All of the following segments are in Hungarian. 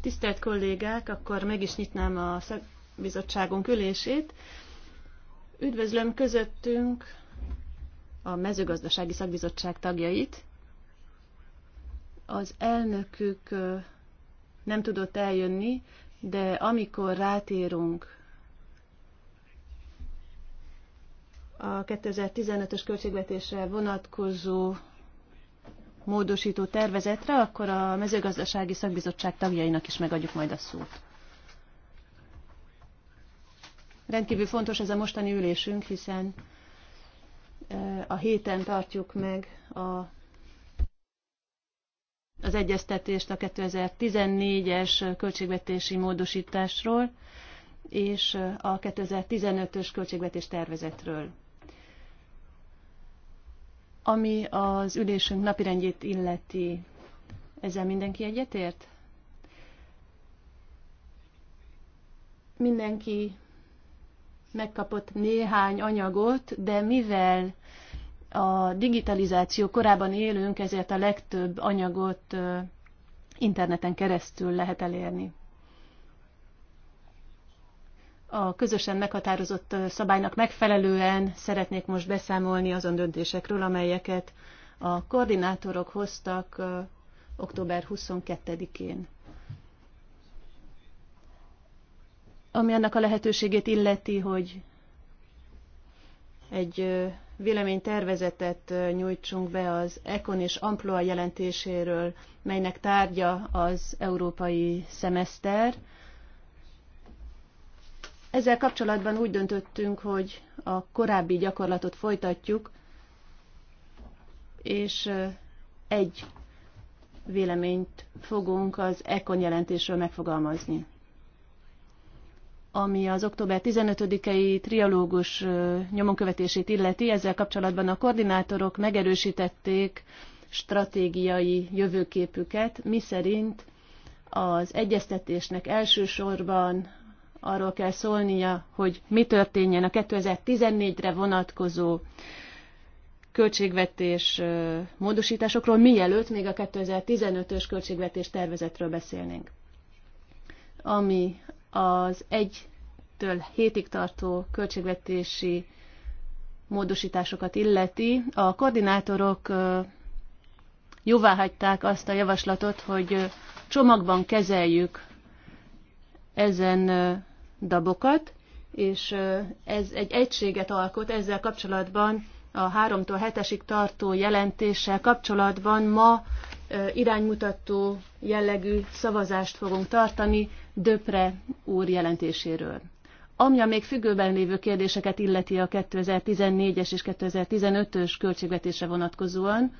Tisztelt kollégák, akkor meg is nyitnám a bizottságunk ülését. Üdvözlöm közöttünk a mezőgazdasági szakbizottság tagjait. Az elnökük nem tudott eljönni, de amikor rátérünk a 2015-ös költségvetésre vonatkozó módosító tervezetre, akkor a mezőgazdasági szakbizottság tagjainak is megadjuk majd a szót. Rendkívül fontos ez a mostani ülésünk, hiszen a héten tartjuk meg a az egyeztetést a 2014-es költségvetési módosításról és a 2015-ös költségvetés tervezetről. Ami az ülésünk napirendjét illeti, ezzel mindenki egyetért? Mindenki megkapott néhány anyagot, de mivel a digitalizáció korában élünk, ezért a legtöbb anyagot interneten keresztül lehet elérni a közösen meghatározott szabálynak megfelelően szeretnék most beszámolni azon döntésekről, amelyeket a koordinátorok hoztak október 22-én. Ami annak a lehetőségét illeti, hogy egy véleménytervezetet nyújtsunk be az ECON és Amploa jelentéséről, melynek tárgya az európai szemeszter, ezzel kapcsolatban úgy döntöttünk, hogy a korábbi gyakorlatot folytatjuk, és egy véleményt fogunk az ECON jelentésről megfogalmazni, ami az október 15-i trialógus nyomonkövetését illeti. Ezzel kapcsolatban a koordinátorok megerősítették stratégiai jövőképüket, miszerint az egyeztetésnek elsősorban arról kell szólnia, hogy mi történjen a 2014-re vonatkozó költségvetés módosításokról, mielőtt még a 2015-ös költségvetés tervezetről beszélnénk. Ami az 1-től 7-ig tartó költségvetési módosításokat illeti, a koordinátorok jóváhagyták azt a javaslatot, hogy csomagban kezeljük ezen dabokat, és ez egy egységet alkot ezzel kapcsolatban a 3-tól 7-esig tartó jelentéssel kapcsolatban ma iránymutató jellegű szavazást fogunk tartani Döpre úr jelentéséről. Ami a még függőben lévő kérdéseket illeti a 2014-es és 2015-ös költségvetésre vonatkozóan,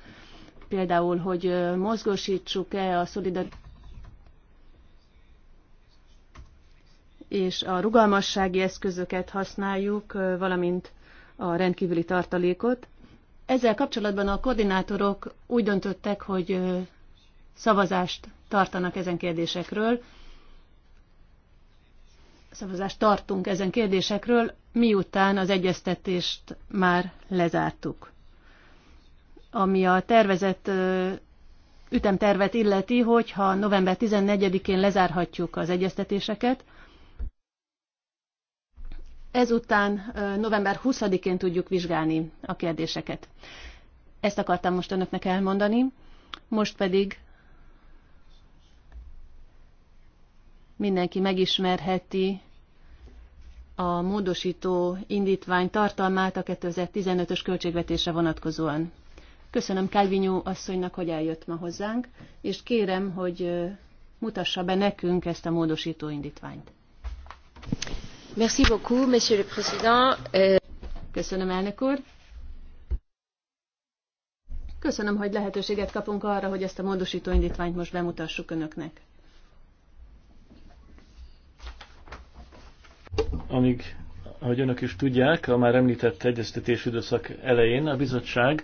például, hogy mozgósítsuk-e a szolidaritás és a rugalmassági eszközöket használjuk, valamint a rendkívüli tartalékot. Ezzel kapcsolatban a koordinátorok úgy döntöttek, hogy szavazást tartanak ezen kérdésekről. Szavazást tartunk ezen kérdésekről, miután az egyeztetést már lezártuk. Ami a tervezett ütemtervet illeti, hogyha november 14-én lezárhatjuk az egyeztetéseket, Ezután november 20-én tudjuk vizsgálni a kérdéseket. Ezt akartam most önöknek elmondani, most pedig mindenki megismerheti a módosító indítvány tartalmát a 2015-ös költségvetésre vonatkozóan. Köszönöm Calvinyó asszonynak, hogy eljött ma hozzánk, és kérem, hogy mutassa be nekünk ezt a módosító indítványt. Merci beaucoup, Monsieur le Président. Euh, Köszönöm, elnök úr. Köszönöm, hogy lehetőséget kapunk arra, hogy ezt a módosító indítványt most bemutassuk Önöknek. Amíg, ahogy Önök is tudják, a már említett egyeztetés időszak elején a bizottság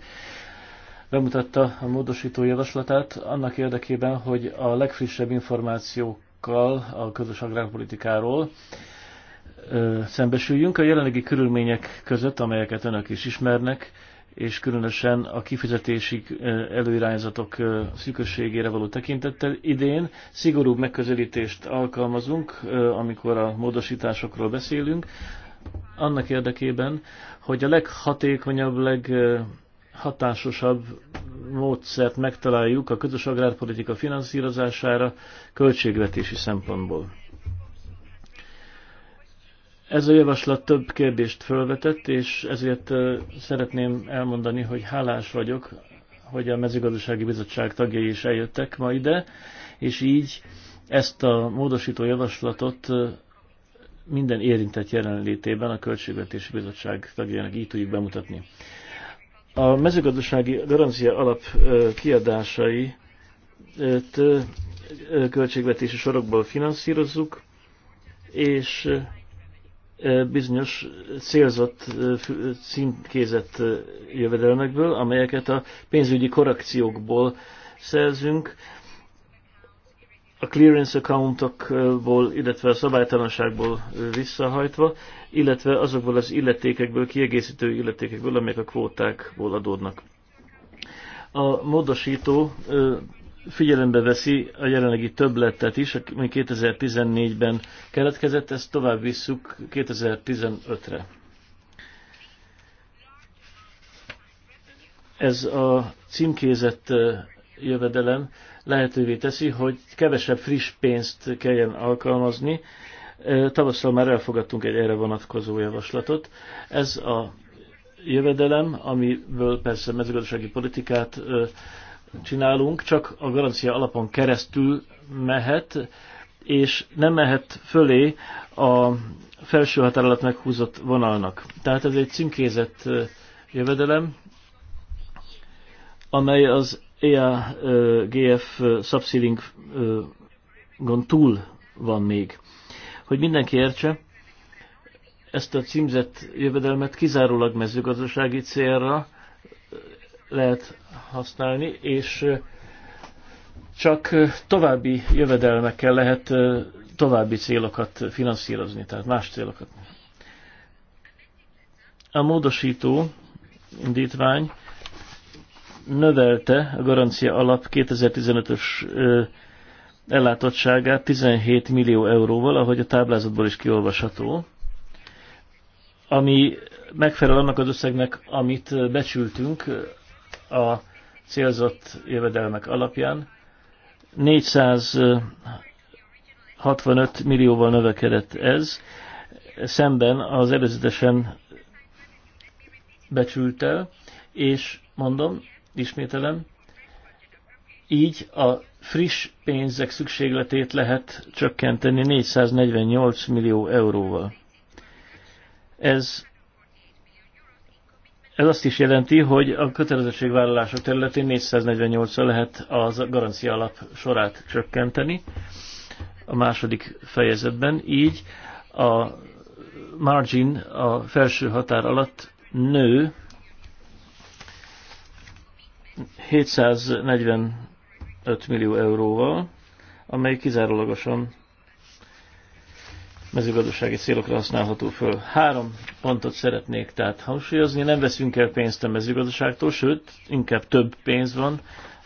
bemutatta a módosító javaslatát annak érdekében, hogy a legfrissebb információkkal a közös agrárpolitikáról szembesüljünk. A jelenlegi körülmények között, amelyeket önök is ismernek, és különösen a kifizetési előirányzatok szűkösségére való tekintettel idén szigorúbb megközelítést alkalmazunk, amikor a módosításokról beszélünk, annak érdekében, hogy a leghatékonyabb, leghatásosabb módszert megtaláljuk a közös agrárpolitika finanszírozására költségvetési szempontból. Ez a javaslat több kérdést felvetett, és ezért szeretném elmondani, hogy hálás vagyok, hogy a mezőgazdasági bizottság tagjai is eljöttek ma ide, és így ezt a módosító javaslatot minden érintett jelenlétében a Költségvetési Bizottság tagjának így tudjuk bemutatni. A mezőgazdasági garancia alap kiadásai költségvetési sorokból finanszírozzuk, és bizonyos célzott, címkézett jövedelmekből, amelyeket a pénzügyi korrekciókból szerzünk, a clearance accountokból, illetve a szabálytalanságból visszahajtva, illetve azokból az illetékekből, kiegészítő illetékekből, amelyek a kvótákból adódnak. A módosító figyelembe veszi a jelenlegi többletet is, ami 2014-ben keletkezett, ezt tovább visszük 2015-re. Ez a címkézett jövedelem lehetővé teszi, hogy kevesebb friss pénzt kelljen alkalmazni. Tavasszal már elfogadtunk egy erre vonatkozó javaslatot. Ez a jövedelem, amiből persze mezőgazdasági politikát csinálunk, csak a garancia alapon keresztül mehet, és nem mehet fölé a felső határ alatt meghúzott vonalnak. Tehát ez egy címkézett jövedelem, amely az EAGF subsidingon túl van még. Hogy mindenki értse, ezt a címzett jövedelmet kizárólag mezőgazdasági célra lehet használni, és csak további jövedelmekkel lehet további célokat finanszírozni, tehát más célokat. A módosító indítvány növelte a garancia alap 2015-ös ellátottságát 17 millió euróval, ahogy a táblázatból is kiolvasható, ami megfelel annak az összegnek, amit becsültünk a célzott jövedelmek alapján. 465 millióval növekedett ez, szemben az előzetesen becsült el, és mondom, ismételem, így a friss pénzek szükségletét lehet csökkenteni 448 millió euróval. Ez ez azt is jelenti, hogy a kötelezettségvállalások területén 448-ra lehet az garancia alap sorát csökkenteni a második fejezetben, így a margin a felső határ alatt nő 745 millió euróval, amely kizárólagosan mezőgazdasági célokra használható föl. Három pontot szeretnék tehát hangsúlyozni. Nem veszünk el pénzt a mezőgazdaságtól, sőt, inkább több pénz van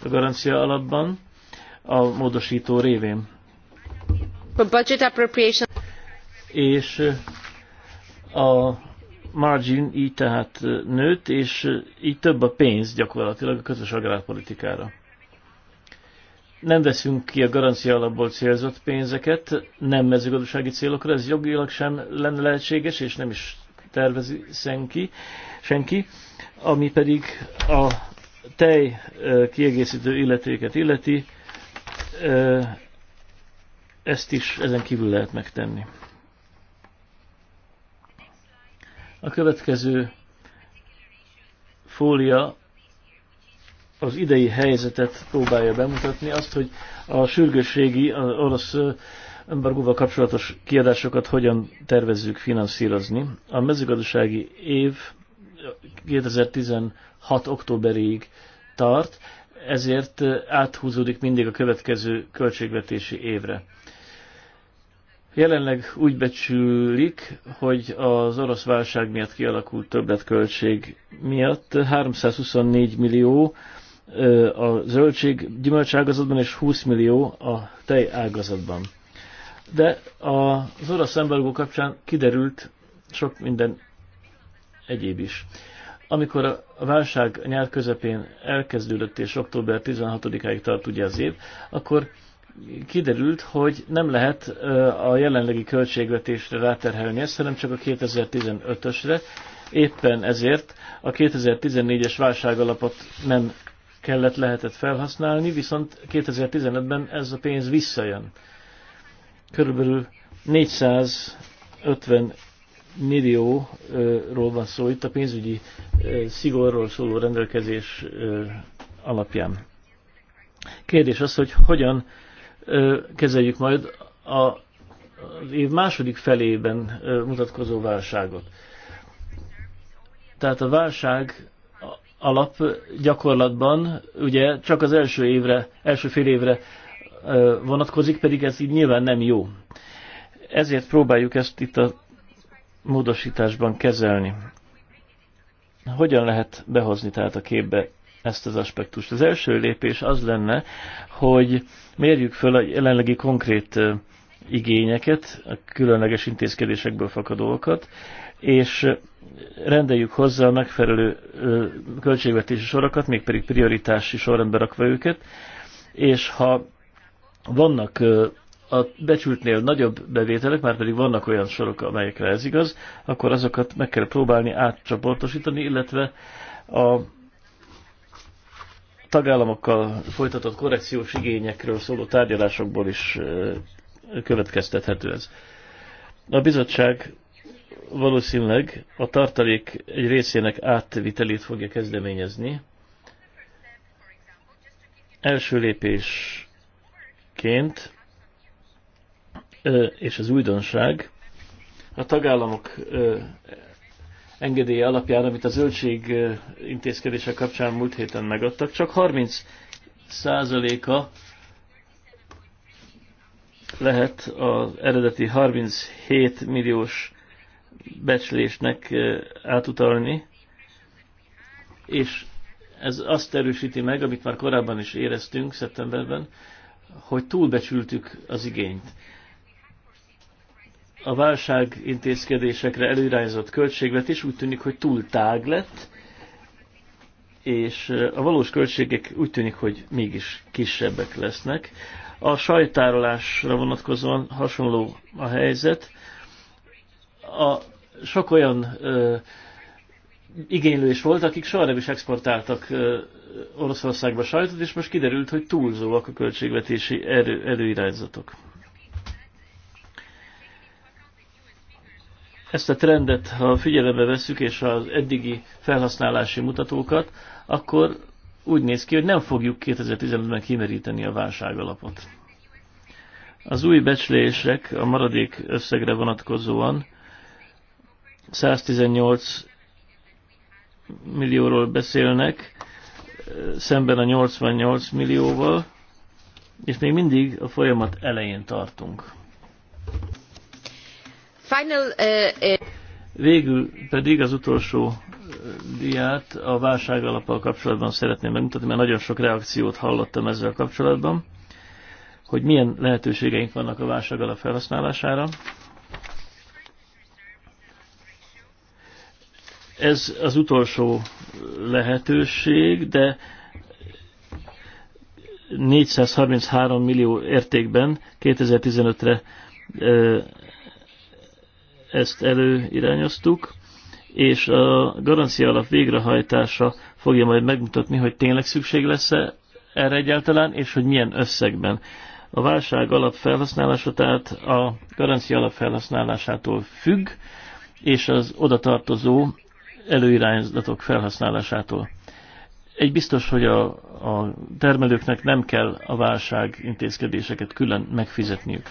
a garancia alapban a módosító révén. A budget appropriation. És eh, a margin így tehát eh, nőtt, és eh, így több a pénz gyakorlatilag a közös agrárpolitikára nem veszünk ki a garancia alapból célzott pénzeket, nem mezőgazdasági célokra, ez jogilag sem lenne lehetséges, és nem is tervezi senki, senki. Ami pedig a tej kiegészítő illetéket illeti, ezt is ezen kívül lehet megtenni. A következő fólia az idei helyzetet próbálja bemutatni, azt, hogy a sürgősségi, az orosz embargóval kapcsolatos kiadásokat hogyan tervezzük finanszírozni. A mezőgazdasági év 2016. októberig tart, ezért áthúzódik mindig a következő költségvetési évre. Jelenleg úgy becsülik, hogy az orosz válság miatt kialakult többletköltség miatt 324 millió a zöldség ágazatban, és 20 millió a tej ágazatban. De az orosz embargó kapcsán kiderült sok minden egyéb is. Amikor a válság nyár közepén elkezdődött és október 16-áig tart ugye az év, akkor kiderült, hogy nem lehet a jelenlegi költségvetésre ráterhelni ezt, hanem csak a 2015-ösre. Éppen ezért a 2014-es válságalapot nem kellett, lehetett felhasználni, viszont 2015-ben ez a pénz visszajön. Körülbelül 450 millióról van szó itt a pénzügyi szigorról szóló rendelkezés alapján. Kérdés az, hogy hogyan kezeljük majd a az év második felében mutatkozó válságot. Tehát a válság alap gyakorlatban ugye csak az első évre, első fél évre vonatkozik, pedig ez így nyilván nem jó. Ezért próbáljuk ezt itt a módosításban kezelni. Hogyan lehet behozni tehát a képbe ezt az aspektust? Az első lépés az lenne, hogy mérjük föl a jelenlegi konkrét igényeket, a különleges intézkedésekből fakadókat, és rendeljük hozzá a megfelelő költségvetési sorokat, mégpedig prioritási sorrendbe rakva őket, és ha vannak a becsültnél nagyobb bevételek, már pedig vannak olyan sorok, amelyekre ez igaz, akkor azokat meg kell próbálni átcsoportosítani, illetve a tagállamokkal folytatott korrekciós igényekről szóló tárgyalásokból is következtethető ez. A bizottság valószínűleg a tartalék egy részének átvitelét fogja kezdeményezni. Első lépésként, és az újdonság, a tagállamok engedélye alapján, amit a zöldség intézkedése kapcsán múlt héten megadtak, csak 30 százaléka lehet az eredeti 37 milliós becslésnek átutalni, és ez azt erősíti meg, amit már korábban is éreztünk szeptemberben, hogy túlbecsültük az igényt. A válság intézkedésekre előirányzott költségvetés úgy tűnik, hogy túl tág lett, és a valós költségek úgy tűnik, hogy mégis kisebbek lesznek. A sajtárolásra vonatkozóan hasonló a helyzet a sok olyan ö, igénylő is volt, akik soha nem is exportáltak ö, Oroszországba sajtot, és most kiderült, hogy túlzóak a költségvetési erő, előirányzatok. Ezt a trendet, ha figyelembe vesszük, és az eddigi felhasználási mutatókat, akkor úgy néz ki, hogy nem fogjuk 2015-ben kimeríteni a válságalapot. Az új becslések a maradék összegre vonatkozóan 118 millióról beszélnek, szemben a 88 millióval, és még mindig a folyamat elején tartunk. Final, uh, Végül pedig az utolsó diát a válság alapal kapcsolatban szeretném megmutatni, mert nagyon sok reakciót hallottam ezzel kapcsolatban, hogy milyen lehetőségeink vannak a válság alap felhasználására. Ez az utolsó lehetőség, de 433 millió értékben 2015-re ezt előirányoztuk, és a garancia alap végrehajtása fogja majd megmutatni, hogy tényleg szükség lesz-e erre egyáltalán, és hogy milyen összegben. A válság alap felhasználása tehát a garancia alap felhasználásától függ, és az oda tartozó előirányzatok felhasználásától. Egy biztos, hogy a, a termelőknek nem kell a válság intézkedéseket külön megfizetniük.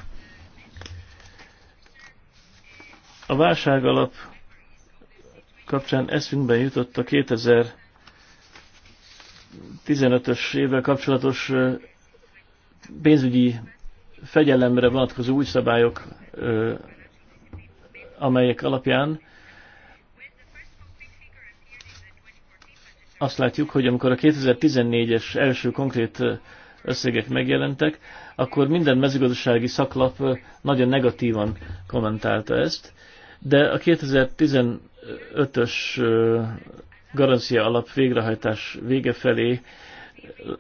A válság alap kapcsán eszünkben jutott a 2015-ös évvel kapcsolatos pénzügyi fegyelemre vonatkozó új szabályok, amelyek alapján azt látjuk, hogy amikor a 2014-es első konkrét összegek megjelentek, akkor minden mezőgazdasági szaklap nagyon negatívan kommentálta ezt, de a 2015-ös garancia alap végrehajtás vége felé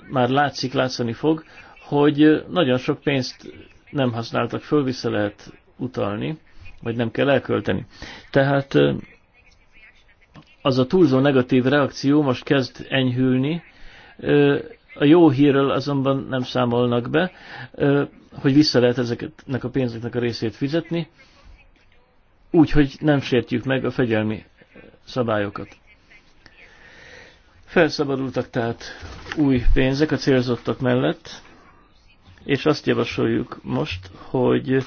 már látszik, látszani fog, hogy nagyon sok pénzt nem használtak föl, vissza lehet utalni, vagy nem kell elkölteni. Tehát az a túlzó negatív reakció most kezd enyhülni. A jó hírrel azonban nem számolnak be, hogy vissza lehet ezeknek a pénzeknek a részét fizetni, úgyhogy nem sértjük meg a fegyelmi szabályokat. Felszabadultak tehát új pénzek a célzottak mellett, és azt javasoljuk most, hogy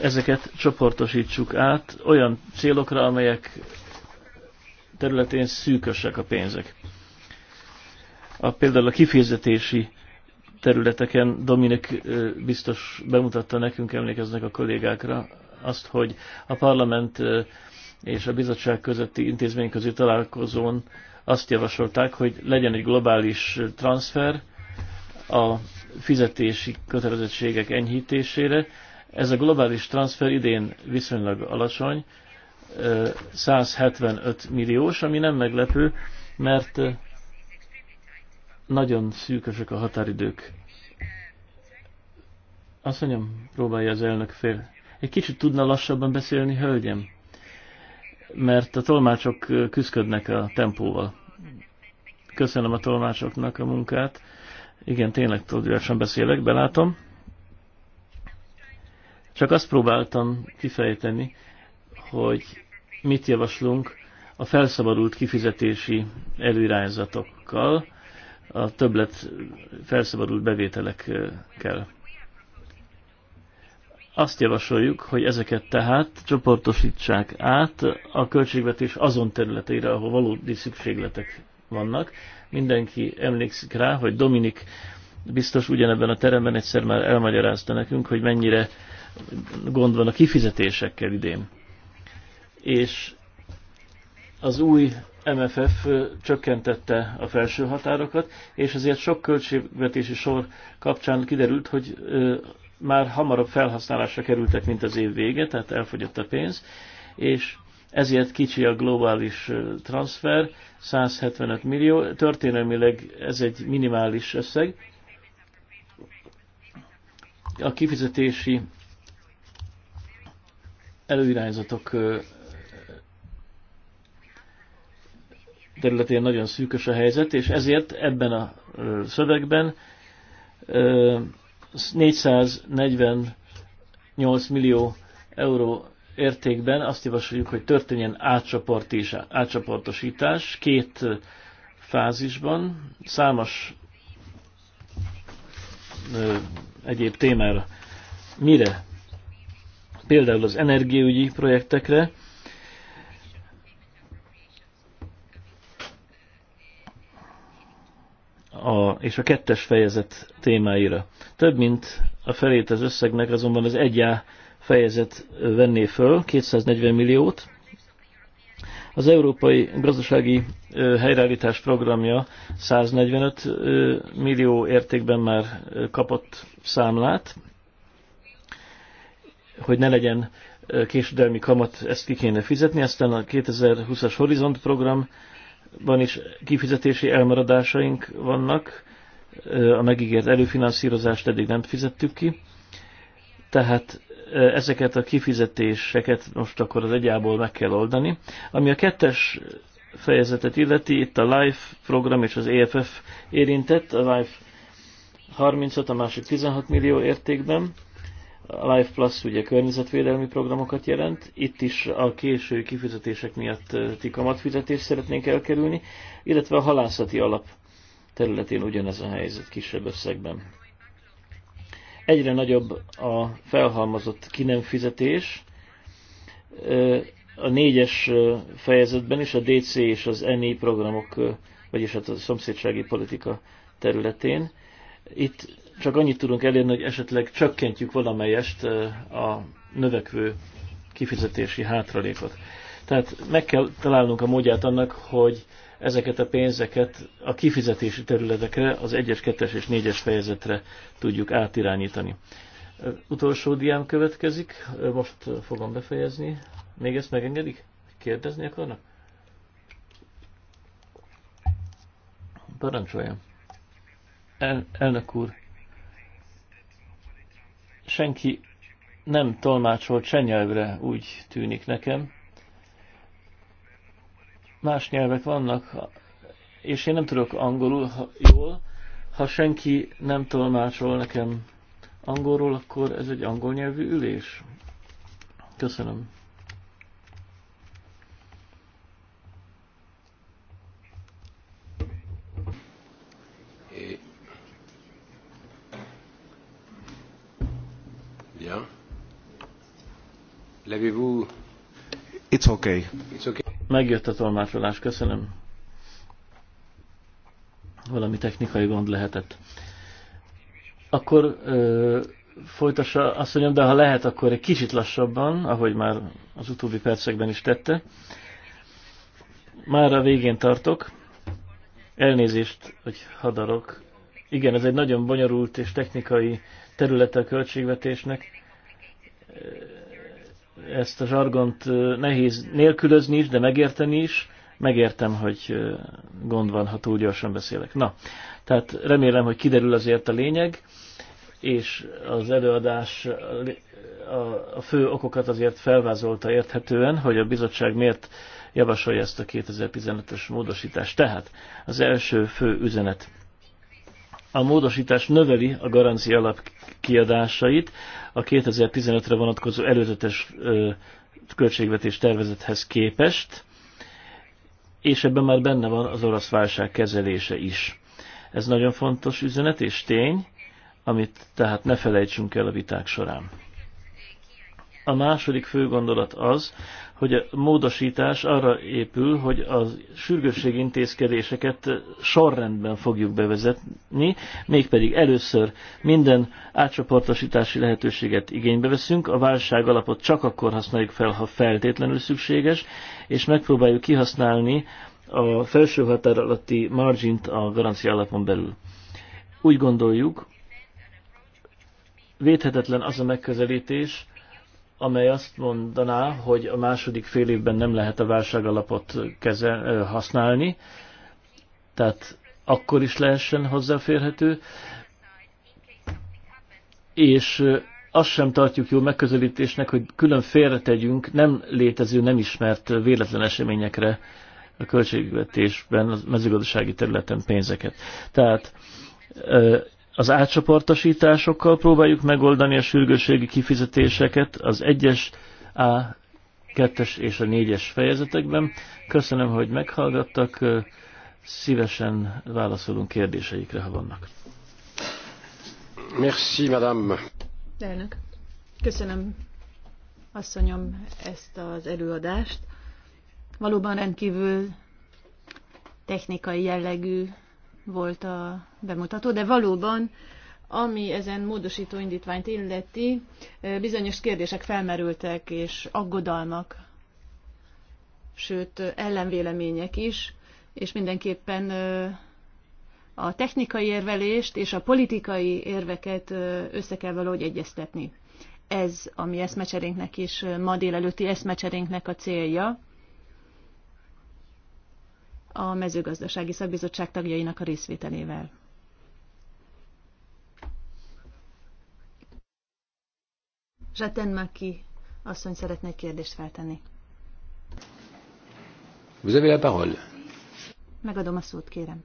ezeket csoportosítsuk át olyan célokra, amelyek területén szűkösek a pénzek. A, például a kifizetési területeken Dominik biztos bemutatta nekünk, emlékeznek a kollégákra, azt, hogy a parlament és a bizottság közötti intézményközi találkozón azt javasolták, hogy legyen egy globális transfer a fizetési kötelezettségek enyhítésére. Ez a globális transfer idén viszonylag alacsony, 175 milliós, ami nem meglepő, mert nagyon szűkösek a határidők. Azt mondjam, próbálja az elnök fél. Egy kicsit tudna lassabban beszélni, hölgyem? Mert a tolmácsok küzdködnek a tempóval. Köszönöm a tolmácsoknak a munkát. Igen, tényleg tudjásan beszélek, belátom. Csak azt próbáltam kifejteni, hogy mit javaslunk a felszabadult kifizetési előirányzatokkal, a többlet felszabadult bevételekkel. Azt javasoljuk, hogy ezeket tehát csoportosítsák át a költségvetés azon területeire, ahol valódi szükségletek vannak. Mindenki emlékszik rá, hogy Dominik biztos ugyanebben a teremben egyszer már elmagyarázta nekünk, hogy mennyire gond van a kifizetésekkel idén és az új MFF csökkentette a felső határokat, és ezért sok költségvetési sor kapcsán kiderült, hogy már hamarabb felhasználásra kerültek, mint az év vége, tehát elfogyott a pénz, és ezért kicsi a globális transfer, 175 millió, történelmileg ez egy minimális összeg. A kifizetési előirányzatok területén nagyon szűkös a helyzet, és ezért ebben a szövegben 448 millió euró értékben azt javasoljuk, hogy történjen átcsoportosítás két fázisban, számos egyéb témára. Mire? Például az energiaügyi projektekre, a, és a kettes fejezet témáira. Több mint a felét az összegnek azonban az egyá fejezet venné föl, 240 milliót. Az Európai Gazdasági Helyreállítás Programja 145 millió értékben már kapott számlát, hogy ne legyen késődelmi kamat, ezt ki kéne fizetni. Aztán a 2020-as Horizont program van is kifizetési elmaradásaink vannak, a megígért előfinanszírozást eddig nem fizettük ki, tehát ezeket a kifizetéseket most akkor az egyából meg kell oldani. Ami a kettes fejezetet illeti, itt a LIFE program és az EFF érintett, a LIFE 35, a másik 16 millió értékben. A Life Plus ugye környezetvédelmi programokat jelent, itt is a késő kifizetések miatt tikamat fizetés szeretnénk elkerülni, illetve a halászati alap területén ugyanez a helyzet kisebb összegben. Egyre nagyobb a felhalmozott ki nem fizetés. A négyes fejezetben is a DC és az NI programok, vagyis hát a szomszédsági politika területén. Itt csak annyit tudunk elérni, hogy esetleg csökkentjük valamelyest a növekvő kifizetési hátralékot. Tehát meg kell találnunk a módját annak, hogy ezeket a pénzeket a kifizetési területekre, az 1-es, 2-es és 4-es fejezetre tudjuk átirányítani. Utolsó diám következik, most fogom befejezni. Még ezt megengedik? Kérdezni akarnak? Parancsoljam. El, elnök úr, senki nem tolmácsolt se nyelvre, úgy tűnik nekem. Más nyelvek vannak, és én nem tudok angolul ha, jól. Ha senki nem tolmácsol nekem angolról, akkor ez egy angol nyelvű ülés. Köszönöm. vous It's okay. It's okay. Megjött a tolmácsolás, köszönöm. Valami technikai gond lehetett. Akkor ö, folytassa, azt mondjam, de ha lehet, akkor egy kicsit lassabban, ahogy már az utóbbi percekben is tette. Már a végén tartok. Elnézést, hogy hadarok. Igen, ez egy nagyon bonyolult és technikai területe a költségvetésnek ezt a zsargont nehéz nélkülözni is, de megérteni is. Megértem, hogy gond van, ha túl gyorsan beszélek. Na, tehát remélem, hogy kiderül azért a lényeg, és az előadás a fő okokat azért felvázolta érthetően, hogy a bizottság miért javasolja ezt a 2015-ös módosítást. Tehát az első fő üzenet a módosítás növeli a garancia alap kiadásait a 2015-re vonatkozó előzetes költségvetés tervezethez képest, és ebben már benne van az orosz válság kezelése is. Ez nagyon fontos üzenet és tény, amit tehát ne felejtsünk el a viták során. A második fő gondolat az, hogy a módosítás arra épül, hogy a sürgősségi intézkedéseket sorrendben fogjuk bevezetni, mégpedig először minden átcsoportosítási lehetőséget igénybe veszünk, a válság alapot csak akkor használjuk fel, ha feltétlenül szükséges, és megpróbáljuk kihasználni a felső határ alatti margint a garancia alapon belül. Úgy gondoljuk, védhetetlen az a megközelítés, amely azt mondaná, hogy a második fél évben nem lehet a válságalapot kezel, használni, tehát akkor is lehessen hozzáférhető, és azt sem tartjuk jó megközelítésnek, hogy külön félretegyünk nem létező, nem ismert véletlen eseményekre a költségvetésben, a mezőgazdasági területen pénzeket. Tehát az átcsoportosításokkal próbáljuk megoldani a sürgősségi kifizetéseket az 1-es, A, 2-es és a 4-es fejezetekben. Köszönöm, hogy meghallgattak, szívesen válaszolunk kérdéseikre, ha vannak. Merci, madame. Elnök. Köszönöm, asszonyom, ezt az előadást. Valóban rendkívül technikai jellegű volt a bemutató, de valóban, ami ezen módosító indítványt illeti, bizonyos kérdések felmerültek, és aggodalmak, sőt ellenvélemények is, és mindenképpen a technikai érvelést és a politikai érveket össze kell valahogy egyeztetni. Ez a mi eszmecserénknek is, ma délelőtti eszmecserénknek a célja, a mezőgazdasági szakbizottság tagjainak a részvételével. Zsaten Maki asszony szeretne egy kérdést feltenni. Vous avez la parole. Megadom a szót, kérem.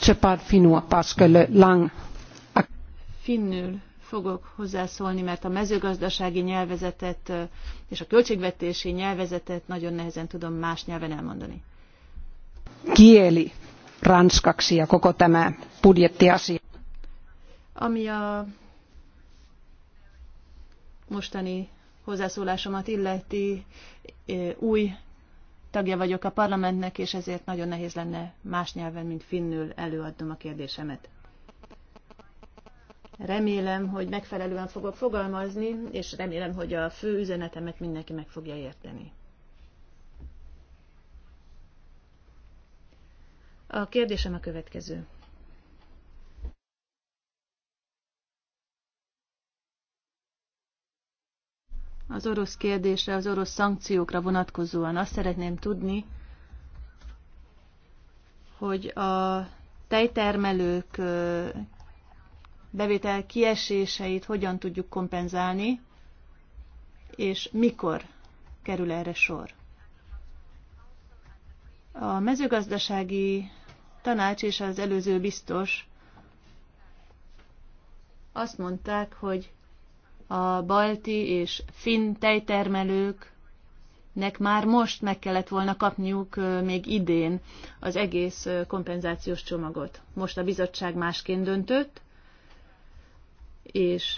Csepád parle finnois lang. que Finnül fogok hozzászólni, mert a mezőgazdasági nyelvezetet és a költségvetési nyelvezetet nagyon nehezen tudom más nyelven elmondani. Kieli ranskaksi ja koko tämä budjettiasia. Ami a mostani hozzászólásomat illeti, új tagja vagyok a parlamentnek, és ezért nagyon nehéz lenne más nyelven, mint finnül előadnom a kérdésemet. Remélem, hogy megfelelően fogok fogalmazni, és remélem, hogy a fő üzenetemet mindenki meg fogja érteni. A kérdésem a következő. Az orosz kérdésre, az orosz szankciókra vonatkozóan azt szeretném tudni, hogy a tejtermelők bevétel kieséseit hogyan tudjuk kompenzálni, és mikor kerül erre sor. A mezőgazdasági tanács és az előző biztos azt mondták, hogy a balti és finn tejtermelőknek már most meg kellett volna kapniuk még idén az egész kompenzációs csomagot. Most a bizottság másként döntött, és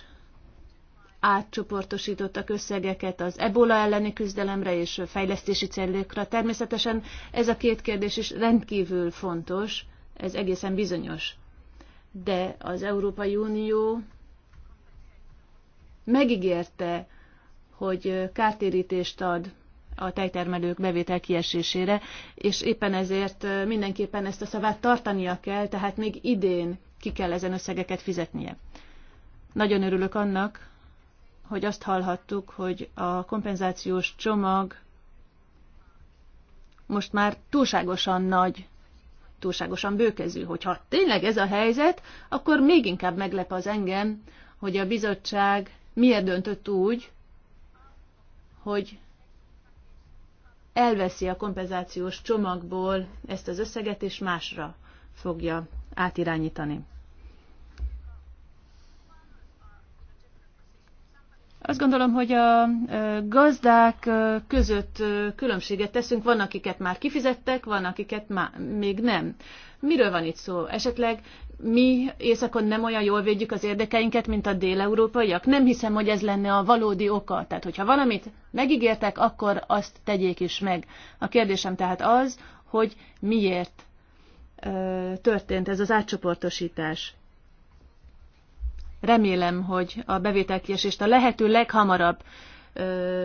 átcsoportosítottak összegeket az ebola elleni küzdelemre és fejlesztési célokra. Természetesen ez a két kérdés is rendkívül fontos, ez egészen bizonyos. De az Európai Unió megígérte, hogy kártérítést ad a tejtermelők bevétel kiesésére, és éppen ezért mindenképpen ezt a szavát tartania kell, tehát még idén ki kell ezen összegeket fizetnie. Nagyon örülök annak, hogy azt hallhattuk, hogy a kompenzációs csomag most már túlságosan nagy, túlságosan bőkezű. Hogyha tényleg ez a helyzet, akkor még inkább meglep az engem, hogy a bizottság miért döntött úgy, hogy elveszi a kompenzációs csomagból ezt az összeget, és másra fogja átirányítani. Azt gondolom, hogy a gazdák között különbséget teszünk, van akiket már kifizettek, van akiket már még nem. Miről van itt szó? Esetleg mi északon nem olyan jól védjük az érdekeinket, mint a déleurópaiak? Nem hiszem, hogy ez lenne a valódi oka. Tehát, hogyha valamit megígértek, akkor azt tegyék is meg. A kérdésem tehát az, hogy miért történt ez az átcsoportosítás. Remélem, hogy a bevételkiesést a lehető leghamarabb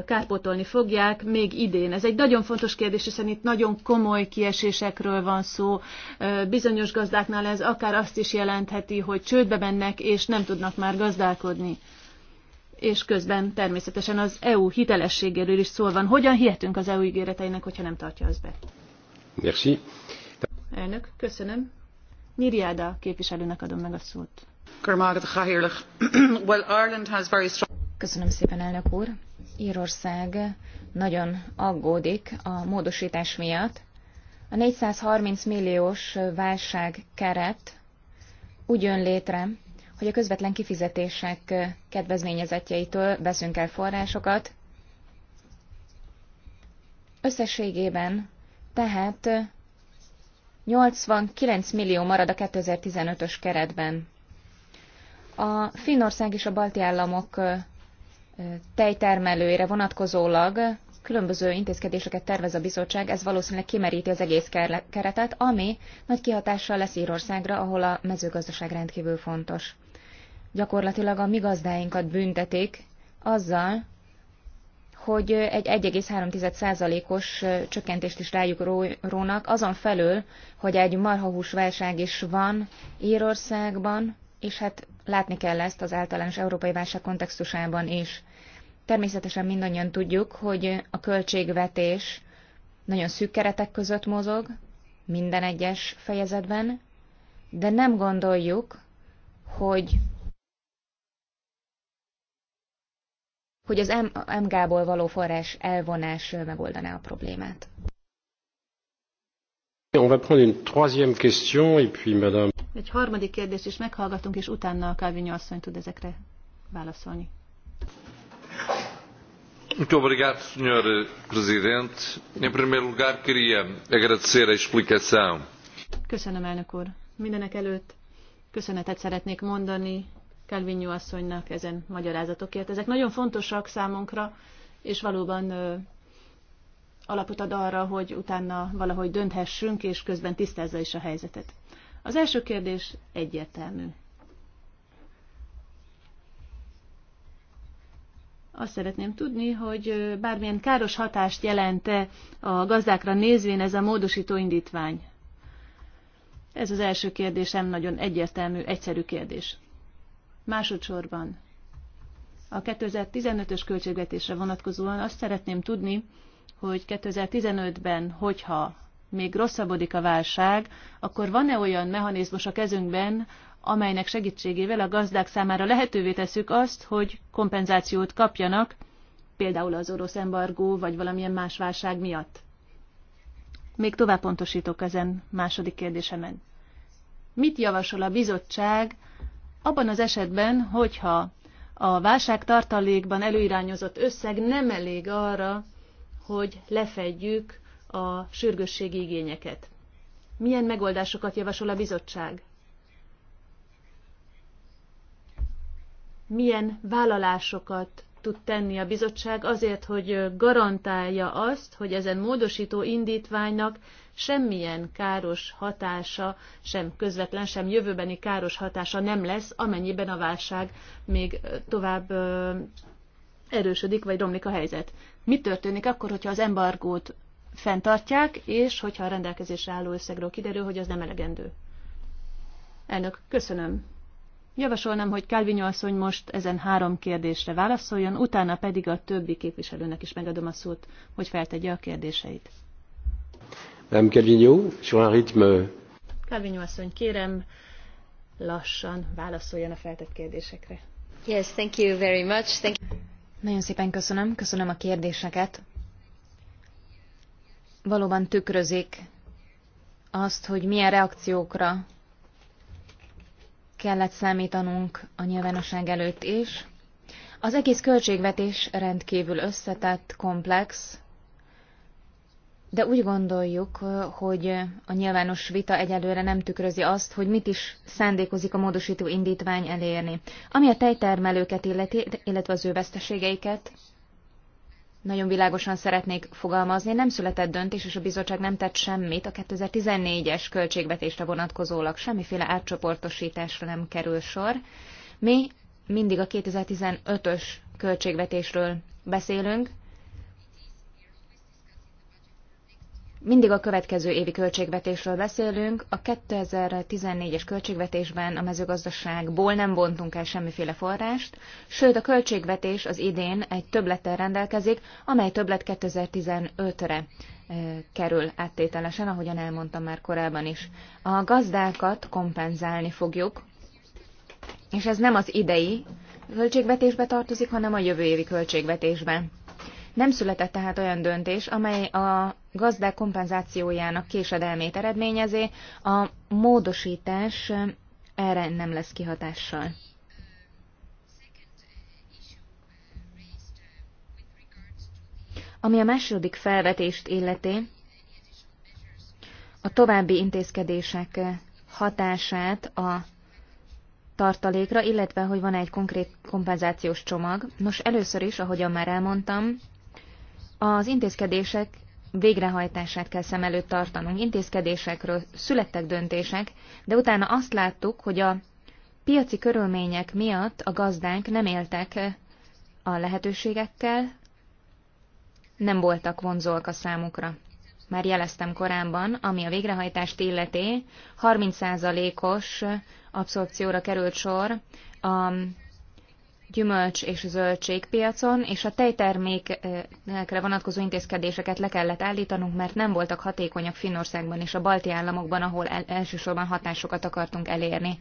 kárpótolni fogják még idén. Ez egy nagyon fontos kérdés, hiszen itt nagyon komoly kiesésekről van szó. Bizonyos gazdáknál ez akár azt is jelentheti, hogy csődbe mennek, és nem tudnak már gazdálkodni. És közben természetesen az EU hitelességéről is szó van. Hogyan hihetünk az EU ígéreteinek, hogyha nem tartja az be? Merci. Elnök, köszönöm. Nyíriáda képviselőnek adom meg a szót. Köszönöm szépen, elnök úr. Írország nagyon aggódik a módosítás miatt. A 430 milliós válság keret úgy jön létre, hogy a közvetlen kifizetések kedvezményezetjeitől veszünk el forrásokat. Összességében tehát 89 millió marad a 2015-ös keretben. A Finnország és a balti államok tejtermelőire vonatkozólag különböző intézkedéseket tervez a bizottság, ez valószínűleg kimeríti az egész keretet, ami nagy kihatással lesz Írországra, ahol a mezőgazdaság rendkívül fontos. Gyakorlatilag a mi gazdáinkat büntetik azzal, hogy egy 1,3%-os csökkentést is rájuk rónak, azon felül, hogy egy marhahús válság is van Írországban, és hát Látni kell ezt az általános európai válság kontextusában is. Természetesen mindannyian tudjuk, hogy a költségvetés nagyon szűk keretek között mozog, minden egyes fejezetben, de nem gondoljuk, hogy hogy az MG-ból való forrás elvonás megoldaná a problémát. Egy harmadik kérdést is meghallgatunk, és utána a Calvin asszony tud ezekre válaszolni. Muito obrigado, Sr. Eh, presidente. Em primeiro lugar, queria agradecer a explicação. Köszönöm, elnök úr. Mindenek előtt köszönetet szeretnék mondani Calvinio asszonynak ezen magyarázatokért. Ezek nagyon fontosak számunkra, és valóban alapot ad arra, hogy utána valahogy dönthessünk, és közben tisztázza is a helyzetet. Az első kérdés egyértelmű. Azt szeretném tudni, hogy bármilyen káros hatást jelente a gazdákra nézvén ez a módosító indítvány. Ez az első kérdésem nagyon egyértelmű, egyszerű kérdés. Másodszorban a 2015-ös költségvetésre vonatkozóan azt szeretném tudni, hogy 2015-ben, hogyha még rosszabbodik a válság, akkor van-e olyan mechanizmus a kezünkben, amelynek segítségével a gazdák számára lehetővé tesszük azt, hogy kompenzációt kapjanak, például az orosz embargó vagy valamilyen más válság miatt. Még tovább pontosítok ezen második kérdésemen. Mit javasol a bizottság abban az esetben, hogyha a válság tartalékban előirányozott összeg nem elég arra, hogy lefedjük a sürgősségi igényeket. Milyen megoldásokat javasol a bizottság? Milyen vállalásokat tud tenni a bizottság azért, hogy garantálja azt, hogy ezen módosító indítványnak semmilyen káros hatása, sem közvetlen, sem jövőbeni káros hatása nem lesz, amennyiben a válság még tovább erősödik, vagy romlik a helyzet mi történik akkor, hogyha az embargót fenntartják, és hogyha a rendelkezésre álló összegről kiderül, hogy az nem elegendő. Elnök, köszönöm. Javasolnám, hogy Kálvinyó asszony most ezen három kérdésre válaszoljon, utána pedig a többi képviselőnek is megadom a szót, hogy feltegye a kérdéseit. Nem Kálvinyó, sur un rythme... asszony, kérem, lassan válaszoljon a feltett kérdésekre. Yes, thank you very much. Thank you. Nagyon szépen köszönöm, köszönöm a kérdéseket. Valóban tükrözik azt, hogy milyen reakciókra kellett számítanunk a nyilvánosság előtt is. Az egész költségvetés rendkívül összetett, komplex, de úgy gondoljuk, hogy a nyilvános vita egyelőre nem tükrözi azt, hogy mit is szándékozik a módosító indítvány elérni. Ami a tejtermelőket illeti, illetve az ő veszteségeiket, nagyon világosan szeretnék fogalmazni, nem született döntés, és a bizottság nem tett semmit a 2014-es költségvetésre vonatkozólag, semmiféle átcsoportosításra nem kerül sor. Mi mindig a 2015-ös költségvetésről beszélünk, Mindig a következő évi költségvetésről beszélünk. A 2014-es költségvetésben a mezőgazdaságból nem vontunk el semmiféle forrást, sőt a költségvetés az idén egy többlettel rendelkezik, amely többlet 2015-re eh, kerül áttételesen, ahogyan elmondtam már korábban is. A gazdákat kompenzálni fogjuk, és ez nem az idei költségvetésbe tartozik, hanem a jövő évi költségvetésbe. Nem született tehát olyan döntés, amely a gazdák kompenzációjának késedelmét eredményezé, a módosítás erre nem lesz kihatással. Ami a második felvetést illeti, a további intézkedések hatását a tartalékra, illetve hogy van -e egy konkrét kompenzációs csomag. Nos, először is, ahogyan már elmondtam, az intézkedések végrehajtását kell szem előtt tartanunk. Intézkedésekről születtek döntések, de utána azt láttuk, hogy a piaci körülmények miatt a gazdánk nem éltek a lehetőségekkel, nem voltak vonzóak a számukra. Már jeleztem korábban, ami a végrehajtást illeti, 30%-os abszorpcióra került sor a gyümölcs és zöldségpiacon, és a tejtermékekre vonatkozó intézkedéseket le kellett állítanunk, mert nem voltak hatékonyak Finnországban és a balti államokban, ahol elsősorban hatásokat akartunk elérni.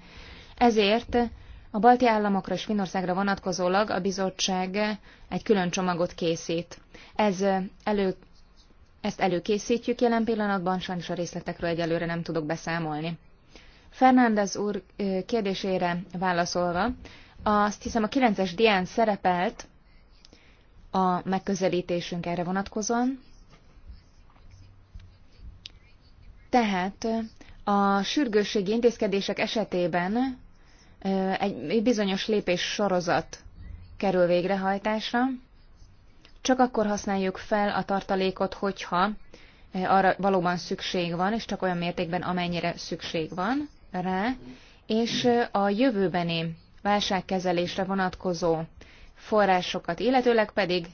Ezért a balti államokra és Finnországra vonatkozólag a bizottság egy külön csomagot készít. Ez elő, ezt előkészítjük jelen pillanatban, sajnos a részletekről egyelőre nem tudok beszámolni. Fernández úr kérdésére válaszolva, azt hiszem a 9-es dián szerepelt a megközelítésünk erre vonatkozóan. Tehát a sürgősségi intézkedések esetében egy bizonyos lépés sorozat kerül végrehajtásra. Csak akkor használjuk fel a tartalékot, hogyha arra valóban szükség van, és csak olyan mértékben, amennyire szükség van rá, és a jövőbeni válságkezelésre vonatkozó forrásokat, illetőleg pedig,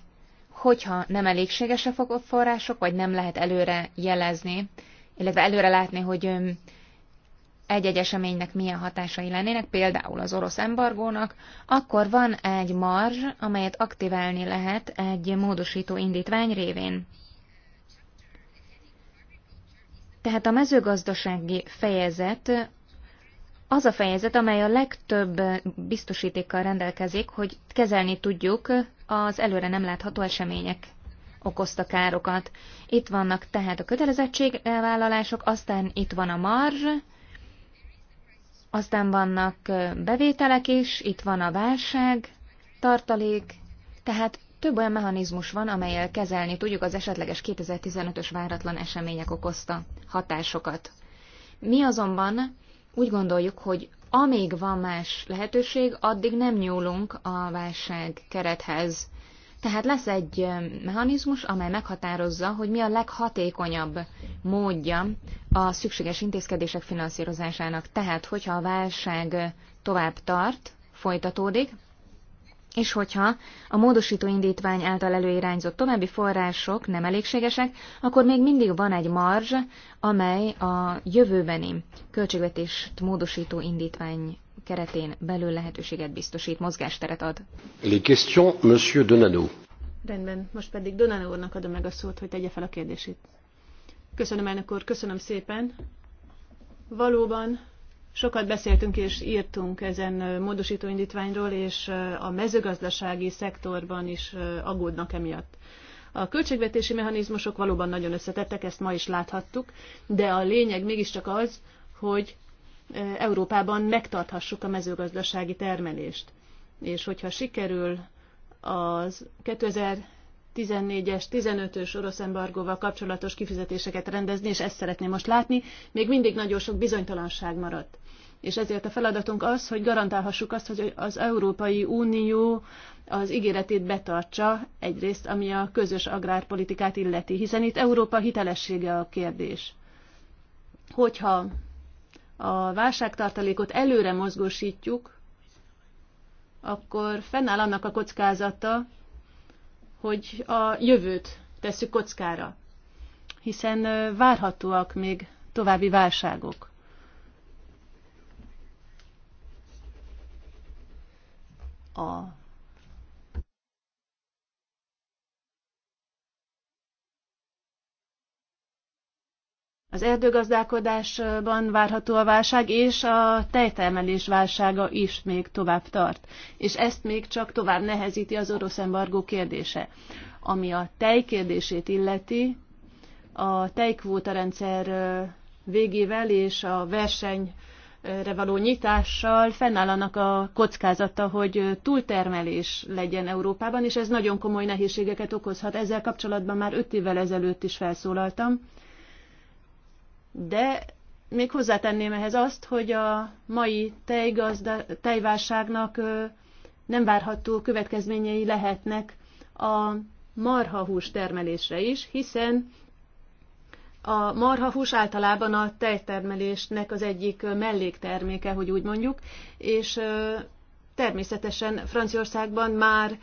hogyha nem elégséges a források, vagy nem lehet előre jelezni, illetve előre látni, hogy egy-egy eseménynek milyen hatásai lennének, például az orosz embargónak, akkor van egy marzs, amelyet aktiválni lehet egy módosító indítvány révén. Tehát a mezőgazdasági fejezet az a fejezet, amely a legtöbb biztosítékkal rendelkezik, hogy kezelni tudjuk az előre nem látható események okozta károkat. Itt vannak tehát a kötelezettségvállalások, aztán itt van a marzs, aztán vannak bevételek is, itt van a válság, tartalék, tehát több olyan mechanizmus van, amelyel kezelni tudjuk az esetleges 2015-ös váratlan események okozta hatásokat. Mi azonban úgy gondoljuk, hogy amíg van más lehetőség, addig nem nyúlunk a válság kerethez. Tehát lesz egy mechanizmus, amely meghatározza, hogy mi a leghatékonyabb módja a szükséges intézkedések finanszírozásának. Tehát, hogyha a válság tovább tart, folytatódik, és hogyha a módosító indítvány által előirányzott további források nem elégségesek, akkor még mindig van egy marzs, amely a jövőbeni költségvetést módosító indítvány keretén belül lehetőséget biztosít, mozgásteret ad. Les questions, Monsieur Donano. Rendben, most pedig Donano úrnak adom meg a szót, hogy tegye fel a kérdését. Köszönöm, elnök úr, köszönöm szépen. Valóban Sokat beszéltünk és írtunk ezen módosítóindítványról, indítványról, és a mezőgazdasági szektorban is aggódnak emiatt. A költségvetési mechanizmusok valóban nagyon összetettek, ezt ma is láthattuk, de a lényeg mégiscsak az, hogy Európában megtarthassuk a mezőgazdasági termelést. És hogyha sikerül az 2000 14-es, 15-ös orosz embargóval kapcsolatos kifizetéseket rendezni, és ezt szeretném most látni. Még mindig nagyon sok bizonytalanság maradt. És ezért a feladatunk az, hogy garantálhassuk azt, hogy az Európai Unió az ígéretét betartsa, egyrészt ami a közös agrárpolitikát illeti, hiszen itt Európa hitelessége a kérdés. Hogyha a válságtartalékot előre mozgósítjuk, akkor fennáll annak a kockázata, hogy a jövőt tesszük kockára, hiszen várhatóak még további válságok. A Az erdőgazdálkodásban várható a válság, és a tejtermelés válsága is még tovább tart. És ezt még csak tovább nehezíti az orosz embargó kérdése. Ami a tej kérdését illeti, a tejkvóta rendszer végével és a versenyre való nyitással fennállanak a kockázata, hogy túltermelés legyen Európában, és ez nagyon komoly nehézségeket okozhat. Ezzel kapcsolatban már öt évvel ezelőtt is felszólaltam de még hozzátenném ehhez azt, hogy a mai tejgazda, tejválságnak nem várható következményei lehetnek a marhahús termelésre is, hiszen a marhahús általában a tejtermelésnek az egyik mellékterméke, hogy úgy mondjuk, és természetesen Franciaországban már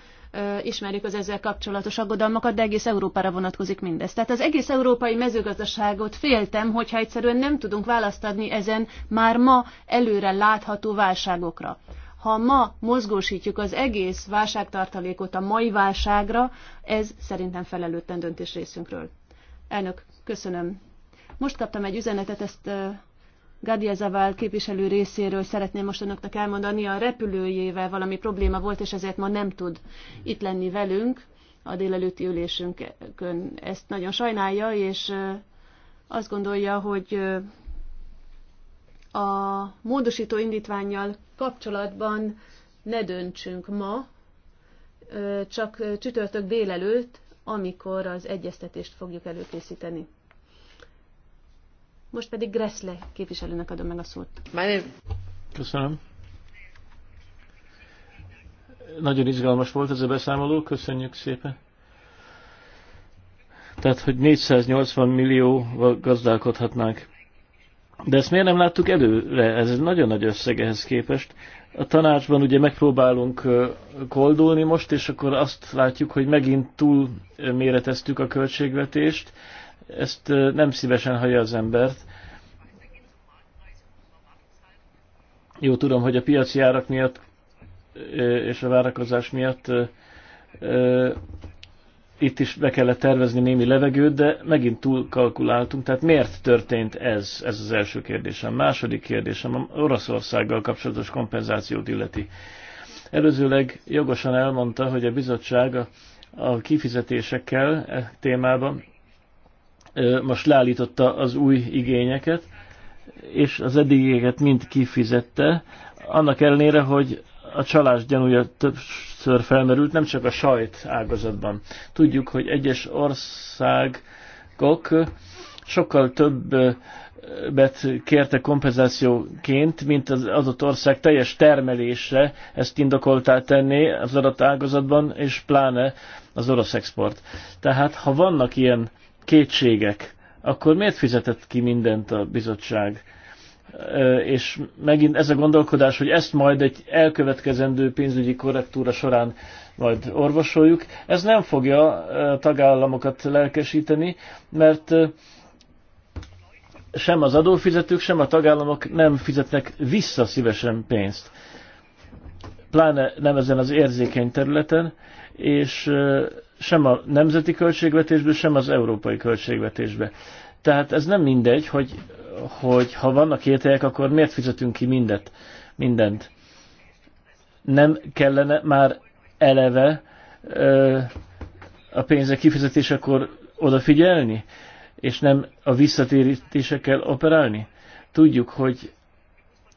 ismerjük az ezzel kapcsolatos aggodalmakat, de egész Európára vonatkozik mindez. Tehát az egész európai mezőgazdaságot féltem, hogyha egyszerűen nem tudunk választ adni ezen már ma előre látható válságokra. Ha ma mozgósítjuk az egész válságtartalékot a mai válságra, ez szerintem felelőtlen döntés részünkről. Elnök, köszönöm. Most kaptam egy üzenetet, ezt Gadia Zaval képviselő részéről szeretném most önöknek elmondani, a repülőjével valami probléma volt, és ezért ma nem tud itt lenni velünk a délelőtti ülésünkön. Ezt nagyon sajnálja, és azt gondolja, hogy a módosító indítványjal kapcsolatban ne döntsünk ma, csak csütörtök délelőtt, amikor az egyeztetést fogjuk előkészíteni. Most pedig Gressle képviselőnek adom meg a szót. Köszönöm. Nagyon izgalmas volt ez a beszámoló, köszönjük szépen. Tehát, hogy 480 millió gazdálkodhatnánk. De ezt miért nem láttuk előre? Ez egy nagyon nagy összeg ehhez képest. A tanácsban ugye megpróbálunk koldulni most, és akkor azt látjuk, hogy megint túl méreteztük a költségvetést ezt nem szívesen hagyja az embert. Jó, tudom, hogy a piaci árak miatt és a várakozás miatt itt is be kellett tervezni némi levegőt, de megint túl kalkuláltunk. Tehát miért történt ez? Ez az első kérdésem. Második kérdésem a Oroszországgal kapcsolatos kompenzációt illeti. Előzőleg jogosan elmondta, hogy a bizottság a kifizetésekkel e témában most leállította az új igényeket, és az eddigieket mind kifizette, annak ellenére, hogy a csalás gyanúja többször felmerült, nem csak a sajt ágazatban. Tudjuk, hogy egyes országok sokkal több bet kérte kompenzációként, mint az adott ország teljes termelése ezt indokoltá tenni az adott ágazatban, és pláne az orosz export. Tehát ha vannak ilyen kétségek, akkor miért fizetett ki mindent a bizottság? És megint ez a gondolkodás, hogy ezt majd egy elkövetkezendő pénzügyi korrektúra során majd orvosoljuk, ez nem fogja a tagállamokat lelkesíteni, mert sem az adófizetők, sem a tagállamok nem fizetnek vissza szívesen pénzt. Pláne nem ezen az érzékeny területen, és sem a nemzeti költségvetésbe, sem az európai költségvetésbe. Tehát ez nem mindegy, hogy, hogy ha vannak értelek, akkor miért fizetünk ki mindet, mindent. Nem kellene már eleve ö, a pénzek kifizetésekor odafigyelni, és nem a visszatérítésekkel operálni? Tudjuk, hogy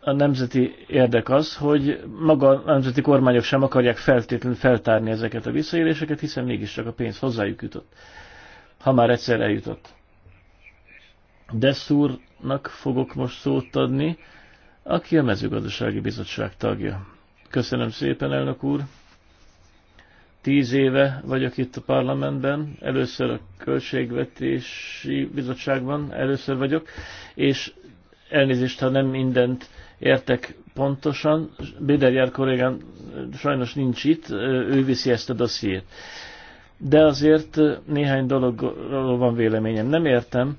a nemzeti érdek az, hogy maga a nemzeti kormányok sem akarják feltétlenül feltárni ezeket a visszaéléseket, hiszen mégiscsak a pénz hozzájuk jutott, ha már egyszer eljutott. Dessúrnak fogok most szót adni, aki a mezőgazdasági bizottság tagja. Köszönöm szépen, elnök úr! Tíz éve vagyok itt a parlamentben, először a Költségvetési Bizottságban, először vagyok, és elnézést, ha nem mindent értek pontosan. Béderjár kollégám sajnos nincs itt, ő viszi ezt a dossziét. De azért néhány dologról van véleményem. Nem értem,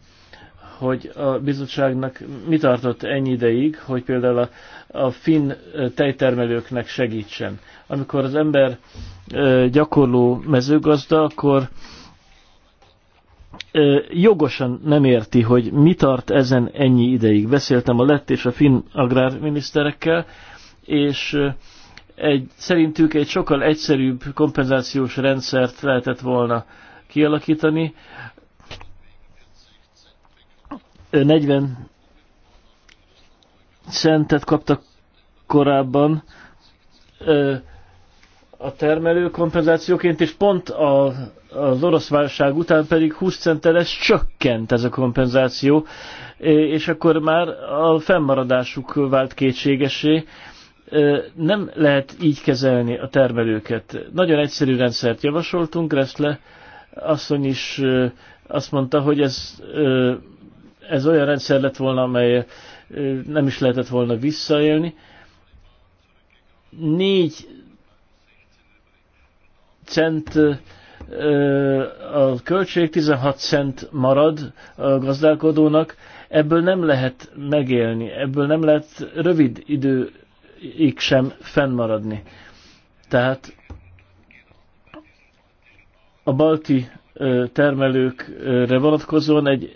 hogy a bizottságnak mi tartott ennyi ideig, hogy például a, a finn tejtermelőknek segítsen. Amikor az ember gyakorló mezőgazda, akkor jogosan nem érti, hogy mi tart ezen ennyi ideig. Beszéltem a lett és a finn agrárminiszterekkel, és egy, szerintük egy sokkal egyszerűbb kompenzációs rendszert lehetett volna kialakítani. 40 centet kaptak korábban, a termelő kompenzációként, és pont a, az orosz válság után pedig 20 centtel ez csökkent ez a kompenzáció, és akkor már a fennmaradásuk vált kétségesé. Nem lehet így kezelni a termelőket. Nagyon egyszerű rendszert javasoltunk, Reszle asszony is azt mondta, hogy ez, ez olyan rendszer lett volna, amely nem is lehetett volna visszaélni. Négy cent a költség 16 cent marad a gazdálkodónak, ebből nem lehet megélni, ebből nem lehet rövid időig sem fennmaradni. Tehát a balti termelőkre vonatkozóan egy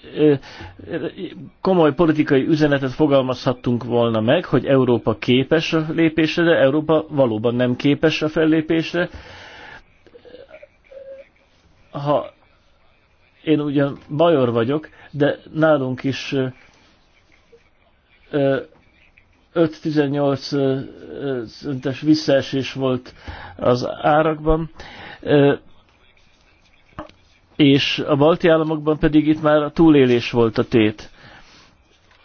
komoly politikai üzenetet fogalmazhattunk volna meg, hogy Európa képes a lépésre, de Európa valóban nem képes a fellépésre, ha én ugyan bajor vagyok, de nálunk is 5-18 centes visszaesés volt az árakban, és a balti államokban pedig itt már a túlélés volt a tét.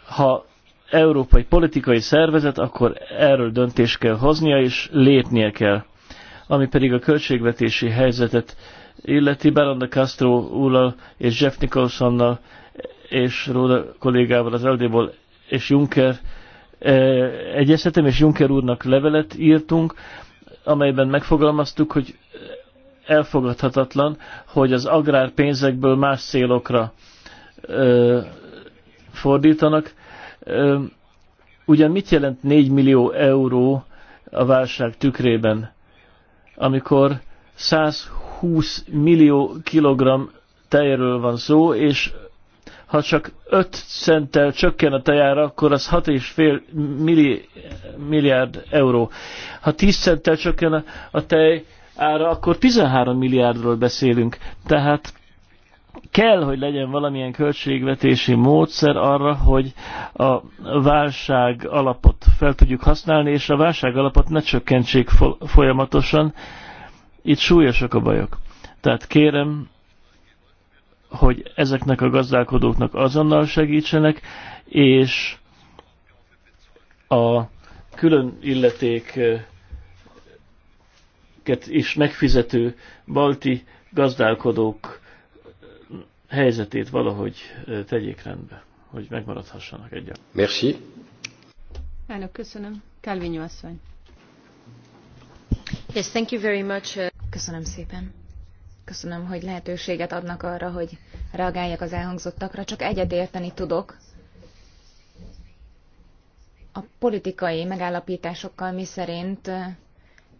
Ha európai politikai szervezet, akkor erről döntést kell hoznia, és lépnie kell. Ami pedig a költségvetési helyzetet illeti Belanda Castro úrral és Jeff Nicholsonnal és Róda kollégával az LD-ból és Juncker e, egyeztetem, és Juncker úrnak levelet írtunk, amelyben megfogalmaztuk, hogy elfogadhatatlan, hogy az agrárpénzekből más célokra ö, e, fordítanak. Ö, e, ugyan mit jelent 4 millió euró a válság tükrében, amikor 120 20 millió kilogramm tejről van szó, és ha csak 5 centtel csökken a tejára, akkor az 6,5 milli, milliárd euró. Ha 10 centtel csökken a, a tej ára, akkor 13 milliárdról beszélünk. Tehát kell, hogy legyen valamilyen költségvetési módszer arra, hogy a válság alapot fel tudjuk használni, és a válság alapot ne csökkentsék folyamatosan, itt súlyosak a bajok. Tehát kérem, hogy ezeknek a gazdálkodóknak azonnal segítsenek, és a külön illetéket is megfizető balti gazdálkodók helyzetét valahogy tegyék rendbe, hogy megmaradhassanak egyen. Merci. Elnök, köszönöm. Calvino asszony. Yes, thank you very much. Uh, Köszönöm szépen. Köszönöm, hogy lehetőséget adnak arra, hogy reagáljak az elhangzottakra. Csak egyet érteni tudok. A politikai megállapításokkal mi szerint eh,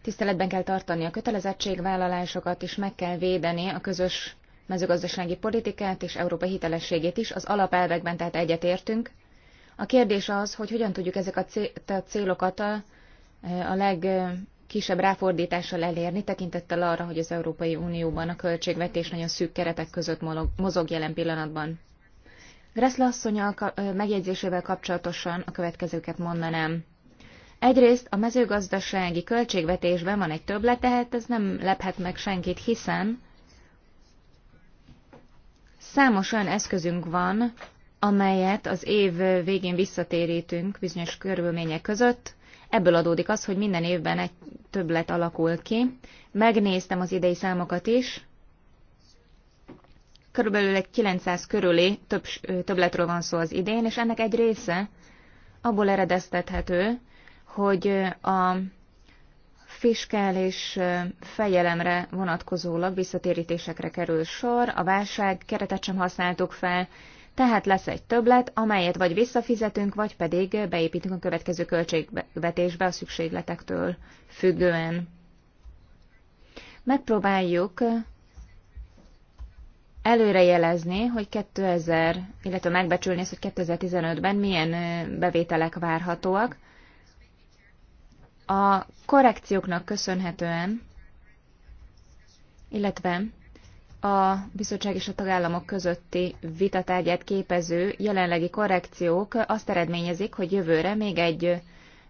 tiszteletben kell tartani a kötelezettségvállalásokat, és meg kell védeni a közös mezőgazdasági politikát és Európa hitelességét is. Az alapelvekben tehát egyetértünk. A kérdés az, hogy hogyan tudjuk ezeket a célokat a, eh, a leg eh, kisebb ráfordítással elérni, tekintettel arra, hogy az Európai Unióban a költségvetés nagyon szűk keretek között mozog jelen pillanatban. Gressle asszony megjegyzésével kapcsolatosan a következőket mondanám. Egyrészt a mezőgazdasági költségvetésben van egy többlet, tehát ez nem lephet meg senkit, hiszen számos olyan eszközünk van, amelyet az év végén visszatérítünk bizonyos körülmények között, Ebből adódik az, hogy minden évben egy többlet alakul ki. Megnéztem az idei számokat is. Körülbelül egy 900 körüli több, többletről van szó az idén, és ennek egy része abból eredeztethető, hogy a fiskális fejelemre vonatkozólag visszatérítésekre kerül sor, a válság keretet sem használtuk fel, tehát lesz egy többlet, amelyet vagy visszafizetünk, vagy pedig beépítünk a következő költségvetésbe a szükségletektől függően. Megpróbáljuk előrejelezni, hogy 2000, illetve megbecsülni ezt, hogy 2015-ben milyen bevételek várhatóak. A korrekcióknak köszönhetően, illetve a bizottság és a tagállamok közötti vitatárgyát képező jelenlegi korrekciók azt eredményezik, hogy jövőre még egy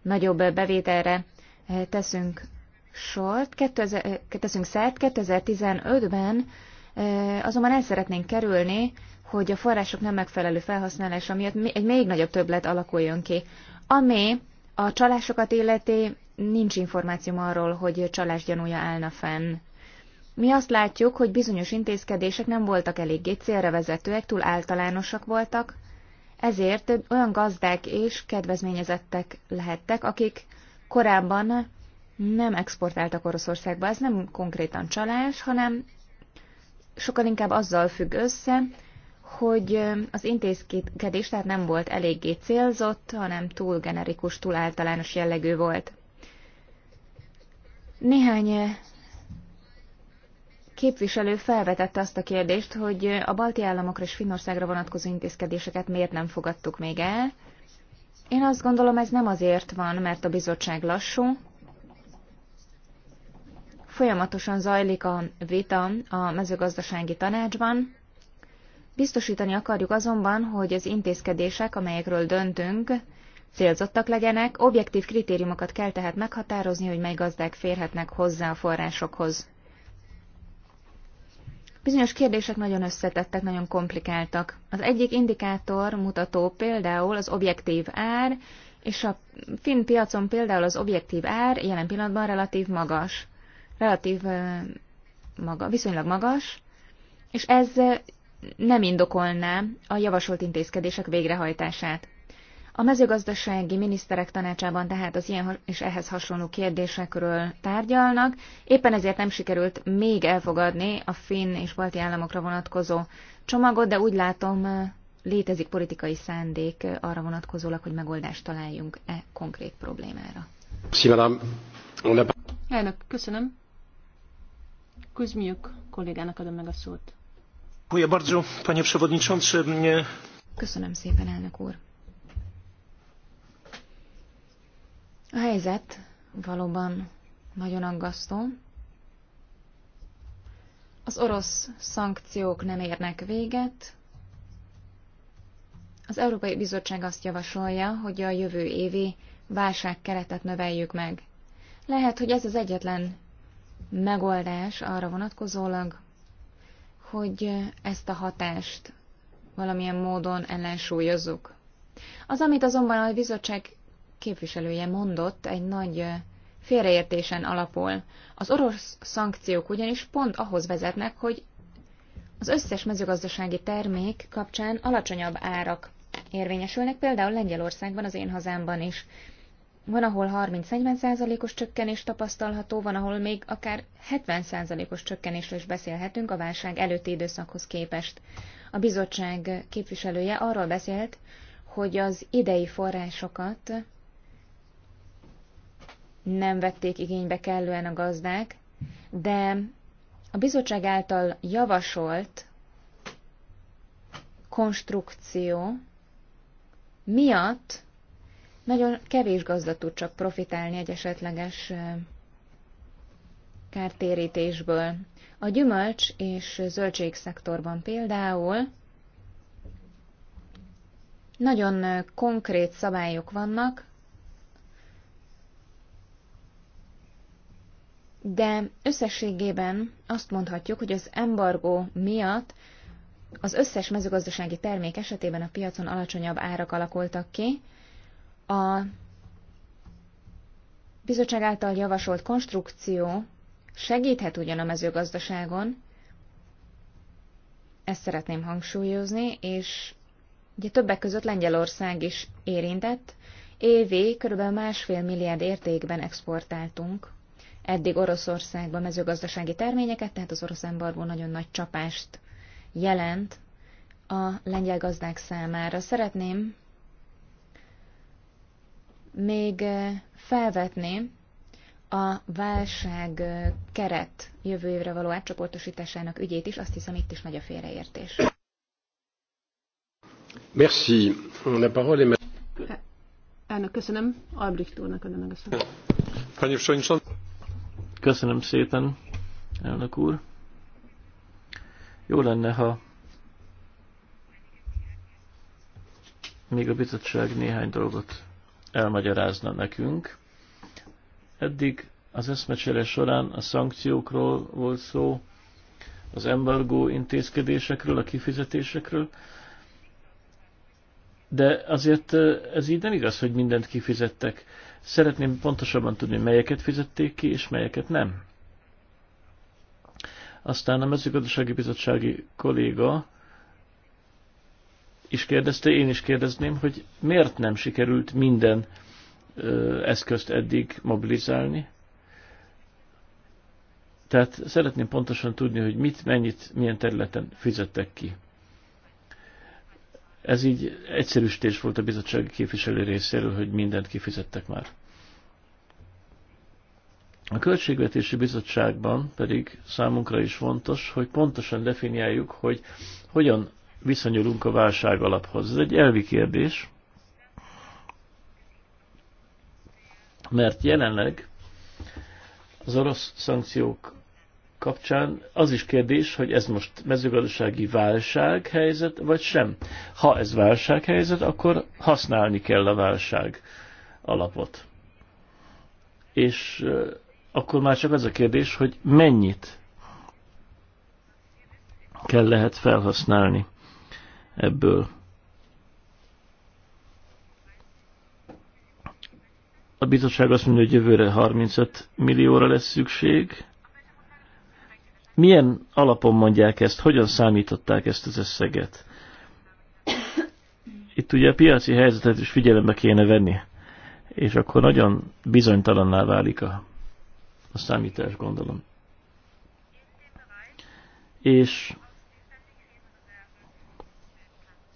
nagyobb bevételre eh, teszünk sort, 2000, eh, teszünk szert 2015-ben, eh, azonban el szeretnénk kerülni, hogy a források nem megfelelő felhasználása miatt egy még nagyobb többlet alakuljon ki. Ami a csalásokat illeti, nincs információm arról, hogy csalás gyanúja állna fenn mi azt látjuk, hogy bizonyos intézkedések nem voltak eléggé célra vezetőek, túl általánosak voltak, ezért olyan gazdák és kedvezményezettek lehettek, akik korábban nem exportáltak Oroszországba. Ez nem konkrétan csalás, hanem sokkal inkább azzal függ össze, hogy az intézkedés tehát nem volt eléggé célzott, hanem túl generikus, túl általános jellegű volt. Néhány képviselő felvetette azt a kérdést, hogy a balti államokra és Finnországra vonatkozó intézkedéseket miért nem fogadtuk még el. Én azt gondolom, ez nem azért van, mert a bizottság lassú. Folyamatosan zajlik a vita a mezőgazdasági tanácsban. Biztosítani akarjuk azonban, hogy az intézkedések, amelyekről döntünk, célzottak legyenek, objektív kritériumokat kell tehát meghatározni, hogy mely gazdák férhetnek hozzá a forrásokhoz. Bizonyos kérdések nagyon összetettek, nagyon komplikáltak. Az egyik indikátor mutató például az objektív ár, és a finn piacon például az objektív ár jelen pillanatban relatív magas. Relatív maga, viszonylag magas, és ez nem indokolná a javasolt intézkedések végrehajtását. A mezőgazdasági miniszterek tanácsában tehát az ilyen és ehhez hasonló kérdésekről tárgyalnak, éppen ezért nem sikerült még elfogadni a finn és balti államokra vonatkozó csomagot, de úgy látom, létezik politikai szándék arra vonatkozólag, hogy megoldást találjunk e konkrét problémára. Elnök, köszönöm. Kuzmiuk kollégának adom meg a szót. Köszönöm szépen, elnök úr. A helyzet valóban nagyon aggasztó. Az orosz szankciók nem érnek véget. Az Európai Bizottság azt javasolja, hogy a jövő évi válságkeretet növeljük meg. Lehet, hogy ez az egyetlen megoldás arra vonatkozólag, hogy ezt a hatást valamilyen módon ellensúlyozzuk. Az, amit azonban a bizottság képviselője mondott, egy nagy félreértésen alapul. Az orosz szankciók ugyanis pont ahhoz vezetnek, hogy az összes mezőgazdasági termék kapcsán alacsonyabb árak érvényesülnek, például Lengyelországban, az én hazámban is. Van, ahol 30-40%-os csökkenés tapasztalható, van, ahol még akár 70%-os csökkenésről is beszélhetünk a válság előtti időszakhoz képest. A bizottság képviselője arról beszélt, hogy az idei forrásokat nem vették igénybe kellően a gazdák, de a bizottság által javasolt konstrukció miatt nagyon kevés gazda tud csak profitálni egy esetleges kártérítésből. A gyümölcs és szektorban például nagyon konkrét szabályok vannak, de összességében azt mondhatjuk, hogy az embargó miatt az összes mezőgazdasági termék esetében a piacon alacsonyabb árak alakultak ki. A bizottság által javasolt konstrukció segíthet ugyan a mezőgazdaságon, ezt szeretném hangsúlyozni, és ugye többek között Lengyelország is érintett, évi körülbelül másfél milliárd értékben exportáltunk eddig Oroszországban mezőgazdasági terményeket, tehát az orosz embargó nagyon nagy csapást jelent a lengyel gazdák számára. Szeretném még eh, felvetni a válság eh, keret jövő évre való átcsoportosításának ügyét is, azt hiszem itt is nagy a félreértés. Merci. La parole est... Elnök, köszönöm. Albrecht úrnak adom meg a szót. Köszönöm szépen, elnök úr. Jó lenne, ha még a bizottság néhány dolgot elmagyarázna nekünk. Eddig az eszmecsere során a szankciókról volt szó, az embargó intézkedésekről, a kifizetésekről, de azért eh, ez így nem igaz, hogy mindent kifizettek. Szeretném pontosabban tudni, melyeket fizették ki, és melyeket nem. Aztán a mezőgazdasági bizottsági kolléga is kérdezte, én is kérdezném, hogy miért nem sikerült minden ö, eszközt eddig mobilizálni. Tehát szeretném pontosan tudni, hogy mit, mennyit, milyen területen fizettek ki. Ez így egyszerűsítés volt a bizottsági képviselő részéről, hogy mindent kifizettek már. A Költségvetési Bizottságban pedig számunkra is fontos, hogy pontosan definiáljuk, hogy hogyan viszonyulunk a válság alaphoz. Ez egy elvi kérdés, mert jelenleg az orosz szankciók kapcsán az is kérdés, hogy ez most mezőgazdasági válsághelyzet, vagy sem. Ha ez válsághelyzet, akkor használni kell a válság alapot. És akkor már csak az a kérdés, hogy mennyit kell lehet felhasználni ebből. A bizottság azt mondja, hogy jövőre 35 millióra lesz szükség, milyen alapon mondják ezt, hogyan számították ezt az összeget? Itt ugye a piaci helyzetet is figyelembe kéne venni, és akkor nagyon bizonytalanná válik a, a számítás, gondolom. És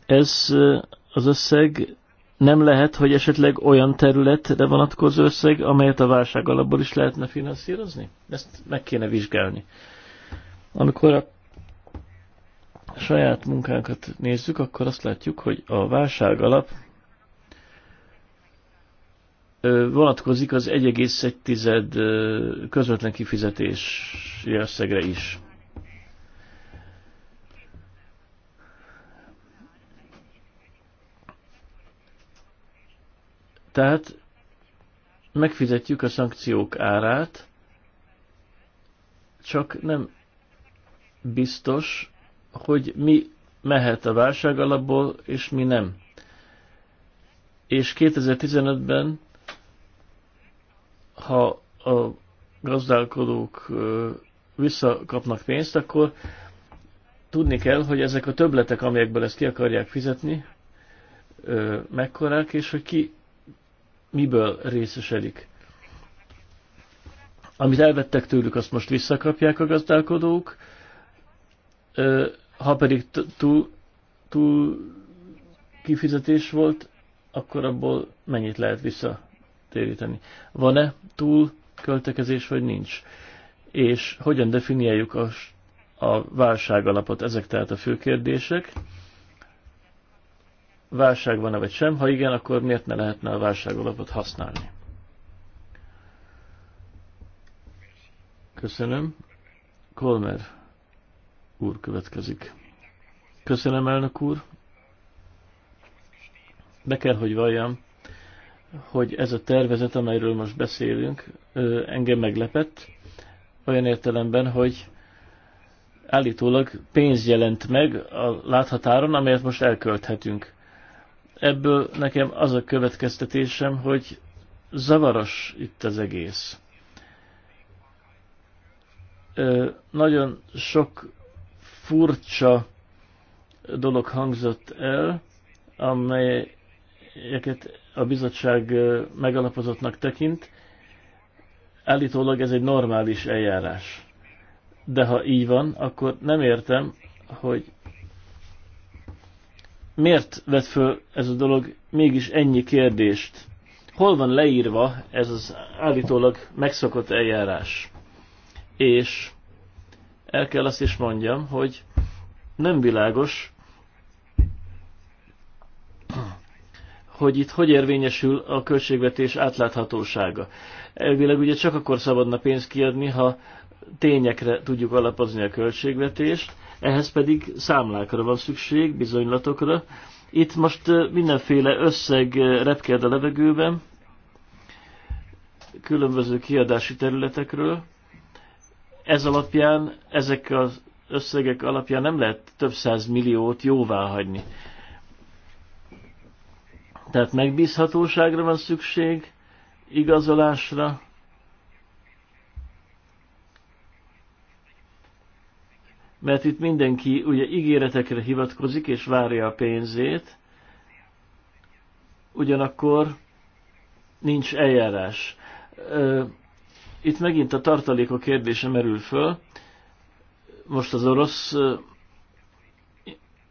ez az összeg nem lehet, hogy esetleg olyan területre vonatkozó összeg, amelyet a válság alapból is lehetne finanszírozni? Ezt meg kéne vizsgálni. Amikor a saját munkánkat nézzük, akkor azt látjuk, hogy a válság alap vonatkozik az 1,1 közvetlen kifizetési összegre is. Tehát megfizetjük a szankciók árát, csak nem biztos, hogy mi mehet a válság alapból, és mi nem. És 2015-ben, ha a gazdálkodók visszakapnak pénzt, akkor tudni kell, hogy ezek a töbletek, amelyekből ezt ki akarják fizetni, mekkorák, és hogy ki miből részesedik. Amit elvettek tőlük, azt most visszakapják a gazdálkodók, ha pedig túl, túl kifizetés volt, akkor abból mennyit lehet visszatéríteni? Van-e túl költekezés, vagy nincs? És hogyan definiáljuk a, a alapot? Ezek tehát a fő kérdések válság van-e vagy sem, ha igen, akkor miért ne lehetne a válság alapot használni? Köszönöm. Kolmer úr következik. Köszönöm, elnök úr. Be kell, hogy valljam, hogy ez a tervezet, amelyről most beszélünk, engem meglepett, olyan értelemben, hogy állítólag pénz jelent meg a láthatáron, amelyet most elkölthetünk. Ebből nekem az a következtetésem, hogy zavaros itt az egész. Ö, nagyon sok furcsa dolog hangzott el, amelyeket a bizottság megalapozottnak tekint. Állítólag ez egy normális eljárás. De ha így van, akkor nem értem, hogy miért vet föl ez a dolog mégis ennyi kérdést. Hol van leírva ez az állítólag megszokott eljárás? És el kell azt is mondjam, hogy nem világos, hogy itt hogy érvényesül a költségvetés átláthatósága. Elvileg ugye csak akkor szabadna pénzt kiadni, ha tényekre tudjuk alapozni a költségvetést, ehhez pedig számlákra van szükség, bizonylatokra. Itt most mindenféle összeg repked a levegőben, különböző kiadási területekről, ez alapján, ezek az összegek alapján nem lehet több száz milliót jóvá hagyni. Tehát megbízhatóságra van szükség, igazolásra, mert itt mindenki ugye ígéretekre hivatkozik és várja a pénzét, ugyanakkor nincs eljárás. Itt megint a tartalékok kérdése merül föl. Most az orosz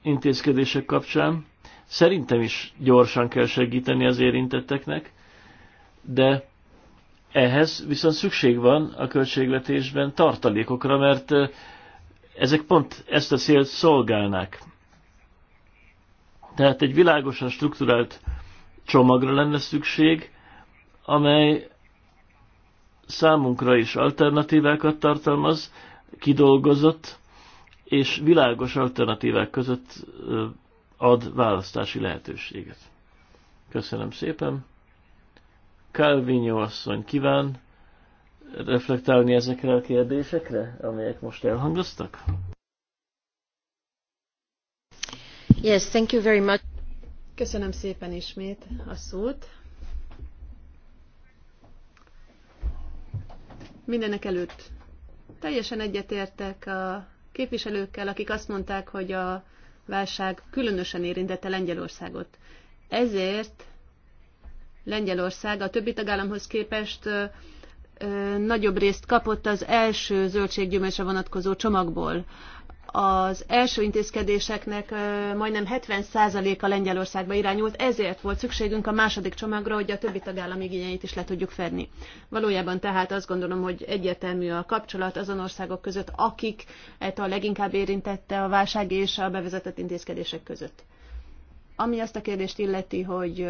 intézkedések kapcsán. Szerintem is gyorsan kell segíteni az érintetteknek, de ehhez viszont szükség van a költségvetésben tartalékokra, mert ezek pont ezt a célt szolgálnák. Tehát egy világosan strukturált csomagra lenne szükség, amely számunkra is alternatívákat tartalmaz, kidolgozott és világos alternatívák között ad választási lehetőséget. Köszönöm szépen. Calvinio asszony kíván reflektálni ezekre a kérdésekre, amelyek most elhangoztak? Yes, thank you very much. Köszönöm szépen ismét a szót. Mindenek előtt teljesen egyetértek a képviselőkkel, akik azt mondták, hogy a válság különösen érintette Lengyelországot. Ezért Lengyelország a többi tagállamhoz képest ö, ö, nagyobb részt kapott az első zöldséggyümölcsre vonatkozó csomagból az első intézkedéseknek majdnem 70%-a Lengyelországba irányult, ezért volt szükségünk a második csomagra, hogy a többi tagállam igényeit is le tudjuk fedni. Valójában tehát azt gondolom, hogy egyértelmű a kapcsolat azon országok között, akik a leginkább érintette a válság és a bevezetett intézkedések között. Ami azt a kérdést illeti, hogy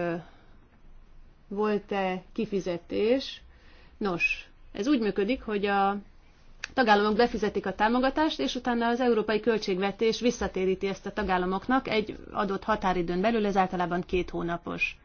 volt-e kifizetés, nos, ez úgy működik, hogy a tagállamok befizetik a támogatást, és utána az európai költségvetés visszatéríti ezt a tagállamoknak egy adott határidőn belül, ez általában két hónapos.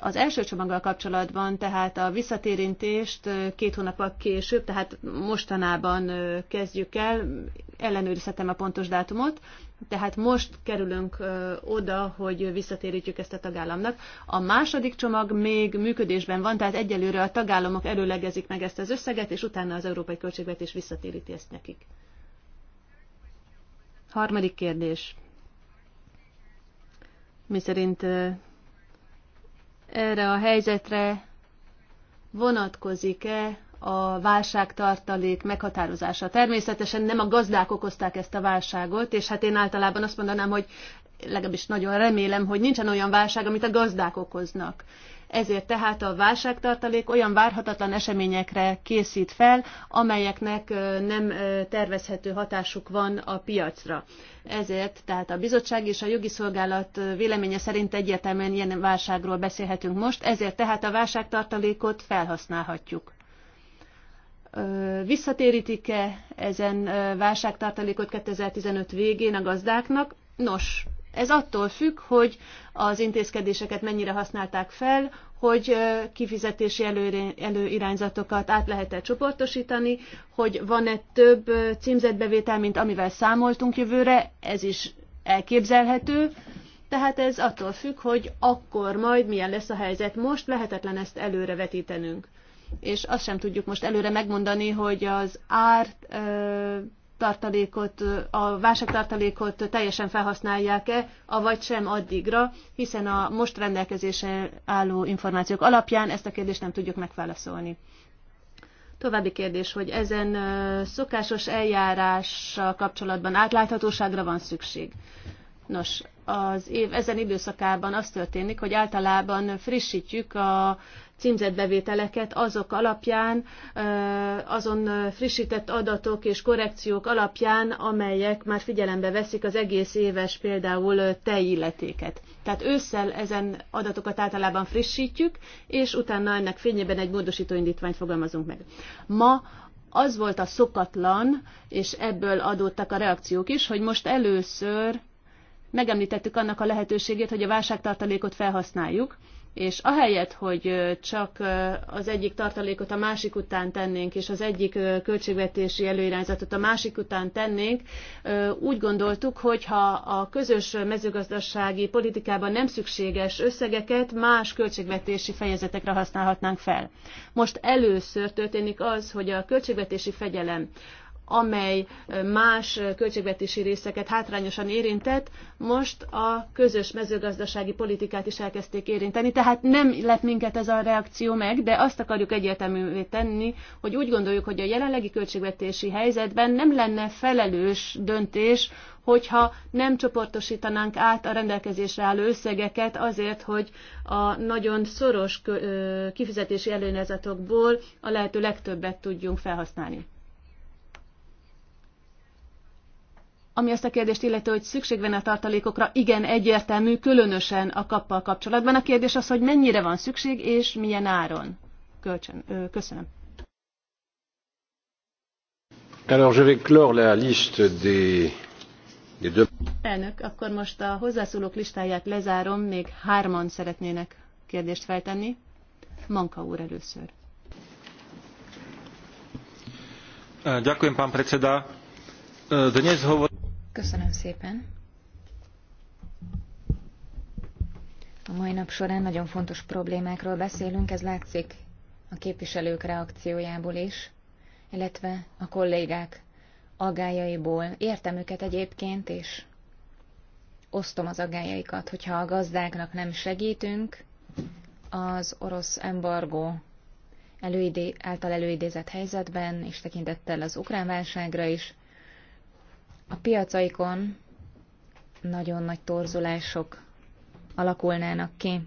Az első csomaggal kapcsolatban tehát a visszatérintést két hónappal később, tehát mostanában kezdjük el, ellenőrizhetem a pontos dátumot, tehát most kerülünk oda, hogy visszatérítjük ezt a tagállamnak. A második csomag még működésben van, tehát egyelőre a tagállamok előlegezik meg ezt az összeget, és utána az európai költségvetés visszatéríti ezt nekik. Harmadik kérdés. Mi szerint erre a helyzetre vonatkozik-e a válságtartalék meghatározása. Természetesen nem a gazdák okozták ezt a válságot, és hát én általában azt mondanám, hogy legalábbis nagyon remélem, hogy nincsen olyan válság, amit a gazdák okoznak. Ezért tehát a válságtartalék olyan várhatatlan eseményekre készít fel, amelyeknek nem tervezhető hatásuk van a piacra. Ezért tehát a bizottság és a jogi szolgálat véleménye szerint egyértelműen ilyen válságról beszélhetünk most, ezért tehát a válságtartalékot felhasználhatjuk visszatérítik-e ezen válságtartalékot 2015 végén a gazdáknak? Nos, ez attól függ, hogy az intézkedéseket mennyire használták fel, hogy kifizetési előirányzatokat át lehet-e csoportosítani, hogy van-e több címzetbevétel, mint amivel számoltunk jövőre, ez is elképzelhető. Tehát ez attól függ, hogy akkor majd milyen lesz a helyzet. Most lehetetlen ezt előre vetítenünk és azt sem tudjuk most előre megmondani, hogy az ár tartalékot, a válságtartalékot teljesen felhasználják-e, avagy sem addigra, hiszen a most rendelkezésre álló információk alapján ezt a kérdést nem tudjuk megválaszolni. További kérdés, hogy ezen szokásos eljárással kapcsolatban átláthatóságra van szükség. Nos, az év ezen időszakában az történik, hogy általában frissítjük a címzetbevételeket azok alapján, azon frissített adatok és korrekciók alapján, amelyek már figyelembe veszik az egész éves például tejilletéket. Tehát ősszel ezen adatokat általában frissítjük, és utána ennek fényében egy módosító indítványt fogalmazunk meg. Ma az volt a szokatlan, és ebből adódtak a reakciók is, hogy most először megemlítettük annak a lehetőségét, hogy a válságtartalékot felhasználjuk, és ahelyett, hogy csak az egyik tartalékot a másik után tennénk, és az egyik költségvetési előirányzatot a másik után tennénk, úgy gondoltuk, hogy ha a közös mezőgazdasági politikában nem szükséges összegeket más költségvetési fejezetekre használhatnánk fel. Most először történik az, hogy a költségvetési fegyelem amely más költségvetési részeket hátrányosan érintett, most a közös mezőgazdasági politikát is elkezdték érinteni. Tehát nem lett minket ez a reakció meg, de azt akarjuk egyértelművé tenni, hogy úgy gondoljuk, hogy a jelenlegi költségvetési helyzetben nem lenne felelős döntés, hogyha nem csoportosítanánk át a rendelkezésre álló összegeket azért, hogy a nagyon szoros kifizetési előnyezetokból a lehető legtöbbet tudjunk felhasználni. Ami azt a kérdést illeti, hogy szükség van a tartalékokra, igen, egyértelmű, különösen a kappal kapcsolatban. A kérdés az, hogy mennyire van szükség, és milyen áron. Kölcsön. köszönöm. Elnök, akkor most a hozzászólók listáját lezárom, még hárman szeretnének kérdést feltenni. Manka úr először. Ďakujem, pán predseda. Dnes hovor... Köszönöm szépen. A mai nap során nagyon fontos problémákról beszélünk, ez látszik a képviselők reakciójából is, illetve a kollégák agájaiból. Értem őket egyébként, és osztom az agájaikat, hogyha a gazdáknak nem segítünk, az orosz embargó előidé, által előidézett helyzetben, és tekintettel az ukrán válságra is, a piacaikon nagyon nagy torzulások alakulnának ki.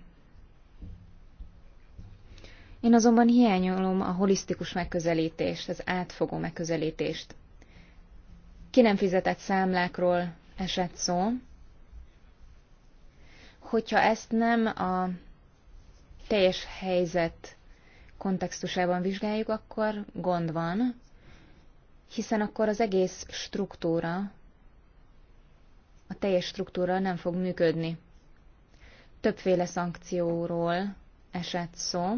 Én azonban hiányolom a holisztikus megközelítést, az átfogó megközelítést. Ki nem fizetett számlákról esett szó, hogyha ezt nem a teljes helyzet kontextusában vizsgáljuk, akkor gond van, hiszen akkor az egész struktúra, a teljes struktúra nem fog működni. Többféle szankcióról esett szó.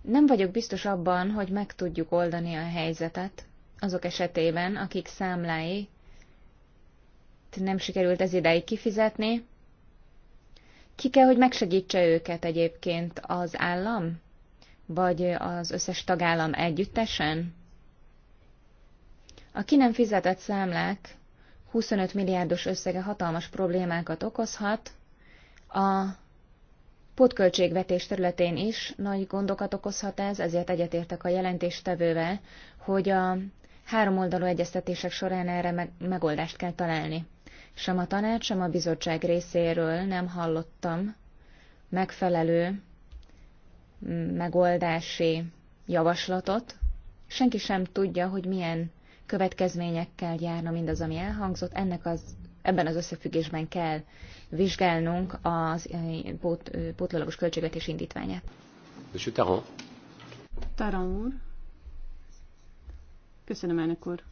Nem vagyok biztos abban, hogy meg tudjuk oldani a helyzetet azok esetében, akik számlái nem sikerült ez ideig kifizetni, ki kell, hogy megsegítse őket egyébként az állam? Vagy az összes tagállam együttesen? A ki nem fizetett számlák 25 milliárdos összege hatalmas problémákat okozhat, a pótköltségvetés területén is nagy gondokat okozhat ez, ezért egyetértek a jelentéstevővel, hogy a háromoldalú egyeztetések során erre megoldást kell találni. Sem a tanács, sem a bizottság részéről nem hallottam megfelelő mm, megoldási javaslatot. Senki sem tudja, hogy milyen következményekkel járna mindaz, ami elhangzott. Ennek az, ebben az összefüggésben kell vizsgálnunk az eh, pót, eh, pótlólagos költségvetés indítványát. Monsieur Taran. Taran úr. Köszönöm, elnök úr.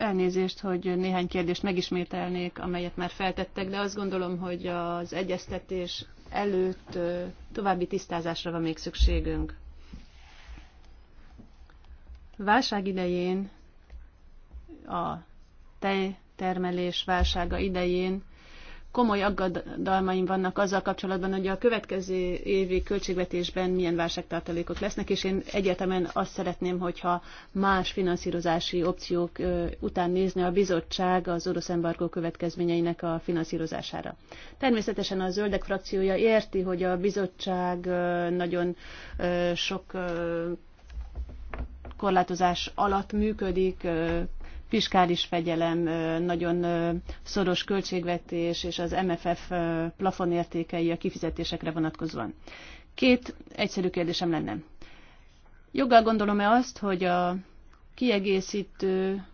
Elnézést, hogy néhány kérdést megismételnék, amelyet már feltettek, de azt gondolom, hogy az egyeztetés előtt további tisztázásra van még szükségünk. Válság idején, a tejtermelés válsága idején komoly aggodalmaim vannak azzal kapcsolatban, hogy a következő évi költségvetésben milyen válságtartalékok lesznek, és én egyetemen azt szeretném, hogyha más finanszírozási opciók után nézne a bizottság az orosz embargó következményeinek a finanszírozására. Természetesen a zöldek frakciója érti, hogy a bizottság nagyon sok korlátozás alatt működik, fiskális fegyelem, nagyon szoros költségvetés és az MFF plafonértékei a kifizetésekre vonatkozóan. Két egyszerű kérdésem lenne. Joggal gondolom-e azt, hogy a kiegészítő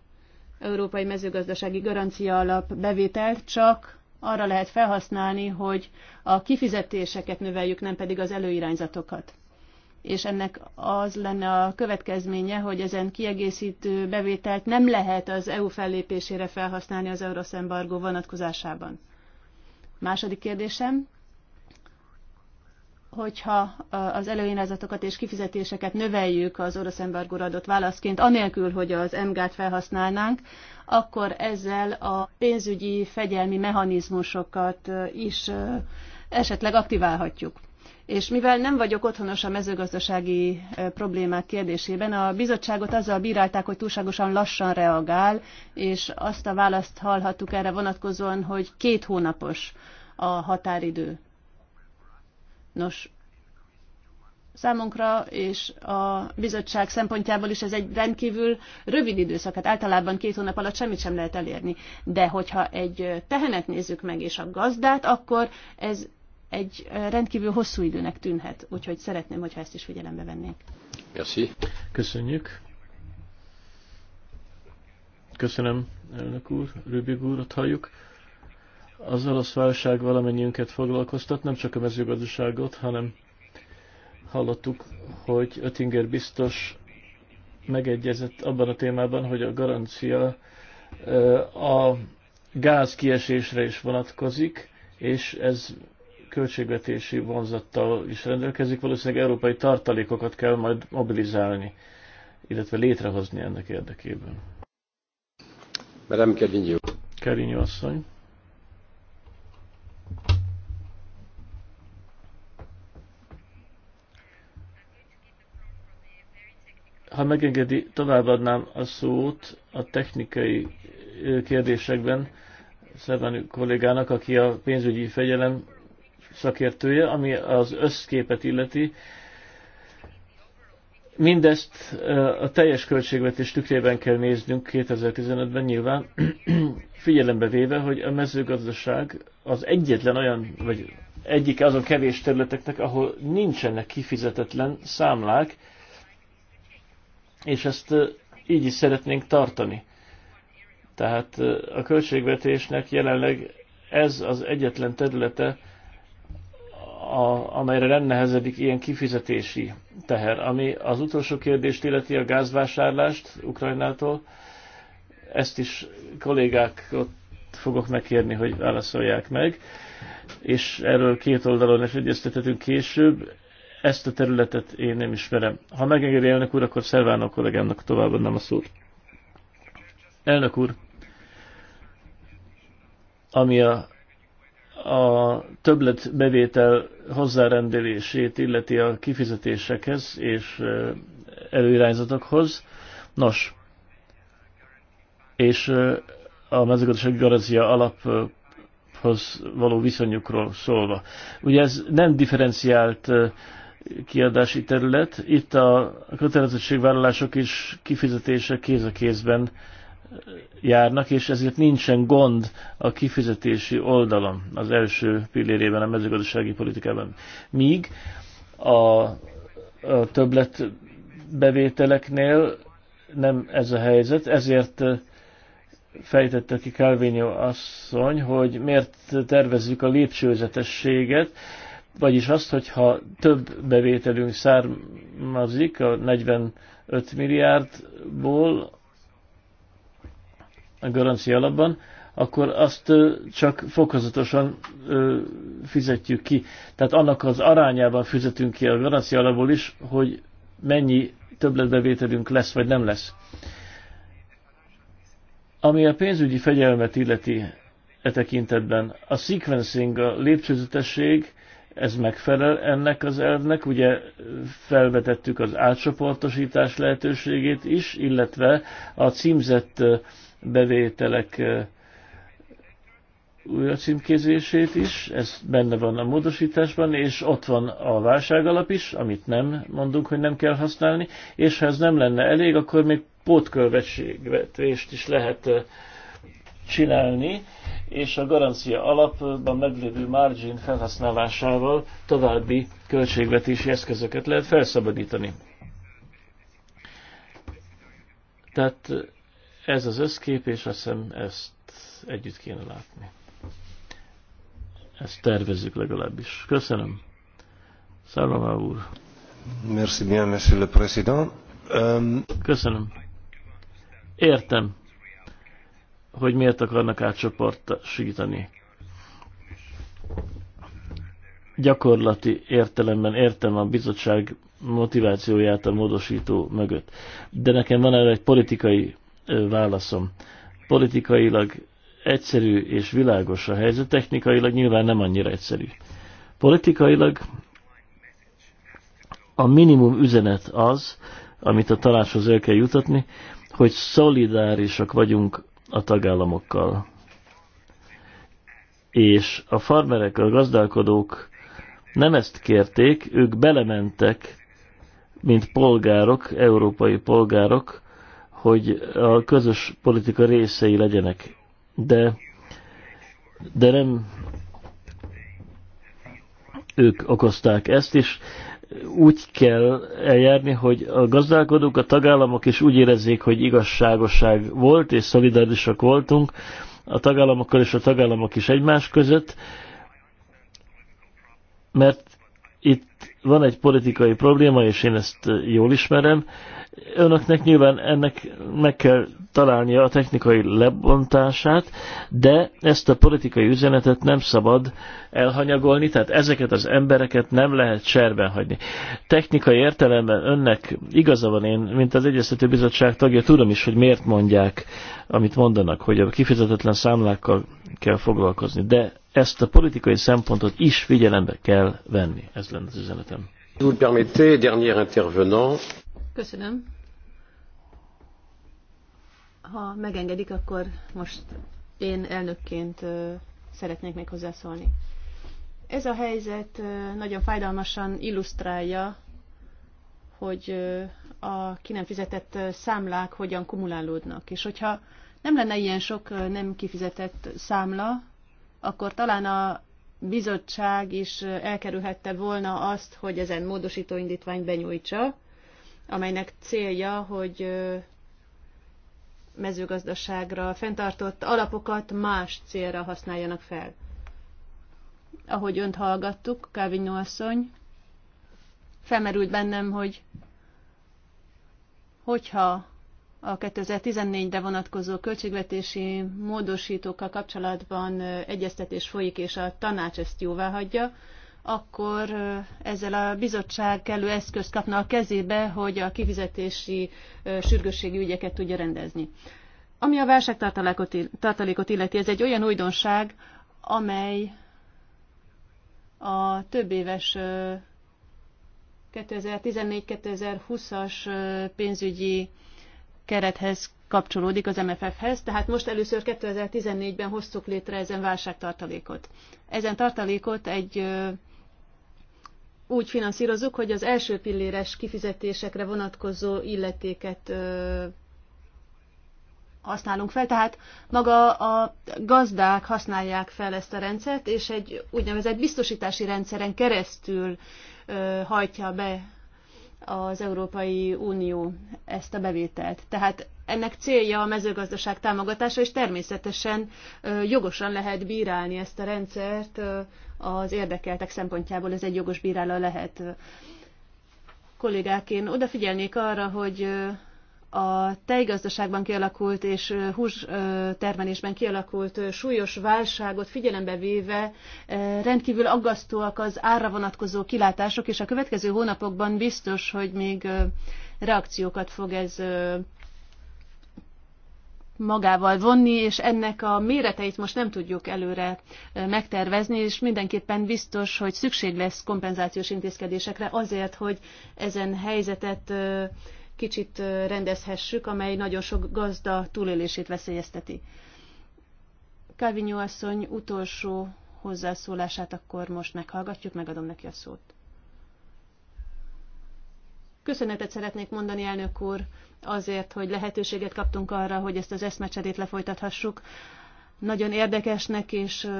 európai mezőgazdasági garancia alap bevétel csak arra lehet felhasználni, hogy a kifizetéseket növeljük, nem pedig az előirányzatokat és ennek az lenne a következménye, hogy ezen kiegészítő bevételt nem lehet az EU fellépésére felhasználni az euroszembargó vonatkozásában. Második kérdésem, hogyha az előírásokat és kifizetéseket növeljük az orosz embargóra adott válaszként, anélkül, hogy az MG-t felhasználnánk, akkor ezzel a pénzügyi fegyelmi mechanizmusokat is esetleg aktiválhatjuk. És mivel nem vagyok otthonos a mezőgazdasági problémák kérdésében, a bizottságot azzal bírálták, hogy túlságosan lassan reagál, és azt a választ hallhattuk erre vonatkozóan, hogy két hónapos a határidő. Nos, számunkra és a bizottság szempontjából is ez egy rendkívül rövid időszak, hát általában két hónap alatt semmit sem lehet elérni. De hogyha egy tehenet nézzük meg és a gazdát, akkor ez egy rendkívül hosszú időnek tűnhet, úgyhogy szeretném, hogyha ezt is figyelembe vennék. Köszi. Köszönjük. Köszönöm, elnök úr, Rübig úrat halljuk. Az orosz válság valamennyiünket foglalkoztat, nem csak a mezőgazdaságot, hanem hallottuk, hogy Ötinger biztos megegyezett abban a témában, hogy a garancia a gáz kiesésre is vonatkozik, és ez költségvetési vonzattal is rendelkezik, valószínűleg európai tartalékokat kell majd mobilizálni, illetve létrehozni ennek érdekében. Merem Kerinyó. Kerinyó asszony. Ha megengedi, továbbadnám a szót a technikai kérdésekben Szevánő kollégának, aki a pénzügyi fegyelem szakértője, ami az összképet illeti. Mindezt a teljes költségvetés tükrében kell néznünk 2015-ben nyilván, figyelembe véve, hogy a mezőgazdaság az egyetlen olyan, vagy egyik azon kevés területeknek, ahol nincsenek kifizetetlen számlák, és ezt így is szeretnénk tartani. Tehát a költségvetésnek jelenleg ez az egyetlen területe, a, amelyre rendnehezedik ilyen kifizetési teher. Ami az utolsó kérdést illeti a gázvásárlást Ukrajnától, ezt is kollégákat fogok megkérni, hogy válaszolják meg, és erről két oldalon is egyeztethetünk később. Ezt a területet én nem ismerem. Ha megengedi elnök úr, akkor a kollégámnak továbbadnám a szót. Elnök úr, ami a a többlet bevétel hozzárendelését illeti a kifizetésekhez és előirányzatokhoz. Nos, és a mezőgazdasági garancia alaphoz való viszonyukról szólva. Ugye ez nem differenciált kiadási terület, itt a kötelezettségvállalások és kifizetések kéz a kézben járnak, és ezért nincsen gond a kifizetési oldalon az első pillérében a mezőgazdasági politikában. Míg a, a többlet bevételeknél nem ez a helyzet, ezért fejtette ki Calvinio asszony, hogy miért tervezzük a lépcsőzetességet, vagyis azt, hogyha több bevételünk származik a 45 milliárdból, a garancia alapban, akkor azt csak fokozatosan fizetjük ki. Tehát annak az arányában fizetünk ki a garancia alapból is, hogy mennyi többletbevételünk lesz, vagy nem lesz. Ami a pénzügyi fegyelmet illeti e tekintetben, a sequencing, a lépcsőzetesség, ez megfelel ennek az elvnek, ugye felvetettük az átcsoportosítás lehetőségét is, illetve a címzett bevételek újra címkézését is, ez benne van a módosításban, és ott van a válságalap is, amit nem mondunk, hogy nem kell használni, és ha ez nem lenne elég, akkor még pótkölvetségvetést is lehet csinálni, és a garancia alapban meglévő margin felhasználásával további költségvetési eszközöket lehet felszabadítani. Tehát ez az összkép, és azt hiszem ezt együtt kéne látni. Ezt tervezzük legalábbis. Köszönöm. Szállamá úr. Merci bien, monsieur le président. Um... Köszönöm. Értem, hogy miért akarnak átcsoportosítani. Gyakorlati értelemben értem a bizottság motivációját a módosító mögött. De nekem van erre egy politikai válaszom. Politikailag egyszerű és világos a helyzet, technikailag nyilván nem annyira egyszerű. Politikailag a minimum üzenet az, amit a tanácshoz el kell jutatni, hogy szolidárisak vagyunk a tagállamokkal. És a farmerek, a gazdálkodók nem ezt kérték, ők belementek, mint polgárok, európai polgárok, hogy a közös politika részei legyenek. De, de nem ők okozták ezt, és úgy kell eljárni, hogy a gazdálkodók, a tagállamok is úgy érezzék, hogy igazságosság volt, és szolidárisak voltunk, a tagállamokkal és a tagállamok is egymás között, mert itt van egy politikai probléma, és én ezt jól ismerem, önöknek nyilván ennek meg kell találnia a technikai lebontását, de ezt a politikai üzenetet nem szabad elhanyagolni, tehát ezeket az embereket nem lehet serben hagyni. Technikai értelemben önnek igaza van én, mint az Egyeztető Bizottság tagja, tudom is, hogy miért mondják, amit mondanak, hogy a kifizetetlen számlákkal kell foglalkozni, de ezt a politikai szempontot is figyelembe kell venni. Ez lenne az üzenetem. Vous permettez, dernier intervenant. Köszönöm. Ha megengedik, akkor most én elnökként szeretnék még hozzászólni. Ez a helyzet nagyon fájdalmasan illusztrálja, hogy a ki nem fizetett számlák hogyan kumulálódnak. És hogyha nem lenne ilyen sok nem kifizetett számla, akkor talán a bizottság is elkerülhette volna azt, hogy ezen módosító indítványt benyújtsa, amelynek célja, hogy mezőgazdaságra fenntartott alapokat más célra használjanak fel. Ahogy önt hallgattuk, Kávinó asszony, felmerült bennem, hogy hogyha a 2014-re vonatkozó költségvetési módosítókkal kapcsolatban egyeztetés folyik, és a tanács ezt jóvá hagyja, akkor ezzel a bizottság kellő eszközt kapna a kezébe, hogy a kifizetési sürgősségi ügyeket tudja rendezni. Ami a válságtartalékot illeti, ez egy olyan újdonság, amely a több éves 2014-2020-as pénzügyi kerethez kapcsolódik az MFF-hez, tehát most először 2014-ben hoztuk létre ezen válságtartalékot. Ezen tartalékot egy úgy finanszírozzuk, hogy az első pilléres kifizetésekre vonatkozó illetéket használunk fel, tehát maga a gazdák használják fel ezt a rendszert, és egy úgynevezett biztosítási rendszeren keresztül hajtja be az Európai Unió ezt a bevételt. Tehát ennek célja a mezőgazdaság támogatása, és természetesen jogosan lehet bírálni ezt a rendszert az érdekeltek szempontjából ez egy jogos bírála lehet. Kollégák, én odafigyelnék arra, hogy a tejgazdaságban kialakult és hús termelésben kialakult súlyos válságot figyelembe véve rendkívül aggasztóak az ára vonatkozó kilátások, és a következő hónapokban biztos, hogy még reakciókat fog ez magával vonni, és ennek a méreteit most nem tudjuk előre megtervezni, és mindenképpen biztos, hogy szükség lesz kompenzációs intézkedésekre azért, hogy ezen helyzetet kicsit rendezhessük, amely nagyon sok gazda túlélését veszélyezteti. Kávinyó asszony utolsó hozzászólását akkor most meghallgatjuk, megadom neki a szót. Köszönetet szeretnék mondani, elnök úr, azért, hogy lehetőséget kaptunk arra, hogy ezt az eszmecserét lefolytathassuk. Nagyon érdekesnek és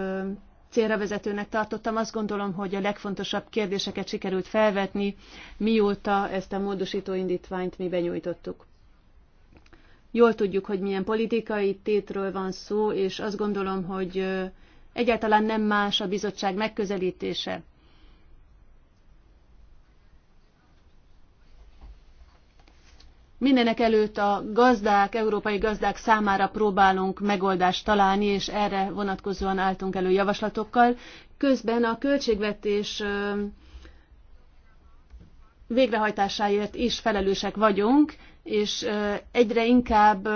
célra vezetőnek tartottam. Azt gondolom, hogy a legfontosabb kérdéseket sikerült felvetni, mióta ezt a módosító indítványt mi benyújtottuk. Jól tudjuk, hogy milyen politikai tétről van szó, és azt gondolom, hogy egyáltalán nem más a bizottság megközelítése. Mindenek előtt a gazdák, európai gazdák számára próbálunk megoldást találni, és erre vonatkozóan álltunk elő javaslatokkal. Közben a költségvetés végrehajtásáért is felelősek vagyunk, és egyre inkább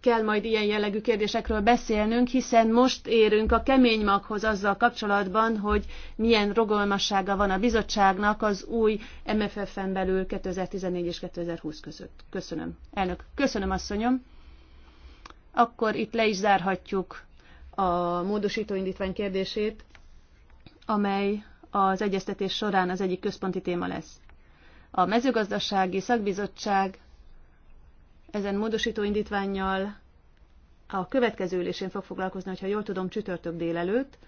kell majd ilyen jellegű kérdésekről beszélnünk, hiszen most érünk a kemény maghoz azzal kapcsolatban, hogy milyen rogalmassága van a bizottságnak az új MFF-en belül 2014 és 2020 között. Köszönöm. Elnök, köszönöm asszonyom. Akkor itt le is zárhatjuk a módosítóindítvány kérdését, amely az egyeztetés során az egyik központi téma lesz. A mezőgazdasági szakbizottság ezen módosító indítványjal a következő ülésén fog foglalkozni, ha jól tudom, csütörtök délelőtt.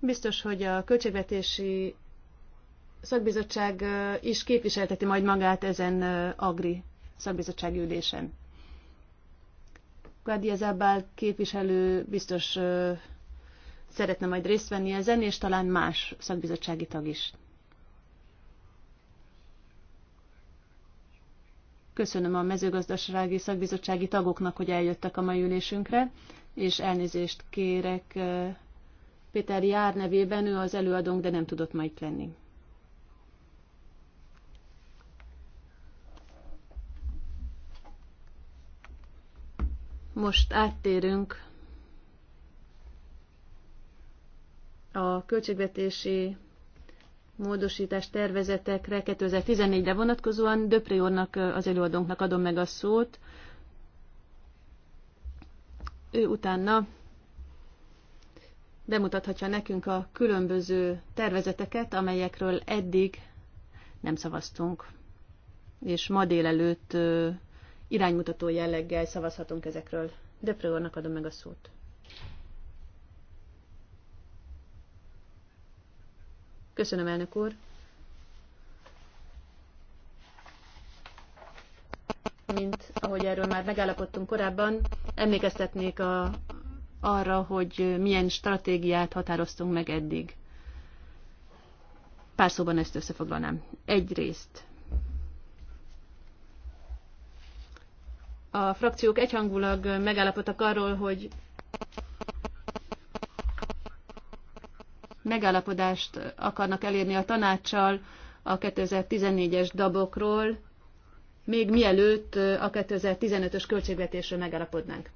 Biztos, hogy a költségvetési szakbizottság is képviselteti majd magát ezen agri szakbizottsági ülésen. Guardia Zabal képviselő biztos szeretne majd részt venni ezen, és talán más szakbizottsági tag is. Köszönöm a mezőgazdasági szakbizottsági tagoknak, hogy eljöttek a mai ülésünkre, és elnézést kérek Péter Jár nevében, ő az előadónk, de nem tudott ma itt lenni. Most áttérünk a költségvetési módosítás tervezetekre 2014-re vonatkozóan Döpré úrnak, az előadónknak adom meg a szót. Ő utána bemutathatja nekünk a különböző tervezeteket, amelyekről eddig nem szavaztunk, és ma délelőtt iránymutató jelleggel szavazhatunk ezekről. Döpré úrnak adom meg a szót. Köszönöm, elnök úr. Mint ahogy erről már megállapodtunk korábban, emlékeztetnék a, arra, hogy milyen stratégiát határoztunk meg eddig. Pár szóban ezt összefoglalnám. Egyrészt a frakciók egyhangulag megállapodtak arról, hogy megállapodást akarnak elérni a tanácssal a 2014-es dabokról, még mielőtt a 2015-ös költségvetésről megállapodnánk.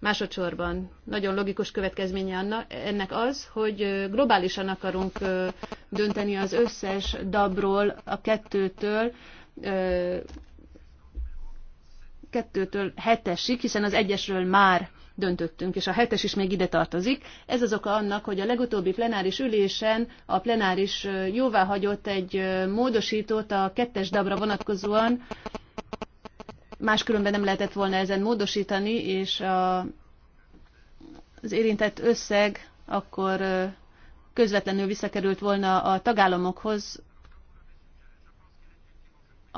Másodszorban nagyon logikus következménye ennek az, hogy globálisan akarunk dönteni az összes dabról a kettőtől, kettőtől hetesig, hiszen az egyesről már döntöttünk, és a hetes is még ide tartozik. Ez az oka annak, hogy a legutóbbi plenáris ülésen a plenáris jóvá hagyott egy módosítót a kettes dabra vonatkozóan, máskülönben nem lehetett volna ezen módosítani, és a, az érintett összeg akkor közvetlenül visszakerült volna a tagállamokhoz,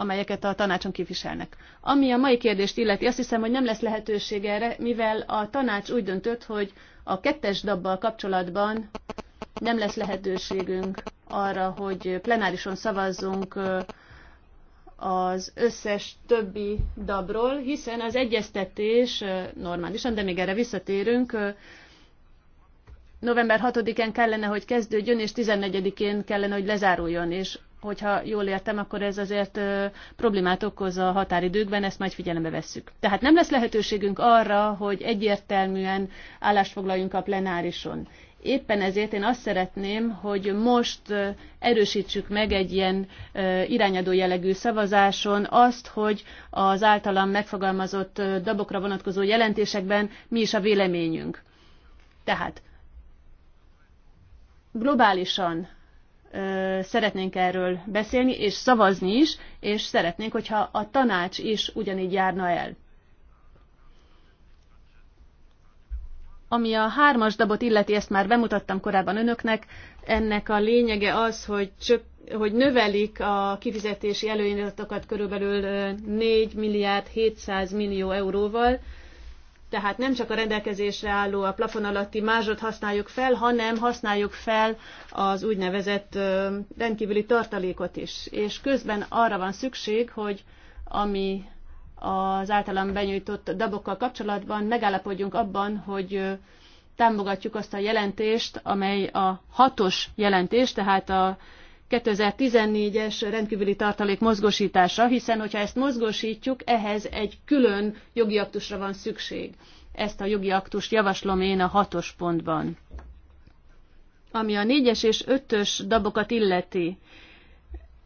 amelyeket a tanácson képviselnek. Ami a mai kérdést illeti, azt hiszem, hogy nem lesz lehetőség erre, mivel a tanács úgy döntött, hogy a kettes dabbal kapcsolatban nem lesz lehetőségünk arra, hogy plenárison szavazzunk az összes többi dabról, hiszen az egyeztetés normálisan, de még erre visszatérünk, november 6-án kellene, hogy kezdődjön, és 14-én kellene, hogy lezáruljon, és hogyha jól értem, akkor ez azért problémát okoz a határidőkben, ezt majd figyelembe vesszük. Tehát nem lesz lehetőségünk arra, hogy egyértelműen állást foglaljunk a plenárison. Éppen ezért én azt szeretném, hogy most erősítsük meg egy ilyen irányadó jellegű szavazáson azt, hogy az általam megfogalmazott dabokra vonatkozó jelentésekben mi is a véleményünk. Tehát globálisan szeretnénk erről beszélni, és szavazni is, és szeretnénk, hogyha a tanács is ugyanígy járna el. Ami a hármas dabot illeti, ezt már bemutattam korábban önöknek, ennek a lényege az, hogy, csök, hogy növelik a kifizetési előírásokat körülbelül 4 milliárd 700 millió euróval, tehát nem csak a rendelkezésre álló a plafon alatti mázsot használjuk fel, hanem használjuk fel az úgynevezett rendkívüli tartalékot is. És közben arra van szükség, hogy ami az általam benyújtott dabokkal kapcsolatban megállapodjunk abban, hogy támogatjuk azt a jelentést, amely a hatos jelentés, tehát a 2014-es rendkívüli tartalék mozgósítása, hiszen hogyha ezt mozgósítjuk, ehhez egy külön jogi aktusra van szükség. Ezt a jogi aktust javaslom én a hatos pontban. Ami a négyes és ötös dabokat illeti,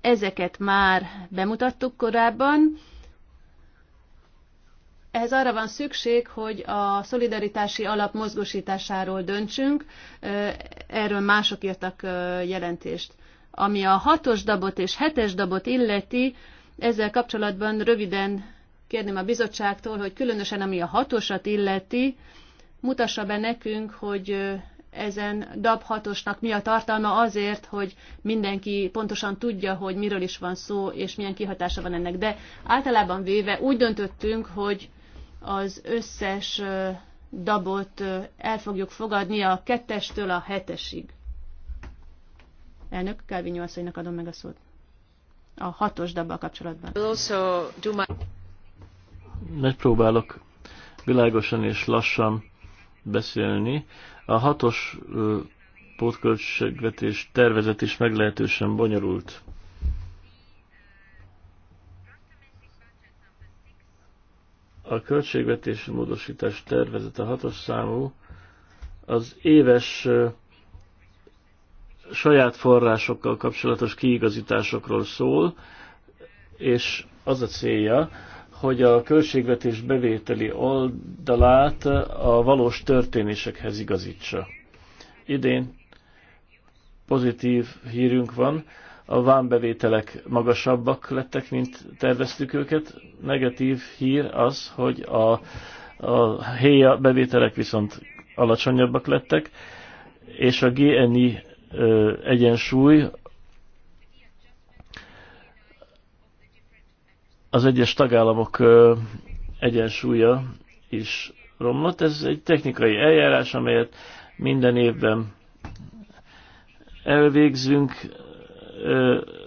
ezeket már bemutattuk korábban. Ehhez arra van szükség, hogy a szolidaritási alap mozgósításáról döntsünk. Erről mások írtak jelentést ami a hatos dabot és hetes dabot illeti, ezzel kapcsolatban röviden kérném a bizottságtól, hogy különösen ami a hatosat illeti, mutassa be nekünk, hogy ezen DAB hatosnak mi a tartalma azért, hogy mindenki pontosan tudja, hogy miről is van szó, és milyen kihatása van ennek. De általában véve úgy döntöttünk, hogy az összes dabot el fogjuk fogadni a kettestől a hetesig. Elnök, Kálvinyó asszonynak adom meg a szót. A hatos dabbal kapcsolatban. Megpróbálok világosan és lassan beszélni. A hatos pótköltségvetés tervezet is meglehetősen bonyolult. A költségvetési módosítás tervezet a hatos számú az éves saját forrásokkal kapcsolatos kiigazításokról szól, és az a célja, hogy a költségvetés bevételi oldalát a valós történésekhez igazítsa. Idén pozitív hírünk van, a vámbevételek magasabbak lettek, mint terveztük őket. Negatív hír az, hogy a, a héja bevételek viszont alacsonyabbak lettek, és a GNI egyensúly az egyes tagállamok egyensúlya is romlott. Ez egy technikai eljárás, amelyet minden évben elvégzünk.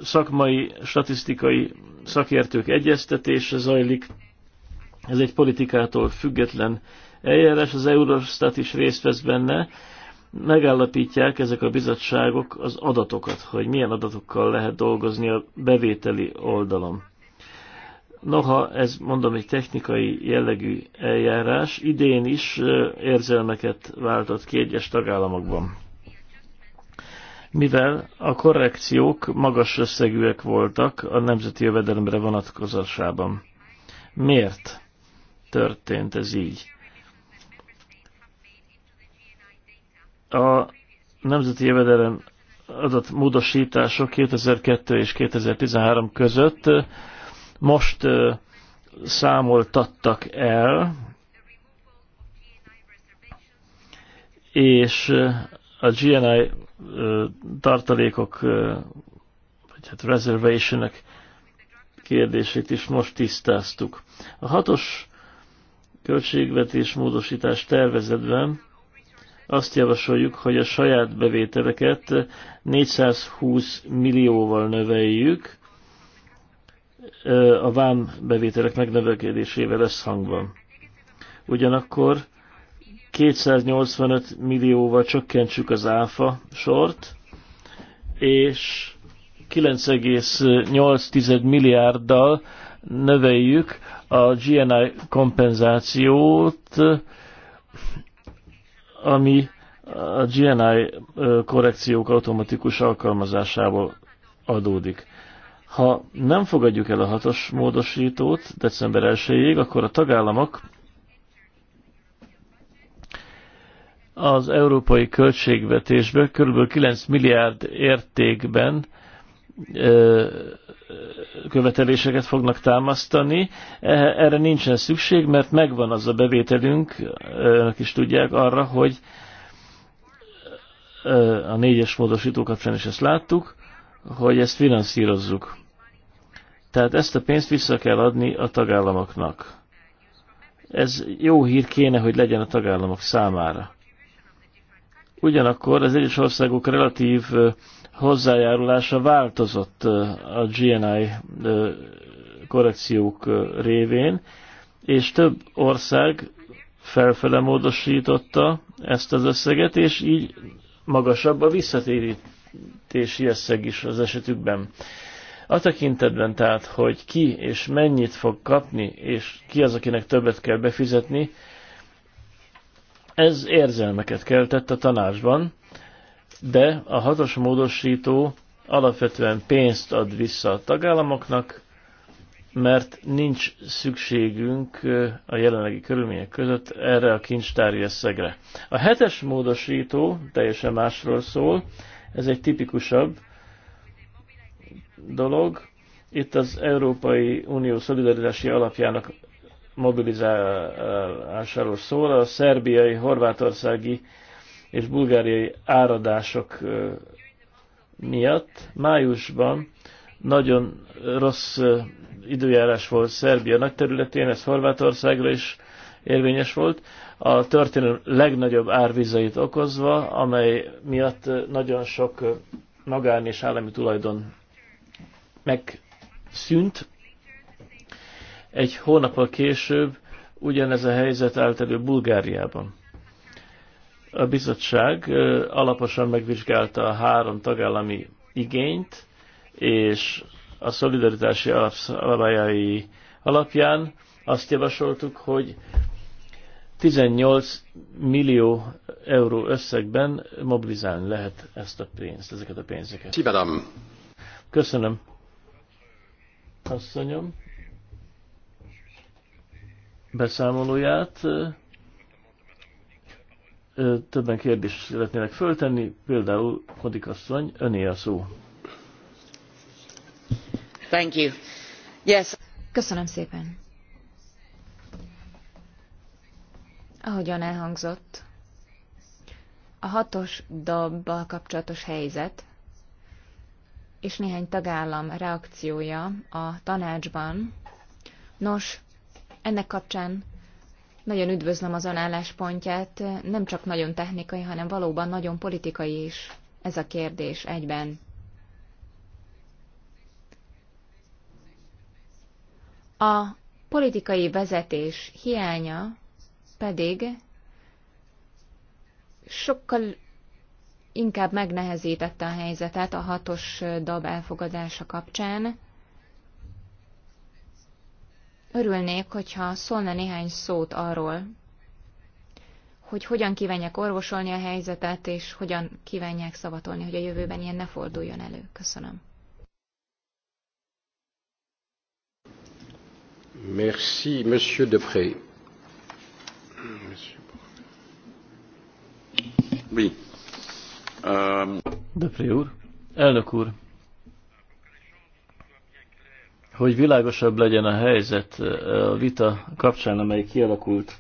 Szakmai, statisztikai szakértők egyeztetése zajlik. Ez egy politikától független eljárás, az Eurostat is részt vesz benne, megállapítják ezek a bizottságok az adatokat, hogy milyen adatokkal lehet dolgozni a bevételi oldalon. Noha ez mondom egy technikai jellegű eljárás, idén is érzelmeket váltott ki egyes tagállamokban. Mivel a korrekciók magas összegűek voltak a nemzeti jövedelemre vonatkozásában. Miért történt ez így? A nemzeti jövedelem adott módosítások 2002 és 2013 között most számoltattak el, és a GNI tartalékok, vagy hát reservation kérdését is most tisztáztuk. A hatos költségvetés módosítás tervezetben azt javasoljuk, hogy a saját bevételeket 420 millióval növeljük, a vám bevételek megnövekedésével hangban. Ugyanakkor 285 millióval csökkentsük az áfa sort, és 9,8 milliárddal növeljük a GNI kompenzációt ami a GNI korrekciók automatikus alkalmazásából adódik. Ha nem fogadjuk el a hatos módosítót december 1-ig, akkor a tagállamok az európai költségvetésből kb. 9 milliárd értékben követeléseket fognak támasztani. E, erre nincsen szükség, mert megvan az a bevételünk, önök is tudják arra, hogy a négyes módosító kapcsán is ezt láttuk, hogy ezt finanszírozzuk. Tehát ezt a pénzt vissza kell adni a tagállamoknak. Ez jó hír kéne, hogy legyen a tagállamok számára. Ugyanakkor az egyes országok relatív hozzájárulása változott a GNI korrekciók révén, és több ország felfele módosította ezt az összeget, és így magasabb a visszatérítési összeg is az esetükben. A tekintetben tehát, hogy ki és mennyit fog kapni, és ki az, akinek többet kell befizetni, ez érzelmeket keltett a tanácsban, de a hatos módosító alapvetően pénzt ad vissza a tagállamoknak, mert nincs szükségünk a jelenlegi körülmények között erre a kincstári összegre. A hetes módosító teljesen másról szól, ez egy tipikusabb dolog. Itt az Európai Unió szolidaritási alapjának mobilizálásáról szól, a szerbiai, horvátországi és bulgáriai áradások miatt májusban nagyon rossz időjárás volt Szerbia nagy területén, ez Horvátországra is érvényes volt, a történelem legnagyobb árvizeit okozva, amely miatt nagyon sok magán és állami tulajdon megszűnt. Egy hónappal később ugyanez a helyzet állt elő Bulgáriában. A bizottság alaposan megvizsgálta a három tagállami igényt, és a szolidaritási alapszabályai alapján azt javasoltuk, hogy 18 millió euró összegben mobilizálni lehet ezt a pénzt, ezeket a pénzeket. Kibedem. Köszönöm. Asszonyom beszámolóját többen kérdést szeretnének föltenni, például Kodik asszony, öné a szó. Thank you. Yes. Köszönöm szépen. Ahogyan elhangzott, a hatos dobbal kapcsolatos helyzet és néhány tagállam reakciója a tanácsban. Nos, ennek kapcsán nagyon üdvözlöm azon álláspontját, nem csak nagyon technikai, hanem valóban nagyon politikai is ez a kérdés egyben. A politikai vezetés hiánya pedig sokkal inkább megnehezítette a helyzetet a hatos dab elfogadása kapcsán. Örülnék, hogyha szólna néhány szót arról, hogy hogyan kívánják orvosolni a helyzetet, és hogyan kívánják szavatolni, hogy a jövőben ilyen ne forduljon elő. Köszönöm. Merci, Monsieur Depré. Oui. Um... Depré úr, elnök úr, hogy világosabb legyen a helyzet eh, a vita kapcsán, amely kialakult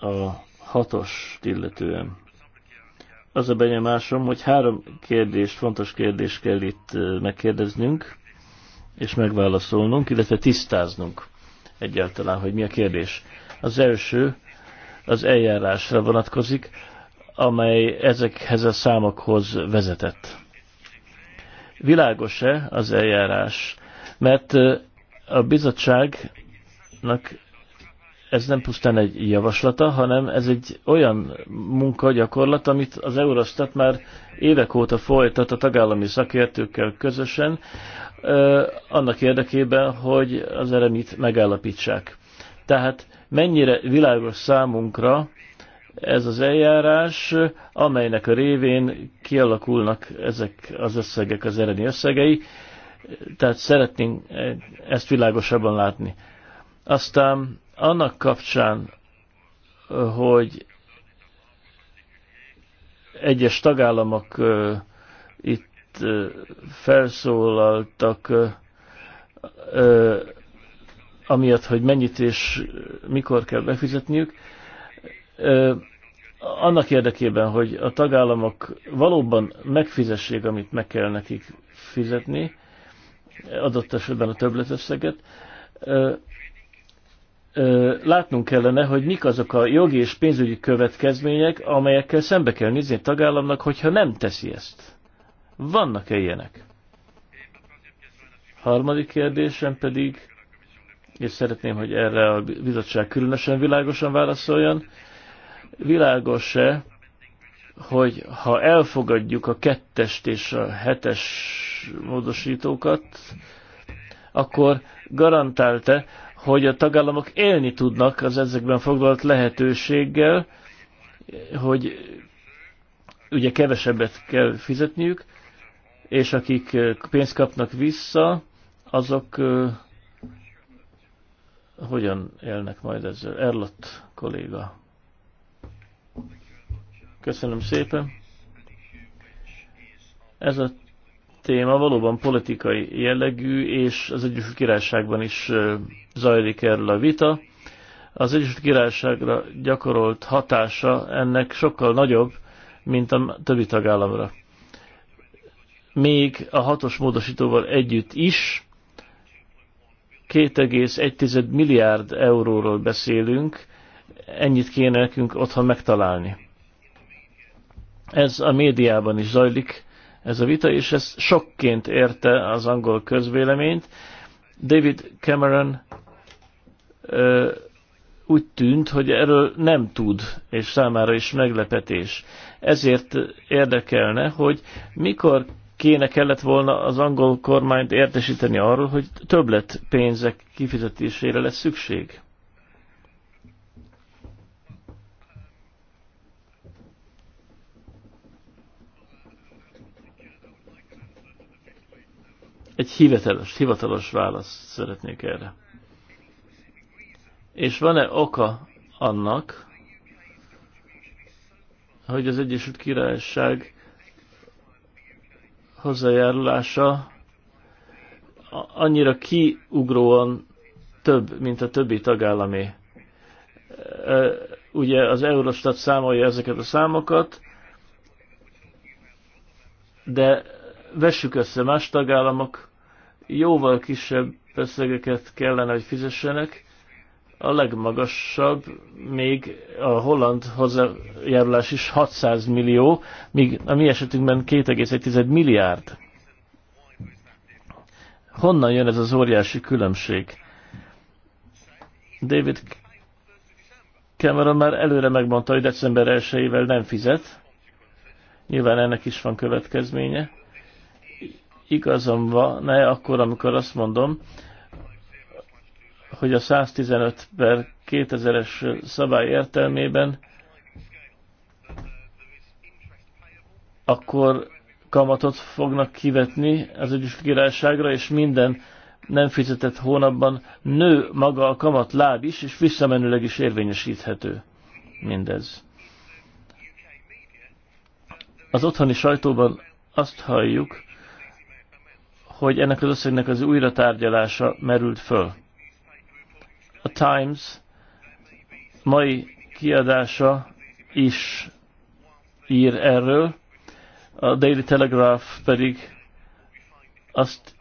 a hatos illetően. Az a benyomásom, hogy három kérdést, fontos kérdést kell itt eh, megkérdeznünk, és megválaszolnunk, illetve tisztáznunk egyáltalán, hogy mi a kérdés. Az első az eljárásra vonatkozik, amely ezekhez a számokhoz vezetett Világos-e az eljárás? Mert a bizottságnak ez nem pusztán egy javaslata, hanem ez egy olyan munkagyakorlat, amit az Eurostat már évek óta folytat a tagállami szakértőkkel közösen, annak érdekében, hogy az eremit megállapítsák. Tehát mennyire világos számunkra ez az eljárás, amelynek a révén kialakulnak ezek az összegek, az eredeti összegei, tehát szeretnénk ezt világosabban látni. Aztán annak kapcsán, hogy egyes tagállamok itt felszólaltak, amiatt, hogy mennyit és mikor kell befizetniük, annak érdekében, hogy a tagállamok valóban megfizessék, amit meg kell nekik fizetni, adott esetben a többletösszeget, látnunk kellene, hogy mik azok a jogi és pénzügyi következmények, amelyekkel szembe kell nézni a tagállamnak, hogyha nem teszi ezt. Vannak-e ilyenek? Harmadik kérdésem pedig, és szeretném, hogy erre a bizottság különösen világosan válaszoljon, világos-e, hogy ha elfogadjuk a kettest és a hetes módosítókat, akkor garantálta, hogy a tagállamok élni tudnak az ezekben foglalt lehetőséggel, hogy ugye kevesebbet kell fizetniük, és akik pénzt kapnak vissza, azok hogyan élnek majd ezzel? Erlott kolléga. Köszönöm szépen. Ez a téma valóban politikai jellegű, és az Egyesült Királyságban is zajlik erről a vita. Az Egyesült Királyságra gyakorolt hatása ennek sokkal nagyobb, mint a többi tagállamra. Még a hatos módosítóval együtt is 2,1 milliárd euróról beszélünk, ennyit kéne nekünk otthon megtalálni ez a médiában is zajlik, ez a vita, és ez sokként érte az angol közvéleményt. David Cameron ö, úgy tűnt, hogy erről nem tud, és számára is meglepetés. Ezért érdekelne, hogy mikor kéne kellett volna az angol kormányt értesíteni arról, hogy többlet pénzek kifizetésére lesz szükség. egy hivatalos, hivatalos választ szeretnék erre. És van-e oka annak, hogy az Egyesült Királyság hozzájárulása annyira kiugróan több, mint a többi tagállamé. Ugye az Eurostat számolja ezeket a számokat, de vessük össze más tagállamok, jóval kisebb összegeket kellene, hogy fizessenek, a legmagasabb még a holland hozzájárulás is 600 millió, míg a mi esetünkben 2,1 milliárd. Honnan jön ez az óriási különbség? David Cameron már előre megmondta, hogy december 1 nem fizet. Nyilván ennek is van következménye igazam van-e akkor, amikor azt mondom, hogy a 115 per 2000-es szabály értelmében akkor kamatot fognak kivetni az Egyesült Királyságra, és minden nem fizetett hónapban nő maga a kamat láb is, és visszamenőleg is érvényesíthető mindez. Az otthoni sajtóban azt halljuk, hogy ennek az összegnek az újra tárgyalása merült föl. A Times mai kiadása is ír erről, a Daily Telegraph pedig azt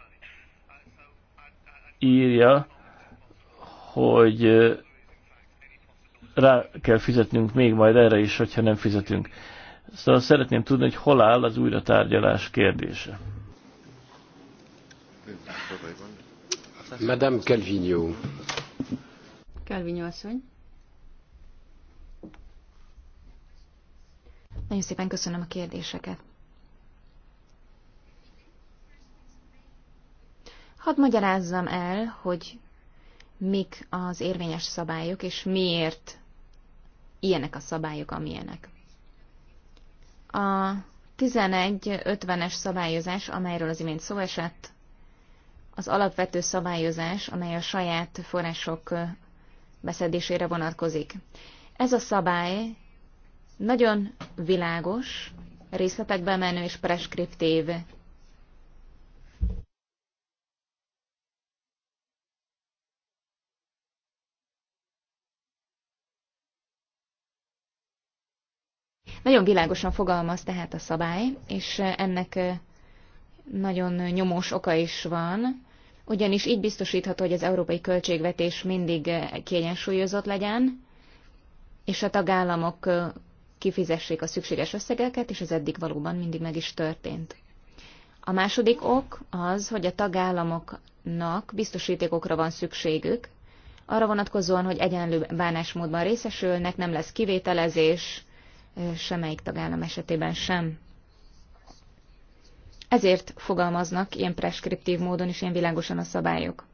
írja, hogy rá kell fizetnünk még majd erre is, hogyha nem fizetünk. Szóval szeretném tudni, hogy hol áll az újratárgyalás kérdése. Madame Calvino. Calvino asszony. Nagyon szépen köszönöm a kérdéseket. Hadd magyarázzam el, hogy mik az érvényes szabályok, és miért ilyenek a szabályok, amilyenek. A 11.50-es szabályozás, amelyről az imént szó esett, az alapvető szabályozás, amely a saját források beszedésére vonatkozik. Ez a szabály nagyon világos, részletekbe menő és preskriptív. Nagyon világosan fogalmaz tehát a szabály, és ennek nagyon nyomós oka is van, ugyanis így biztosítható, hogy az európai költségvetés mindig eh, kiegyensúlyozott legyen, és a tagállamok eh, kifizessék a szükséges összegeket, és ez eddig valóban mindig meg is történt. A második ok az, hogy a tagállamoknak biztosítékokra van szükségük, arra vonatkozóan, hogy egyenlő bánásmódban részesülnek, nem lesz kivételezés eh, semmelyik tagállam esetében sem. Ezért fogalmaznak ilyen preskriptív módon is ilyen világosan a szabályok.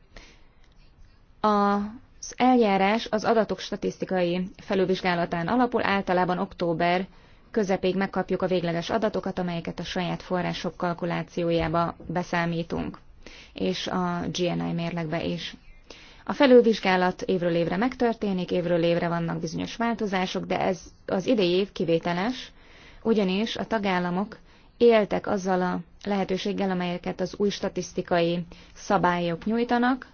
Az eljárás az adatok statisztikai felülvizsgálatán alapul általában október közepéig megkapjuk a végleges adatokat, amelyeket a saját források kalkulációjába beszámítunk, és a GNI mérlegbe is. A felülvizsgálat évről évre megtörténik, évről évre vannak bizonyos változások, de ez az idei év kivételes, ugyanis a tagállamok éltek azzal a lehetőséggel, amelyeket az új statisztikai szabályok nyújtanak.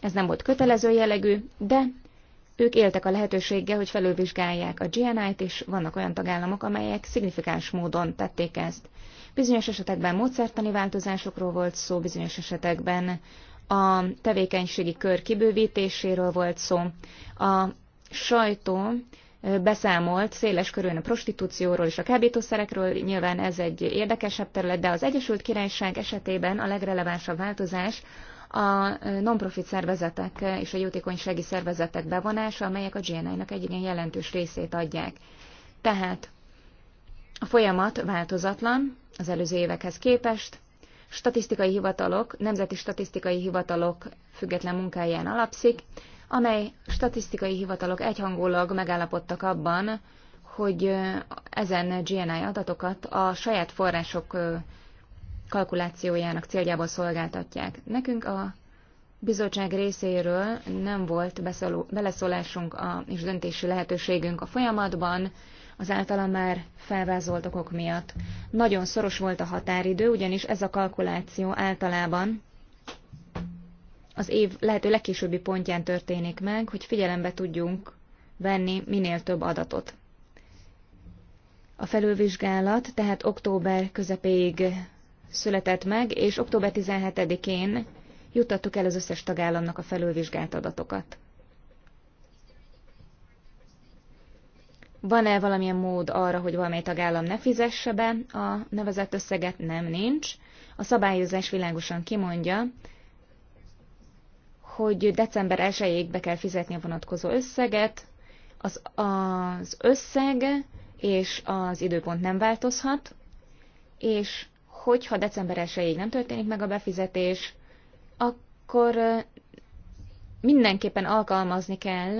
Ez nem volt kötelező jellegű, de ők éltek a lehetőséggel, hogy felülvizsgálják a GNI-t, és vannak olyan tagállamok, amelyek szignifikáns módon tették ezt. Bizonyos esetekben módszertani változásokról volt szó, bizonyos esetekben a tevékenységi kör kibővítéséről volt szó. A sajtó beszámolt széles körülön a prostitúcióról és a kábítószerekről, nyilván ez egy érdekesebb terület, de az Egyesült Királyság esetében a legrelevánsabb változás a non-profit szervezetek és a jótékonysági szervezetek bevonása, amelyek a GNI-nak egy igen jelentős részét adják. Tehát a folyamat változatlan az előző évekhez képest, statisztikai hivatalok, nemzeti statisztikai hivatalok független munkáján alapszik, amely statisztikai hivatalok egyhangulag megállapodtak abban, hogy ezen GNI adatokat a saját források kalkulációjának céljából szolgáltatják. Nekünk a bizottság részéről nem volt beleszólásunk a, és döntési lehetőségünk a folyamatban, az általa már felvázolt okok miatt. Nagyon szoros volt a határidő, ugyanis ez a kalkuláció általában az év lehető legkésőbbi pontján történik meg, hogy figyelembe tudjunk venni minél több adatot. A felülvizsgálat tehát október közepéig született meg, és október 17-én juttattuk el az összes tagállamnak a felülvizsgált adatokat. Van-e valamilyen mód arra, hogy valamely tagállam ne fizesse be a nevezett összeget? Nem, nincs. A szabályozás világosan kimondja, hogy december 1 be kell fizetni a vonatkozó összeget, az, az összeg és az időpont nem változhat, és hogyha december 1 nem történik meg a befizetés, akkor mindenképpen alkalmazni kell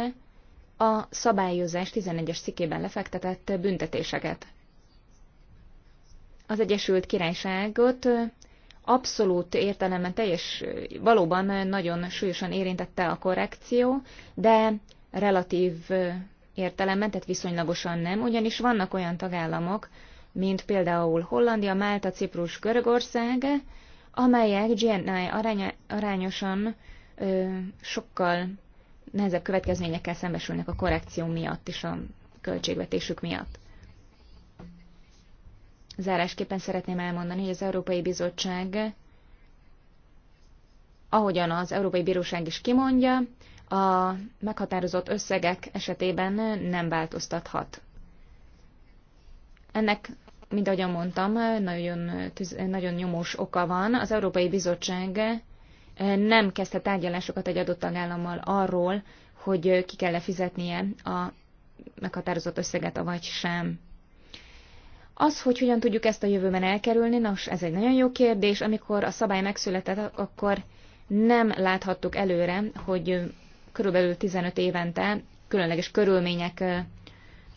a szabályozás 11-es cikkében lefektetett büntetéseket. Az Egyesült Királyságot abszolút értelemben teljes, valóban nagyon súlyosan érintette a korrekció, de relatív értelemben, tehát viszonylagosan nem, ugyanis vannak olyan tagállamok, mint például Hollandia, Málta, Ciprus, Görögország, amelyek GNI arányosan ö, sokkal nehezebb következményekkel szembesülnek a korrekció miatt és a költségvetésük miatt. Zárásképpen szeretném elmondani, hogy az Európai Bizottság, ahogyan az Európai Bíróság is kimondja, a meghatározott összegek esetében nem változtathat. Ennek, mint ahogyan mondtam, nagyon, nagyon nyomós oka van. Az Európai Bizottság nem kezdte tárgyalásokat egy adott tagállammal arról, hogy ki kell -e fizetnie a meghatározott összeget, avagy sem. Az, hogy hogyan tudjuk ezt a jövőben elkerülni, nos, ez egy nagyon jó kérdés. Amikor a szabály megszületett, akkor nem láthattuk előre, hogy körülbelül 15 évente különleges körülmények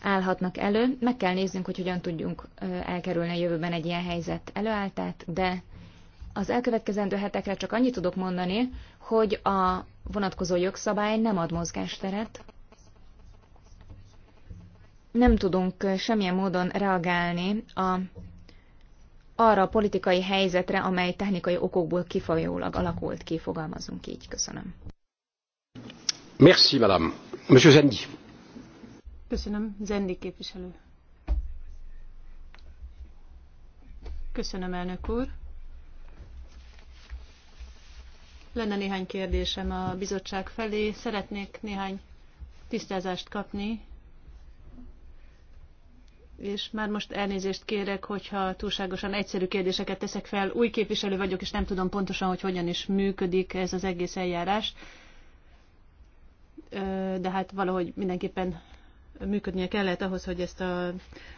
állhatnak elő. Meg kell néznünk, hogy hogyan tudjunk elkerülni a jövőben egy ilyen helyzet előálltát, de az elkövetkezendő hetekre csak annyit tudok mondani, hogy a vonatkozó jogszabály nem ad mozgásteret, nem tudunk semmilyen módon reagálni a, arra a politikai helyzetre, amely technikai okokból kifolyólag alakult ki, fogalmazunk így. Köszönöm. Merci, madame. Monsieur Zendi. Köszönöm, Zendi képviselő. Köszönöm, elnök úr. Lenne néhány kérdésem a bizottság felé. Szeretnék néhány tisztázást kapni és már most elnézést kérek, hogyha túlságosan egyszerű kérdéseket teszek fel. Új képviselő vagyok, és nem tudom pontosan, hogy hogyan is működik ez az egész eljárás. De hát valahogy mindenképpen működnie kellett ahhoz, hogy ezt a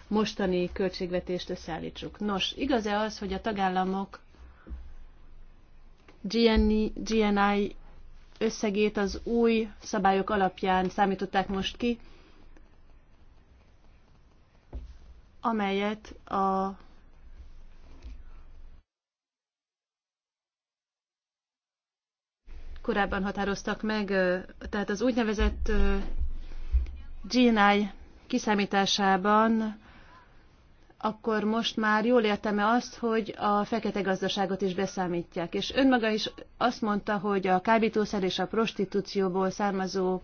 mostani költségvetést összeállítsuk. Nos, igaz-e az, hogy a tagállamok GNI, GNI összegét az új szabályok alapján számították most ki, amelyet a korábban határoztak meg, tehát az úgynevezett GNI kiszámításában akkor most már jól értem-e azt, hogy a fekete gazdaságot is beszámítják. És önmaga is azt mondta, hogy a kábítószer és a prostitúcióból származó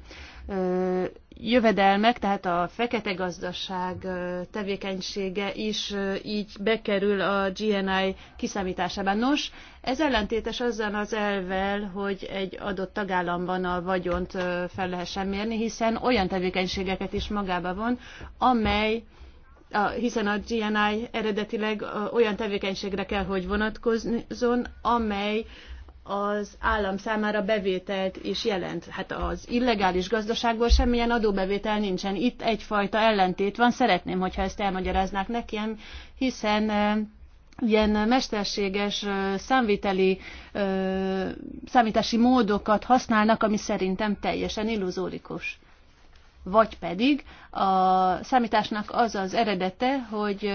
ö, jövedelmek, tehát a fekete gazdaság ö, tevékenysége is ö, így bekerül a GNI kiszámításába. Nos, ez ellentétes azzal az elvel, hogy egy adott tagállamban a vagyont ö, fel lehessen mérni, hiszen olyan tevékenységeket is magába von, amely a, hiszen a GNI eredetileg olyan tevékenységre kell, hogy vonatkozzon, amely az állam számára bevételt is jelent. Hát az illegális gazdaságból semmilyen adóbevétel nincsen. Itt egyfajta ellentét van. Szeretném, hogyha ezt elmagyaráznák nekem, hiszen ilyen mesterséges számviteli számítási módokat használnak, ami szerintem teljesen illuzórikus vagy pedig a számításnak az az eredete, hogy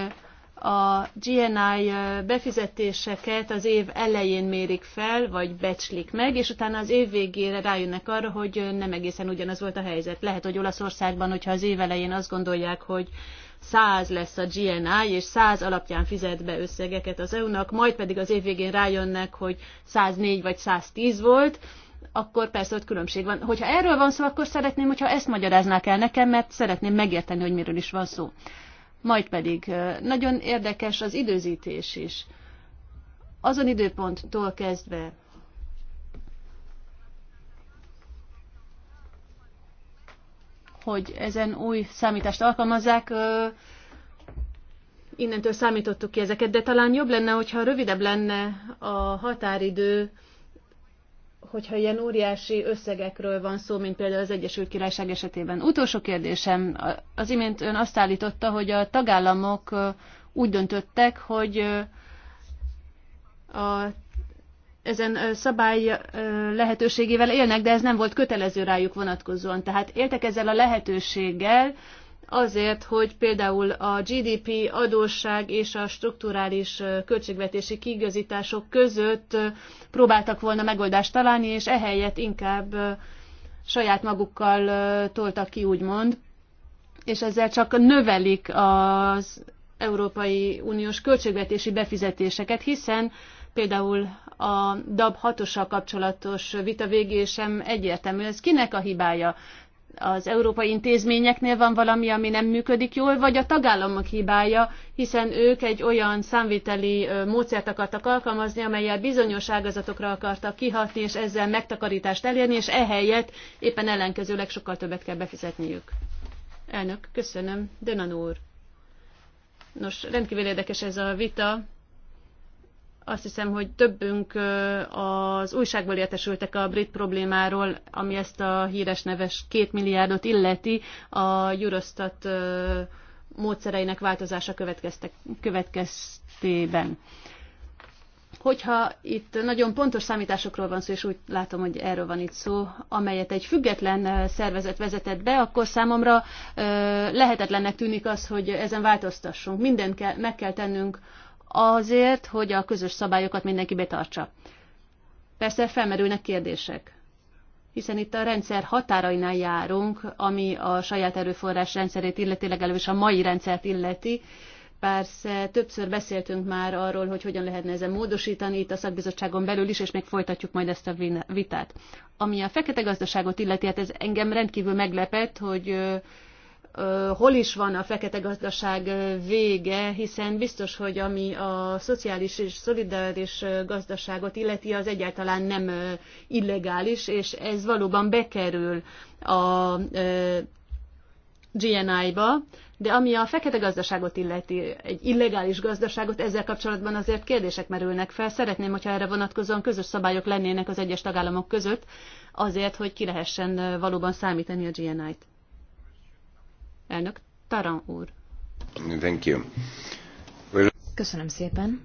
a GNI befizetéseket az év elején mérik fel, vagy becslik meg, és utána az év végére rájönnek arra, hogy nem egészen ugyanaz volt a helyzet. Lehet, hogy Olaszországban, hogyha az év elején azt gondolják, hogy 100 lesz a GNI, és 100 alapján fizet be összegeket az EU-nak, majd pedig az év végén rájönnek, hogy 104 vagy 110 volt, akkor persze ott különbség van. Hogyha erről van szó, akkor szeretném, hogyha ezt magyaráznák el nekem, mert szeretném megérteni, hogy miről is van szó. Majd pedig nagyon érdekes az időzítés is. Azon időponttól kezdve, hogy ezen új számítást alkalmazzák, innentől számítottuk ki ezeket, de talán jobb lenne, hogyha rövidebb lenne a határidő hogyha ilyen óriási összegekről van szó, mint például az Egyesült Királyság esetében. Utolsó kérdésem. Az imént ön azt állította, hogy a tagállamok úgy döntöttek, hogy a ezen szabály lehetőségével élnek, de ez nem volt kötelező rájuk vonatkozóan. Tehát éltek ezzel a lehetőséggel, azért, hogy például a GDP adósság és a strukturális költségvetési kiigazítások között próbáltak volna megoldást találni, és ehelyett inkább saját magukkal toltak ki, úgymond, és ezzel csak növelik az Európai Uniós költségvetési befizetéseket, hiszen például a DAB 6 kapcsolatos vita végé sem egyértelmű. Ez kinek a hibája? az európai intézményeknél van valami, ami nem működik jól, vagy a tagállamok hibája, hiszen ők egy olyan számviteli módszert akartak alkalmazni, amelyel bizonyos ágazatokra akartak kihatni, és ezzel megtakarítást elérni, és ehelyett éppen ellenkezőleg sokkal többet kell befizetniük. Elnök, köszönöm. Dönan úr. Nos, rendkívül érdekes ez a vita, azt hiszem, hogy többünk az újságból értesültek a brit problémáról, ami ezt a híres neves két milliárdot illeti, a Eurostat módszereinek változása következtében. Hogyha itt nagyon pontos számításokról van szó, és úgy látom, hogy erről van itt szó, amelyet egy független szervezet vezetett be, akkor számomra lehetetlennek tűnik az, hogy ezen változtassunk. Mindent meg kell tennünk azért, hogy a közös szabályokat mindenki betartsa. Persze felmerülnek kérdések, hiszen itt a rendszer határainál járunk, ami a saját erőforrás rendszerét illeti, legalábbis a mai rendszert illeti. Persze többször beszéltünk már arról, hogy hogyan lehetne ezen módosítani itt a szakbizottságon belül is, és még folytatjuk majd ezt a vitát. Ami a fekete gazdaságot illeti, hát ez engem rendkívül meglepett, hogy hol is van a fekete gazdaság vége, hiszen biztos, hogy ami a szociális és szolidáris gazdaságot illeti, az egyáltalán nem illegális, és ez valóban bekerül a GNI-ba, de ami a fekete gazdaságot illeti, egy illegális gazdaságot, ezzel kapcsolatban azért kérdések merülnek fel. Szeretném, hogyha erre vonatkozóan közös szabályok lennének az egyes tagállamok között, azért, hogy ki lehessen valóban számítani a GNI-t. Elnök Taran úr. Thank you. Well... Köszönöm szépen.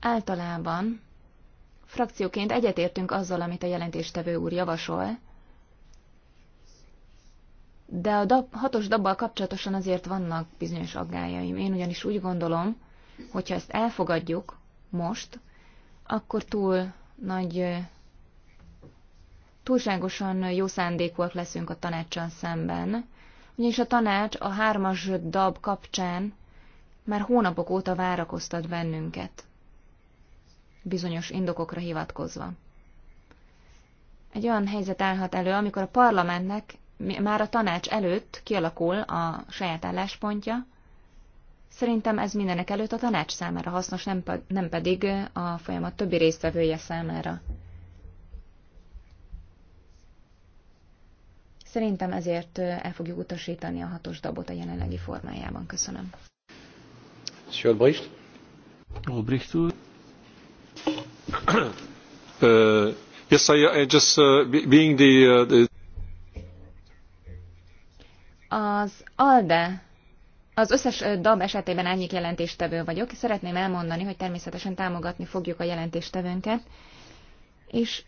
Általában frakcióként egyetértünk azzal, amit a jelentéstevő úr javasol, de a dab, hatos dabbal kapcsolatosan azért vannak bizonyos aggájaim. Én ugyanis úgy gondolom, hogyha ezt elfogadjuk most, akkor túl nagy túlságosan jó szándékúak leszünk a tanácssal szemben, ugyanis a tanács a hármas dab kapcsán már hónapok óta várakoztat bennünket, bizonyos indokokra hivatkozva. Egy olyan helyzet állhat elő, amikor a parlamentnek már a tanács előtt kialakul a saját álláspontja, Szerintem ez mindenek előtt a tanács számára hasznos, nem, nem pedig a folyamat többi résztvevője számára. Szerintem ezért el fogjuk utasítani a hatos dabot a jelenlegi formájában. Köszönöm. Sjöbrist. Olbricht úr. Uh, yes, I, I just uh, being the, uh, the... Az ALDE az összes DAB esetében ennyik jelentéstevő vagyok. Szeretném elmondani, hogy természetesen támogatni fogjuk a jelentéstevőnket, és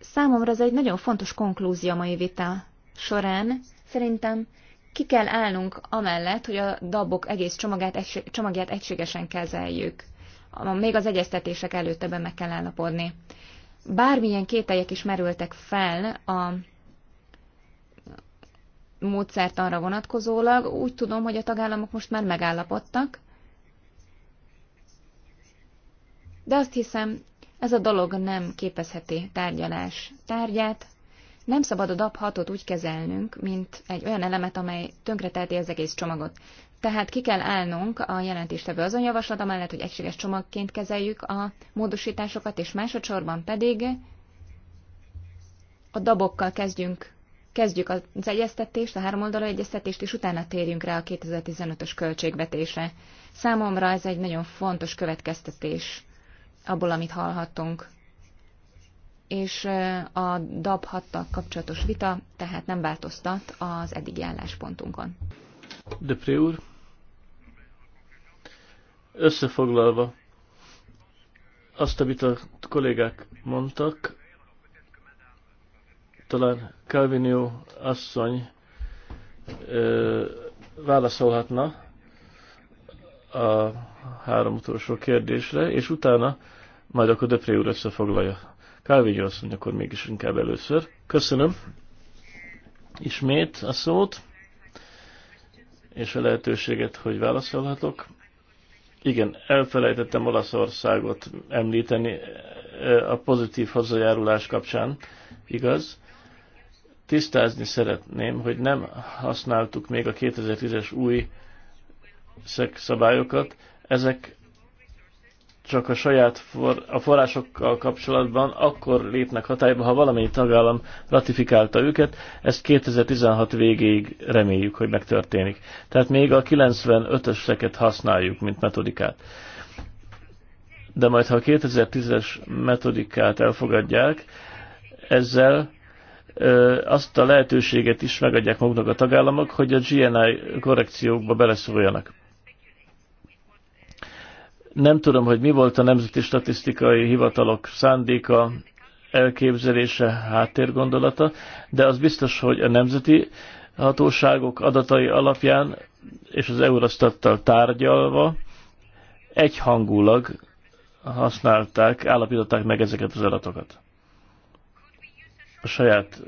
számomra ez egy nagyon fontos konklúzió a mai vita során szerintem ki kell állnunk amellett, hogy a dabok egész csomagát, csomagját egységesen kezeljük. Még az egyeztetések előtt ebben meg kell állapodni. Bármilyen kételjek is merültek fel a módszert arra vonatkozólag, úgy tudom, hogy a tagállamok most már megállapodtak, de azt hiszem, ez a dolog nem képezheti tárgyalás tárgyát, nem szabad a DAB 6-ot úgy kezelnünk, mint egy olyan elemet, amely tönkretelti az egész csomagot. Tehát ki kell állnunk a jelentéstevő azon javaslata mellett, hogy egységes csomagként kezeljük a módosításokat, és másodszorban pedig a dabokkal kezdjünk, kezdjük az egyeztetést, a háromoldalú egyeztetést, és utána térjünk rá a 2015-ös költségvetése. Számomra ez egy nagyon fontos következtetés abból, amit hallhattunk és a DAB 6 kapcsolatos vita tehát nem változtat az eddigi álláspontunkon. Depré úr, összefoglalva azt, amit a kollégák mondtak, talán Calvinio asszony ö, válaszolhatna a három utolsó kérdésre, és utána majd akkor Depré úr összefoglalja. Kálvégyi asszony akkor mégis inkább először. Köszönöm ismét a szót, és a lehetőséget, hogy válaszolhatok. Igen, elfelejtettem Olaszországot említeni e, a pozitív hozzájárulás kapcsán, igaz? Tisztázni szeretném, hogy nem használtuk még a 2010-es új szabályokat. Ezek csak a saját for, a forrásokkal kapcsolatban akkor lépnek hatályba, ha valamennyi tagállam ratifikálta őket. Ezt 2016 végéig reméljük, hogy megtörténik. Tehát még a 95-öseket használjuk, mint metodikát. De majd, ha a 2010-es metodikát elfogadják, ezzel ö, azt a lehetőséget is megadják maguknak a tagállamok, hogy a GNI korrekciókba beleszóljanak nem tudom, hogy mi volt a Nemzeti Statisztikai Hivatalok szándéka, elképzelése, háttérgondolata, de az biztos, hogy a nemzeti hatóságok adatai alapján és az Eurostattal tárgyalva egyhangulag használták, állapították meg ezeket az adatokat. A saját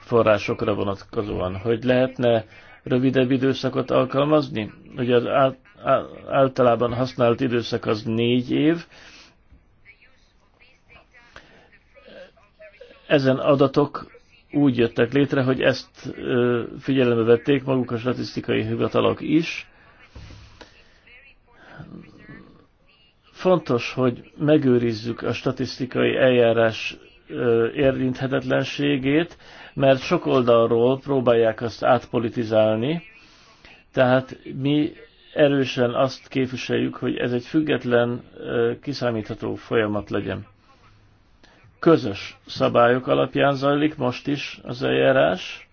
forrásokra vonatkozóan, hogy lehetne rövidebb időszakot alkalmazni. Ugye az általában használt időszak az négy év. Ezen adatok úgy jöttek létre, hogy ezt figyelembe vették maguk a statisztikai hivatalok is. Fontos, hogy megőrizzük a statisztikai eljárás érinthetetlenségét, mert sok oldalról próbálják azt átpolitizálni, tehát mi erősen azt képviseljük, hogy ez egy független, kiszámítható folyamat legyen. Közös szabályok alapján zajlik most is az eljárás.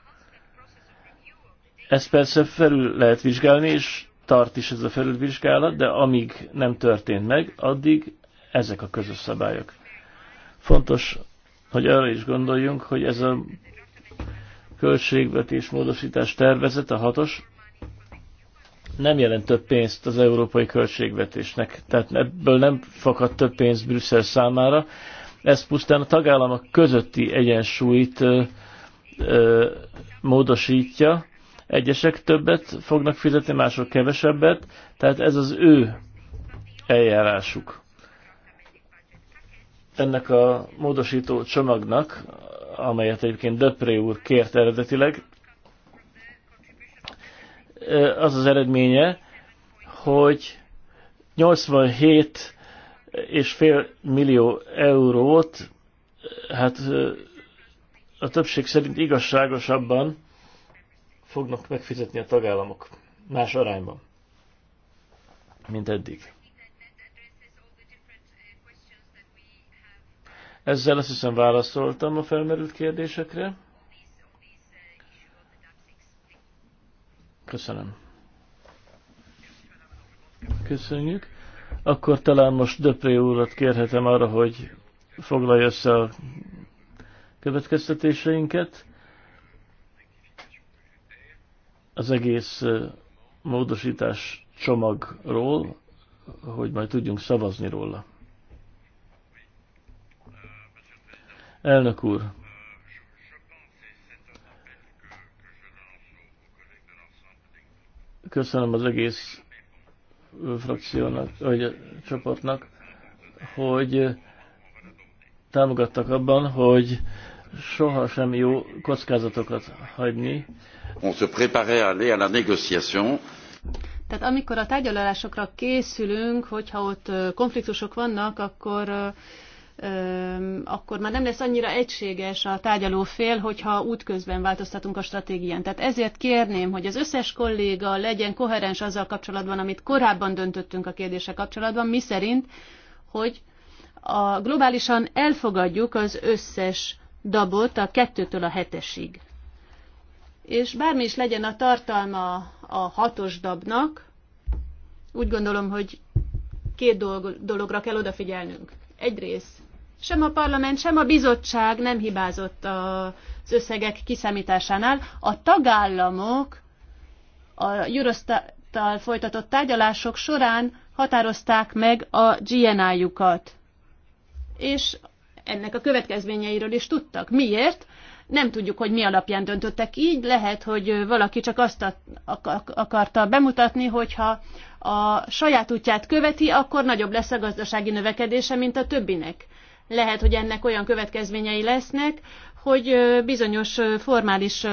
Ezt persze felül lehet vizsgálni, és tart is ez a felülvizsgálat, de amíg nem történt meg, addig ezek a közös szabályok. Fontos, hogy arra is gondoljunk, hogy ez a költségvetés módosítás tervezet, a hatos, nem jelent több pénzt az európai költségvetésnek, tehát ebből nem fakad több pénz Brüsszel számára. Ez pusztán a tagállamok közötti egyensúlyt ö, ö, módosítja. Egyesek többet fognak fizetni, mások kevesebbet, tehát ez az ő eljárásuk. Ennek a módosító csomagnak amelyet egyébként Döpré úr kért eredetileg, az az eredménye, hogy 87 és fél millió eurót, hát a többség szerint igazságosabban fognak megfizetni a tagállamok más arányban, mint eddig. Ezzel azt hiszem válaszoltam a felmerült kérdésekre. Köszönöm. Köszönjük. Akkor talán most Döpré úrat kérhetem arra, hogy foglalja össze a következtetéseinket. Az egész módosítás csomagról, hogy majd tudjunk szavazni róla. Elnök úr, köszönöm az egész frakciónak, vagy a csoportnak, hogy támogattak abban, hogy sohasem jó kockázatokat hagyni. On se préparait à aller à la négociation. Tehát amikor a tárgyalásokra készülünk, hogyha ott konfliktusok vannak, akkor akkor már nem lesz annyira egységes a tárgyaló fél, hogyha útközben változtatunk a stratégián. Tehát ezért kérném, hogy az összes kolléga legyen koherens azzal kapcsolatban, amit korábban döntöttünk a kérdése kapcsolatban, mi szerint, hogy a globálisan elfogadjuk az összes dabot a kettőtől a hetesig. És bármi is legyen a tartalma a hatos dabnak, úgy gondolom, hogy két dolog, dologra kell odafigyelnünk. Egyrészt sem a parlament, sem a bizottság nem hibázott az összegek kiszámításánál. A tagállamok a Eurostattal folytatott tárgyalások során határozták meg a GNI-jukat. És ennek a következményeiről is tudtak. Miért? Nem tudjuk, hogy mi alapján döntöttek így. Lehet, hogy valaki csak azt akarta bemutatni, hogyha a saját útját követi, akkor nagyobb lesz a gazdasági növekedése, mint a többinek lehet, hogy ennek olyan következményei lesznek, hogy bizonyos formális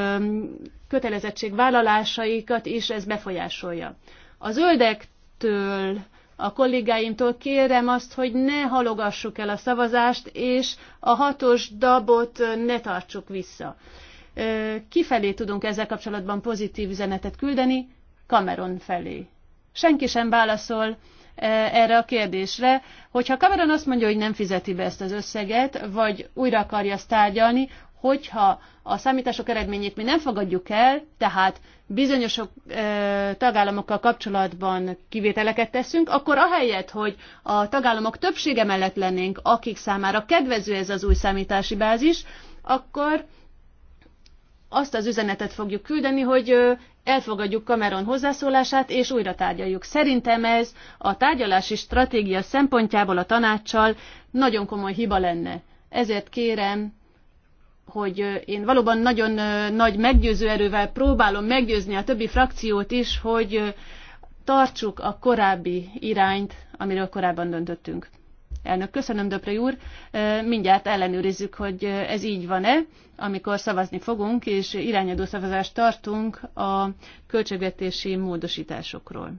vállalásaikat is ez befolyásolja. A zöldektől, a kollégáimtól kérem azt, hogy ne halogassuk el a szavazást, és a hatos dabot ne tartsuk vissza. Kifelé tudunk ezzel kapcsolatban pozitív üzenetet küldeni, Cameron felé. Senki sem válaszol, E, erre a kérdésre, hogyha Cameron azt mondja, hogy nem fizeti be ezt az összeget, vagy újra akarja ezt tárgyalni, hogyha a számítások eredményét mi nem fogadjuk el, tehát bizonyos e, tagállamokkal kapcsolatban kivételeket teszünk, akkor ahelyett, hogy a tagállamok többsége mellett lennénk, akik számára kedvező ez az új számítási bázis, akkor azt az üzenetet fogjuk küldeni, hogy elfogadjuk Cameron hozzászólását, és újra tárgyaljuk. Szerintem ez a tárgyalási stratégia szempontjából a tanácssal nagyon komoly hiba lenne. Ezért kérem, hogy én valóban nagyon nagy meggyőző erővel próbálom meggyőzni a többi frakciót is, hogy tartsuk a korábbi irányt, amiről korábban döntöttünk. Elnök, köszönöm, Döpri úr. Mindjárt ellenőrizzük, hogy ez így van-e, amikor szavazni fogunk, és irányadó szavazást tartunk a költségvetési módosításokról.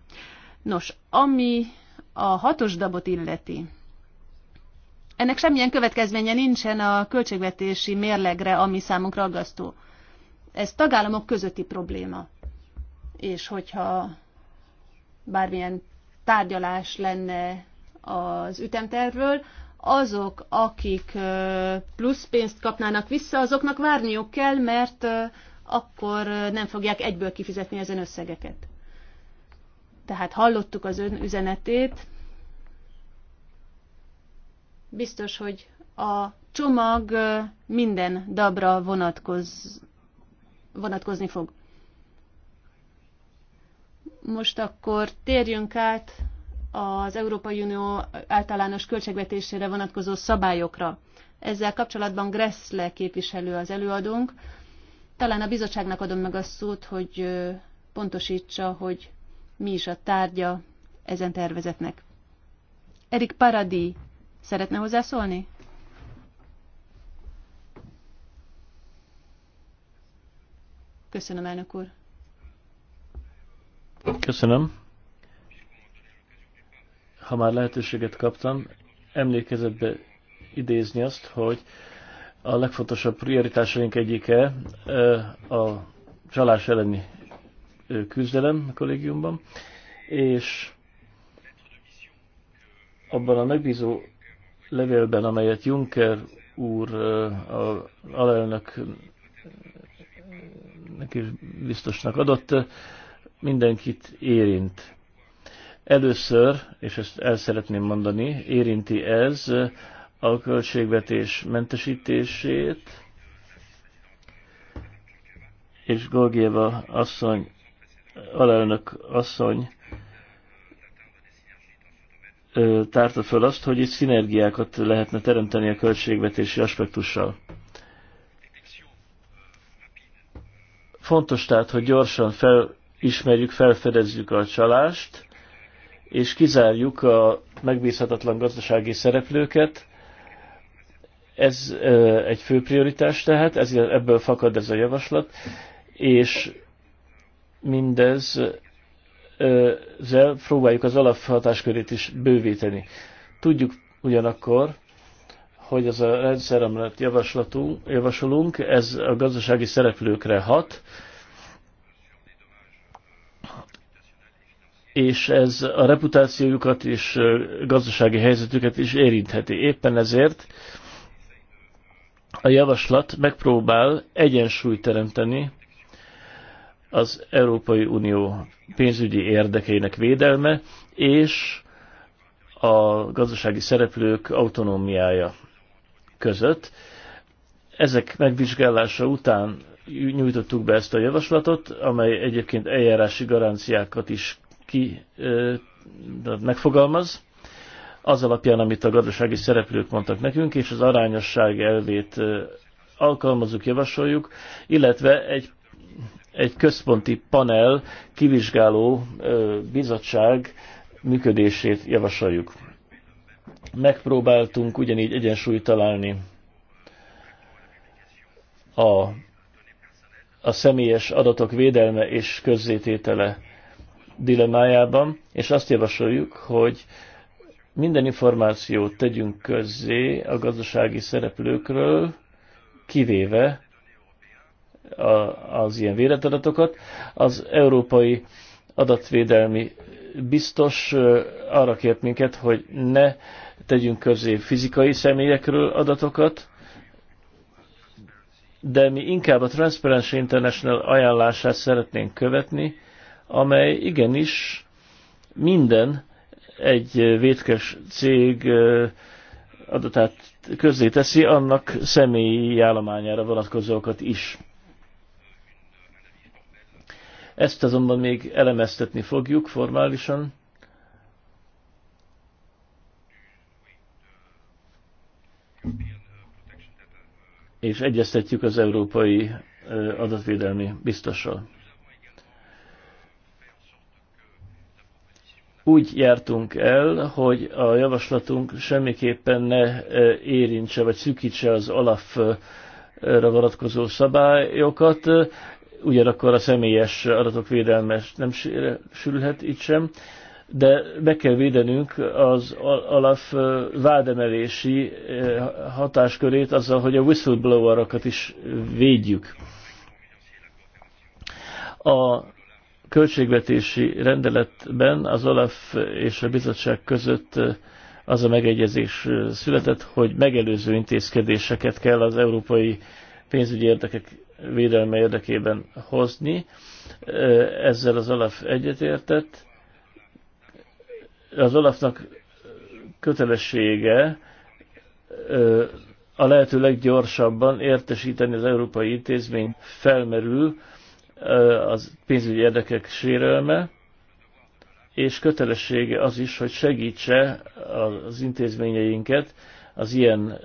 Nos, ami a hatos dabot illeti, ennek semmilyen következménye nincsen a költségvetési mérlegre, ami számunkra aggasztó. Ez tagállamok közötti probléma. És hogyha bármilyen tárgyalás lenne az ütemtervről, azok, akik plusz pénzt kapnának vissza, azoknak várniuk kell, mert akkor nem fogják egyből kifizetni ezen összegeket. Tehát hallottuk az ön üzenetét. Biztos, hogy a csomag minden dabra vonatkoz, vonatkozni fog. Most akkor térjünk át az Európai Unió általános költségvetésére vonatkozó szabályokra. Ezzel kapcsolatban Gressle képviselő az előadónk. Talán a bizottságnak adom meg a szót, hogy pontosítsa, hogy mi is a tárgya ezen tervezetnek. Erik Paradi szeretne hozzászólni? Köszönöm, elnök úr. Köszönöm ha már lehetőséget kaptam, emlékezetbe idézni azt, hogy a legfontosabb prioritásaink egyike a csalás elleni küzdelem a kollégiumban, és abban a megbízó levélben, amelyet Juncker úr, a alelnök neki biztosnak adott, mindenkit érint. Először, és ezt el szeretném mondani, érinti ez a költségvetés mentesítését, és Gorgieva asszony, alelnök asszony tárta föl azt, hogy itt szinergiákat lehetne teremteni a költségvetési aspektussal. Fontos tehát, hogy gyorsan felismerjük, felfedezzük a csalást, és kizárjuk a megbízhatatlan gazdasági szereplőket. Ez egy fő prioritás tehát, ez, ebből fakad ez a javaslat, és mindez ezzel próbáljuk az alaphatáskörét is bővíteni. Tudjuk ugyanakkor, hogy az a rendszer, amelyet javasolunk, ez a gazdasági szereplőkre hat, és ez a reputációjukat és gazdasági helyzetüket is érintheti. Éppen ezért a javaslat megpróbál egyensúlyt teremteni az Európai Unió pénzügyi érdekeinek védelme és a gazdasági szereplők autonómiája között. Ezek megvizsgálása után nyújtottuk be ezt a javaslatot, amely egyébként eljárási garanciákat is ki ö, megfogalmaz, az alapján, amit a gazdasági szereplők mondtak nekünk, és az arányosság elvét ö, alkalmazunk, javasoljuk, illetve egy, egy központi panel kivizsgáló ö, bizottság működését javasoljuk. Megpróbáltunk ugyanígy egyensúlyt találni a, a személyes adatok védelme és közzététele dilemájában, és azt javasoljuk, hogy minden információt tegyünk közzé a gazdasági szereplőkről, kivéve a, az ilyen véletadatokat. Az Európai Adatvédelmi Biztos arra kért minket, hogy ne tegyünk közé fizikai személyekről adatokat, de mi inkább a Transparency International ajánlását szeretnénk követni, amely igenis minden egy vétkes cég adatát közzé teszi, annak személyi állományára vonatkozókat is. Ezt azonban még elemeztetni fogjuk formálisan. És egyeztetjük az európai adatvédelmi biztossal. úgy jártunk el, hogy a javaslatunk semmiképpen ne e, érintse vagy szűkítse az alapra vonatkozó szabályokat, ugyanakkor a személyes adatok védelme nem sülhet itt sem, de be kell védenünk az alap vádemelési e, hatáskörét azzal, hogy a whistleblowerokat is védjük. A költségvetési rendeletben az OLAF és a bizottság között eh, az a megegyezés eh, született, hogy megelőző intézkedéseket kell az európai pénzügyi érdekek védelme érdekében hozni. Eh, ezzel az OLAF egyetértett. Az OLAFnak kötelessége a lehető leggyorsabban értesíteni az európai intézmény felmerül, az pénzügyi érdekek sérelme, és kötelessége az is, hogy segítse az intézményeinket az ilyen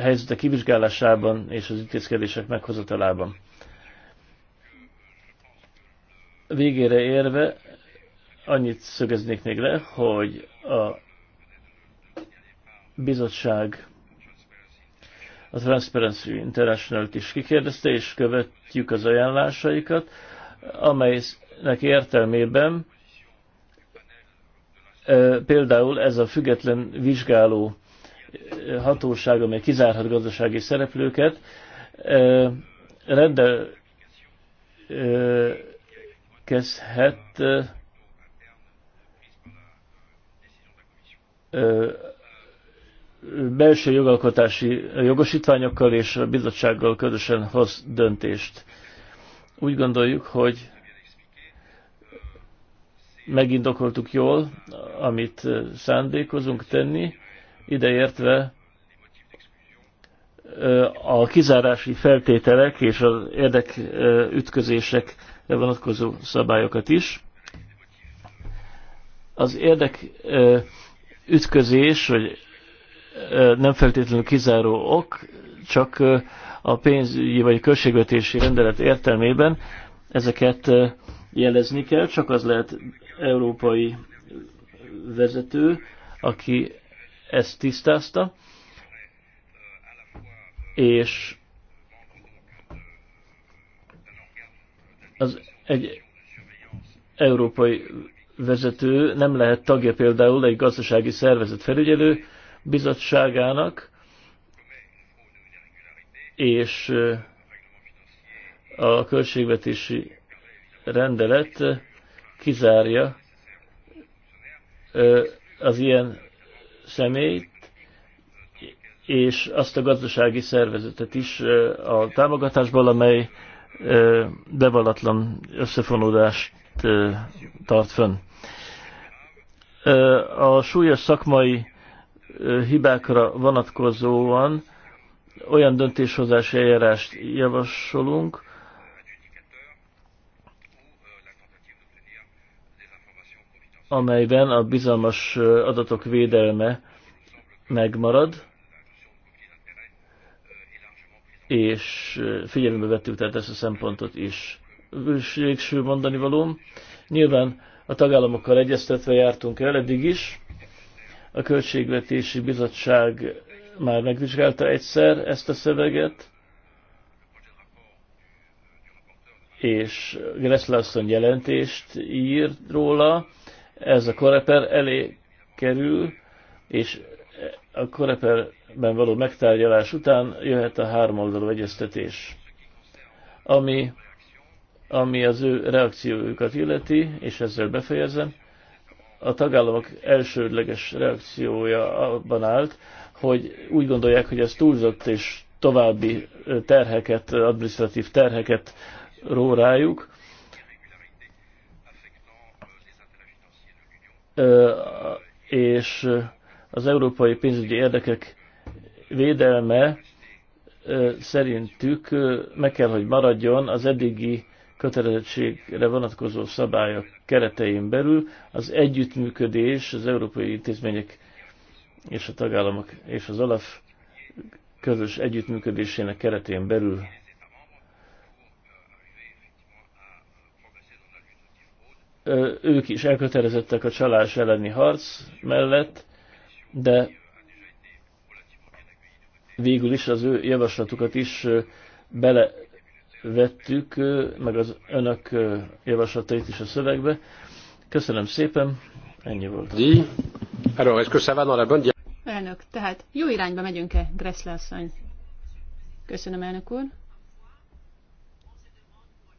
helyzetek kivizsgálásában és az intézkedések meghozatalában. Végére érve annyit szögeznék még le, hogy a bizottság a Transparency international is kikérdezte, és követjük az ajánlásaikat, amelynek értelmében például ez a független vizsgáló hatóság, amely kizárhat gazdasági szereplőket, rendel kezhet belső jogalkotási jogosítványokkal és a bizottsággal közösen hoz döntést. Úgy gondoljuk, hogy megindokoltuk jól, amit szándékozunk tenni, ideértve a kizárási feltételek és az érdekütközések vonatkozó szabályokat is. Az érdekütközés, vagy nem feltétlenül kizáró ok, csak a pénzügyi vagy költségvetési rendelet értelmében ezeket jelezni kell, csak az lehet európai vezető, aki ezt tisztázta, és az egy európai vezető nem lehet tagja például egy gazdasági szervezet felügyelő bizottságának, és a költségvetési rendelet kizárja az ilyen személyt, és azt a gazdasági szervezetet is a támogatásból, amely bevallatlan összefonódást tart fönn. A súlyos szakmai hibákra vonatkozóan olyan döntéshozási eljárást javasolunk, amelyben a bizalmas adatok védelme megmarad, és figyelembe vettük tehát ezt a szempontot is. Végső mondani valóm. Nyilván a tagállamokkal egyeztetve jártunk el eddig is, a Költségvetési Bizottság már megvizsgálta egyszer ezt a szöveget, és Gresslasson jelentést ír róla, ez a koreper elé kerül, és a koreperben való megtárgyalás után jöhet a háromoldalú egyeztetés, ami, ami az ő reakciójukat illeti, és ezzel befejezem a tagállamok elsődleges reakciója abban állt, hogy úgy gondolják, hogy ez túlzott és további terheket, administratív terheket ró rájuk. És az európai pénzügyi érdekek védelme szerintük meg kell, hogy maradjon az eddigi kötelezettségre vonatkozó szabályok keretein belül az együttműködés az európai intézmények és a tagállamok és az alaf közös együttműködésének keretén belül ők is elkötelezettek a csalás elleni harc mellett, de végül is az ő javaslatukat is bele vettük, meg az önök javaslatait is a szövegbe. Köszönöm szépen, ennyi volt. Elnök, tehát jó irányba megyünk-e, Gressle asszony? Köszönöm, elnök úr.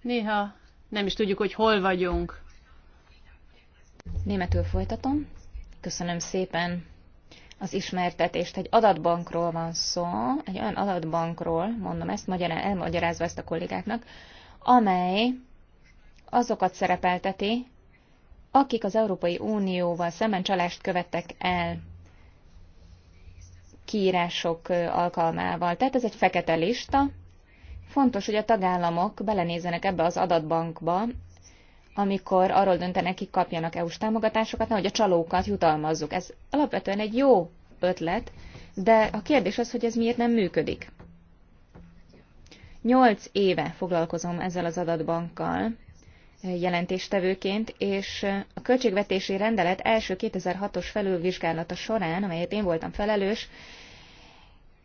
Néha nem is tudjuk, hogy hol vagyunk. Németül folytatom. Köszönöm szépen az ismertetést. Egy adatbankról van szó, egy olyan adatbankról, mondom ezt, magyarán, elmagyarázva ezt a kollégáknak, amely azokat szerepelteti, akik az Európai Unióval szemben csalást követtek el kiírások alkalmával. Tehát ez egy fekete lista. Fontos, hogy a tagállamok belenézenek ebbe az adatbankba, amikor arról döntenek, kik kapjanak EU-s támogatásokat, nehogy a csalókat jutalmazzuk. Ez alapvetően egy jó ötlet, de a kérdés az, hogy ez miért nem működik. Nyolc éve foglalkozom ezzel az adatbankkal jelentéstevőként, és a költségvetési rendelet első 2006-os felülvizsgálata során, amelyet én voltam felelős,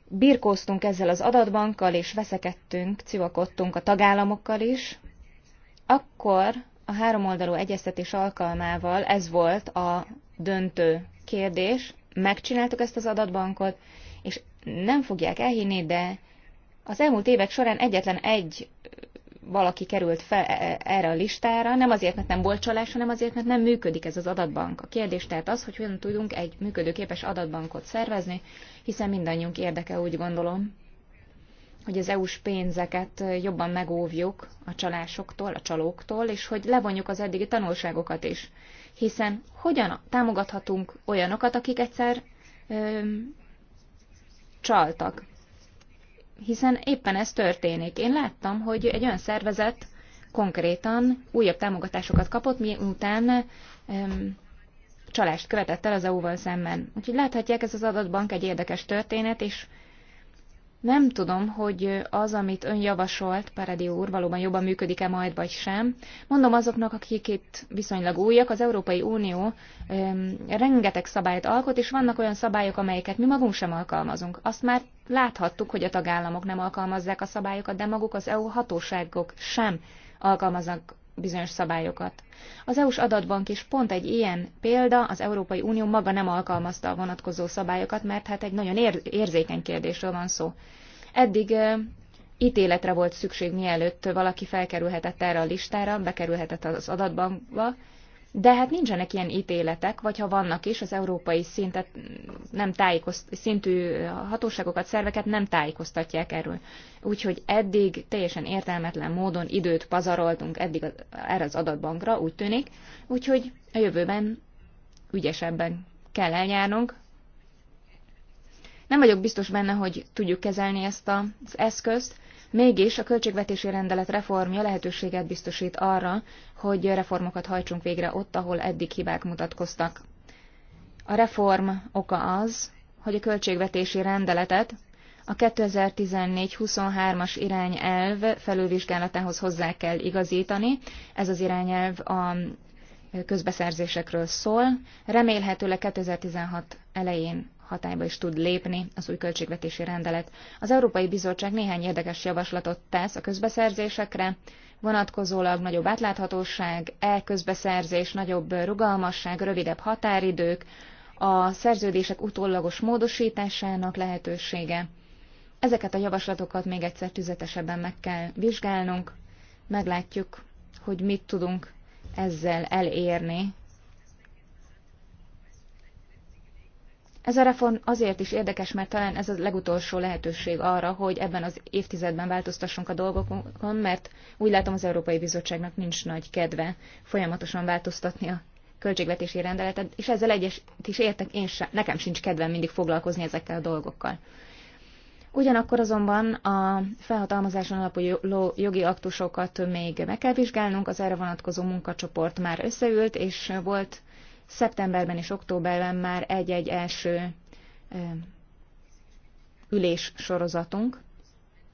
birkóztunk ezzel az adatbankkal, és veszekedtünk, civakodtunk a tagállamokkal is. Akkor a háromoldalú egyeztetés alkalmával ez volt a döntő kérdés. Megcsináltuk ezt az adatbankot, és nem fogják elhinni, de az elmúlt évek során egyetlen egy valaki került fel e- e- erre a listára, nem azért, mert nem volt csalás, hanem azért, mert nem működik ez az adatbank. A kérdés tehát az, hogy hogyan tudunk egy működőképes adatbankot szervezni, hiszen mindannyiunk érdeke, úgy gondolom hogy az EU-s pénzeket jobban megóvjuk a csalásoktól, a csalóktól, és hogy levonjuk az eddigi tanulságokat is. Hiszen hogyan támogathatunk olyanokat, akik egyszer öm, csaltak? Hiszen éppen ez történik. Én láttam, hogy egy olyan szervezet konkrétan újabb támogatásokat kapott, miután öm, csalást követett el az EU-val szemben. Úgyhogy láthatják, ez az adatbank egy érdekes történet, és nem tudom, hogy az, amit ön javasolt, Paradió úr, valóban jobban működik-e majd, vagy sem. Mondom azoknak, akik itt viszonylag újak, az Európai Unió öm, rengeteg szabályt alkot, és vannak olyan szabályok, amelyeket mi magunk sem alkalmazunk. Azt már láthattuk, hogy a tagállamok nem alkalmazzák a szabályokat, de maguk az EU hatóságok sem alkalmaznak bizonyos szabályokat. Az EU-s adatbank is pont egy ilyen példa, az Európai Unió maga nem alkalmazta a vonatkozó szabályokat, mert hát egy nagyon ér- érzékeny kérdésről van szó. Eddig ítéletre volt szükség, mielőtt valaki felkerülhetett erre a listára, bekerülhetett az adatbankba, de hát nincsenek ilyen ítéletek, vagy ha vannak is, az európai szintet nem tájékozt, szintű hatóságokat, szerveket nem tájékoztatják erről. Úgyhogy eddig teljesen értelmetlen módon időt pazaroltunk eddig erre az adatbankra, úgy tűnik, úgyhogy a jövőben ügyesebben kell elnyárnunk. Nem vagyok biztos benne, hogy tudjuk kezelni ezt az eszközt, Mégis a költségvetési rendelet reformja lehetőséget biztosít arra, hogy reformokat hajtsunk végre ott, ahol eddig hibák mutatkoztak. A reform oka az, hogy a költségvetési rendeletet a 2014-23-as irányelv felülvizsgálatához hozzá kell igazítani. Ez az irányelv a közbeszerzésekről szól. Remélhetőleg 2016 elején hatályba is tud lépni az új költségvetési rendelet. Az Európai Bizottság néhány érdekes javaslatot tesz a közbeszerzésekre, vonatkozólag nagyobb átláthatóság, elközbeszerzés nagyobb rugalmasság, rövidebb határidők, a szerződések utólagos módosításának lehetősége. Ezeket a javaslatokat még egyszer tüzetesebben meg kell vizsgálnunk, meglátjuk, hogy mit tudunk ezzel elérni Ez a reform azért is érdekes, mert talán ez a legutolsó lehetőség arra, hogy ebben az évtizedben változtassunk a dolgokon, mert úgy látom az Európai Bizottságnak nincs nagy kedve folyamatosan változtatni a költségvetési rendeletet, és ezzel egyet is értek, én sem, nekem sincs kedvem mindig foglalkozni ezekkel a dolgokkal. Ugyanakkor azonban a felhatalmazáson alapuló jogi aktusokat még meg kell vizsgálnunk, az erre vonatkozó munkacsoport már összeült, és volt Szeptemberben és októberben már egy-egy első ülés sorozatunk,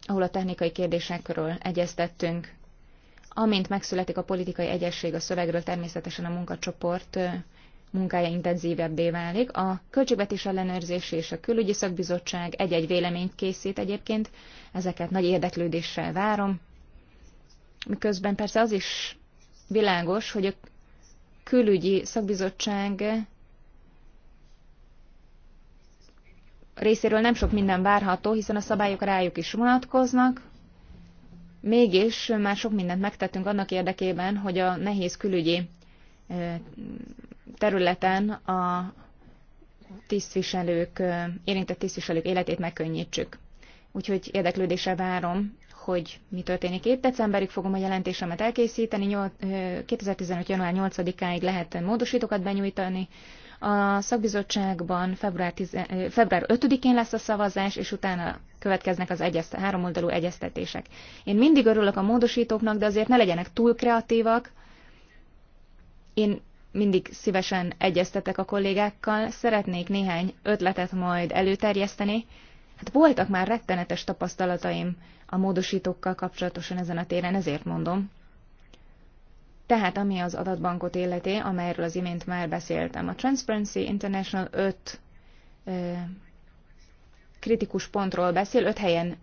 ahol a technikai kérdésekről egyeztettünk. Amint megszületik a politikai egyesség a szövegről, természetesen a munkacsoport munkája intenzívebbé válik. A Költségvetés Ellenőrzési és a Külügyi Szakbizottság egy-egy véleményt készít egyébként, ezeket nagy érdeklődéssel várom. Miközben persze az is világos, hogy a külügyi szakbizottság részéről nem sok minden várható, hiszen a szabályok rájuk is vonatkoznak, mégis már sok mindent megtettünk annak érdekében, hogy a nehéz külügyi területen a tisztviselők, érintett tisztviselők életét megkönnyítsük. Úgyhogy érdeklődéssel várom hogy mi történik itt. Decemberig fogom a jelentésemet elkészíteni, 2015. január 8-áig lehet módosítókat benyújtani. A szakbizottságban február, 10, február 5-én lesz a szavazás, és utána következnek az egyezt, háromoldalú egyeztetések. Én mindig örülök a módosítóknak, de azért ne legyenek túl kreatívak. Én mindig szívesen egyeztetek a kollégákkal, szeretnék néhány ötletet majd előterjeszteni. Hát voltak már rettenetes tapasztalataim a módosítókkal kapcsolatosan ezen a téren, ezért mondom. Tehát ami az adatbankot életé, amelyről az imént már beszéltem. A Transparency International 5 ö, kritikus pontról beszél, öt helyen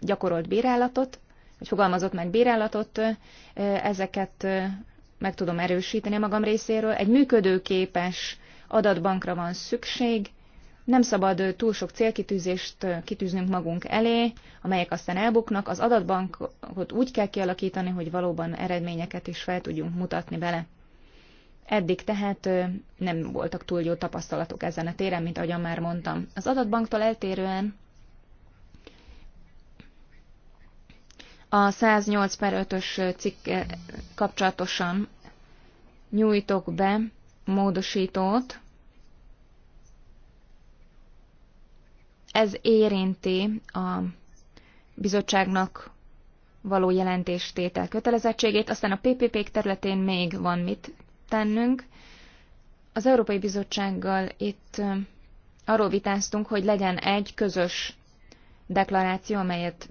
gyakorolt bírálatot, vagy fogalmazott meg bírálatot, ezeket meg tudom erősíteni magam részéről. Egy működőképes adatbankra van szükség, nem szabad túl sok célkitűzést kitűznünk magunk elé, amelyek aztán elbuknak. Az adatbankot úgy kell kialakítani, hogy valóban eredményeket is fel tudjunk mutatni bele. Eddig tehát nem voltak túl jó tapasztalatok ezen a téren, mint ahogyan már mondtam. Az adatbanktól eltérően a 108 per 5-ös cikk kapcsolatosan nyújtok be módosítót, Ez érinti a bizottságnak való jelentéstétel kötelezettségét, aztán a ppp területén még van mit tennünk. Az Európai Bizottsággal itt arról vitáztunk, hogy legyen egy közös deklaráció, amelyet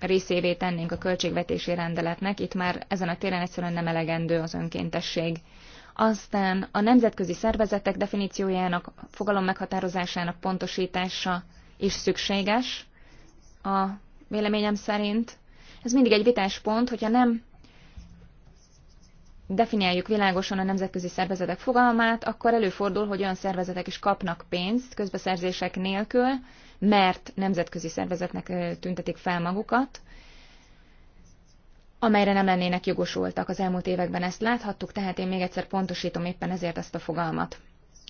részévé tennénk a költségvetési rendeletnek. Itt már ezen a téren egyszerűen nem elegendő az önkéntesség. Aztán a nemzetközi szervezetek definíciójának, fogalom meghatározásának pontosítása, is szükséges, a véleményem szerint. Ez mindig egy vitás pont, hogyha nem definiáljuk világosan a nemzetközi szervezetek fogalmát, akkor előfordul, hogy olyan szervezetek is kapnak pénzt közbeszerzések nélkül, mert nemzetközi szervezetnek tüntetik fel magukat, amelyre nem lennének jogosultak. Az elmúlt években ezt láthattuk, tehát én még egyszer pontosítom éppen ezért ezt a fogalmat.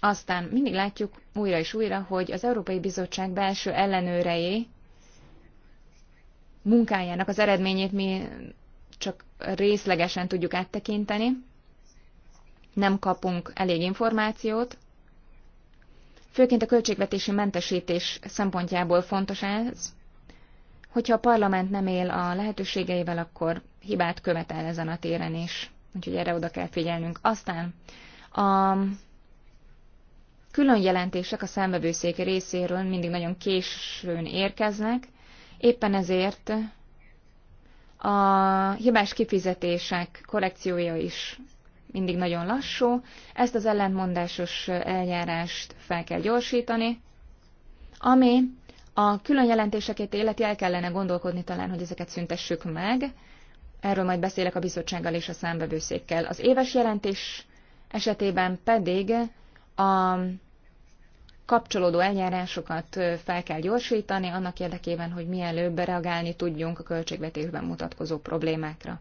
Aztán mindig látjuk újra és újra, hogy az Európai Bizottság belső ellenőrei munkájának az eredményét mi csak részlegesen tudjuk áttekinteni, nem kapunk elég információt. Főként a költségvetési mentesítés szempontjából fontos ez. Hogyha a parlament nem él a lehetőségeivel, akkor hibát követel ezen a téren is. Úgyhogy erre oda kell figyelnünk. Aztán a külön jelentések a számvevőszék részéről mindig nagyon későn érkeznek, éppen ezért a hibás kifizetések korrekciója is mindig nagyon lassú, ezt az ellentmondásos eljárást fel kell gyorsítani, ami a külön jelentéseket életi el kellene gondolkodni talán, hogy ezeket szüntessük meg, erről majd beszélek a bizottsággal és a számbevőszékkel. Az éves jelentés esetében pedig a kapcsolódó eljárásokat fel kell gyorsítani, annak érdekében, hogy mielőbb reagálni tudjunk a költségvetésben mutatkozó problémákra.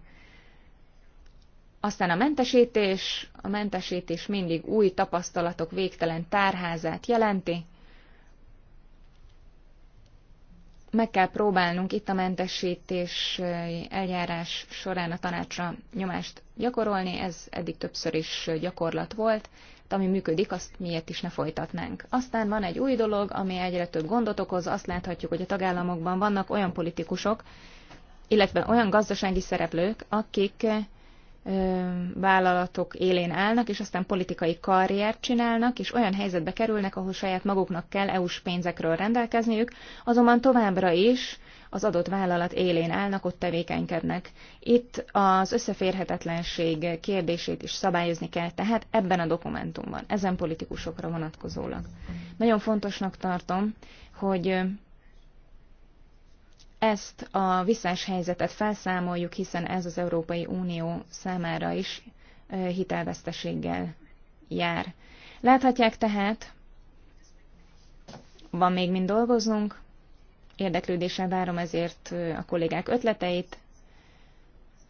Aztán a mentesítés, a mentesítés mindig új tapasztalatok végtelen tárházát jelenti. Meg kell próbálnunk itt a mentesítés eljárás során a tanácsra nyomást gyakorolni, ez eddig többször is gyakorlat volt, ami működik, azt miért is ne folytatnánk. Aztán van egy új dolog, ami egyre több gondot okoz, azt láthatjuk, hogy a tagállamokban vannak olyan politikusok, illetve olyan gazdasági szereplők, akik vállalatok élén állnak, és aztán politikai karriert csinálnak, és olyan helyzetbe kerülnek, ahol saját maguknak kell EU-s pénzekről rendelkezniük, azonban továbbra is az adott vállalat élén állnak, ott tevékenykednek. Itt az összeférhetetlenség kérdését is szabályozni kell, tehát ebben a dokumentumban, ezen politikusokra vonatkozólag. Nagyon fontosnak tartom, hogy ezt a visszás helyzetet felszámoljuk, hiszen ez az Európai Unió számára is hitelveszteséggel jár. Láthatják tehát, van még mind dolgoznunk, Érdeklődéssel várom ezért a kollégák ötleteit,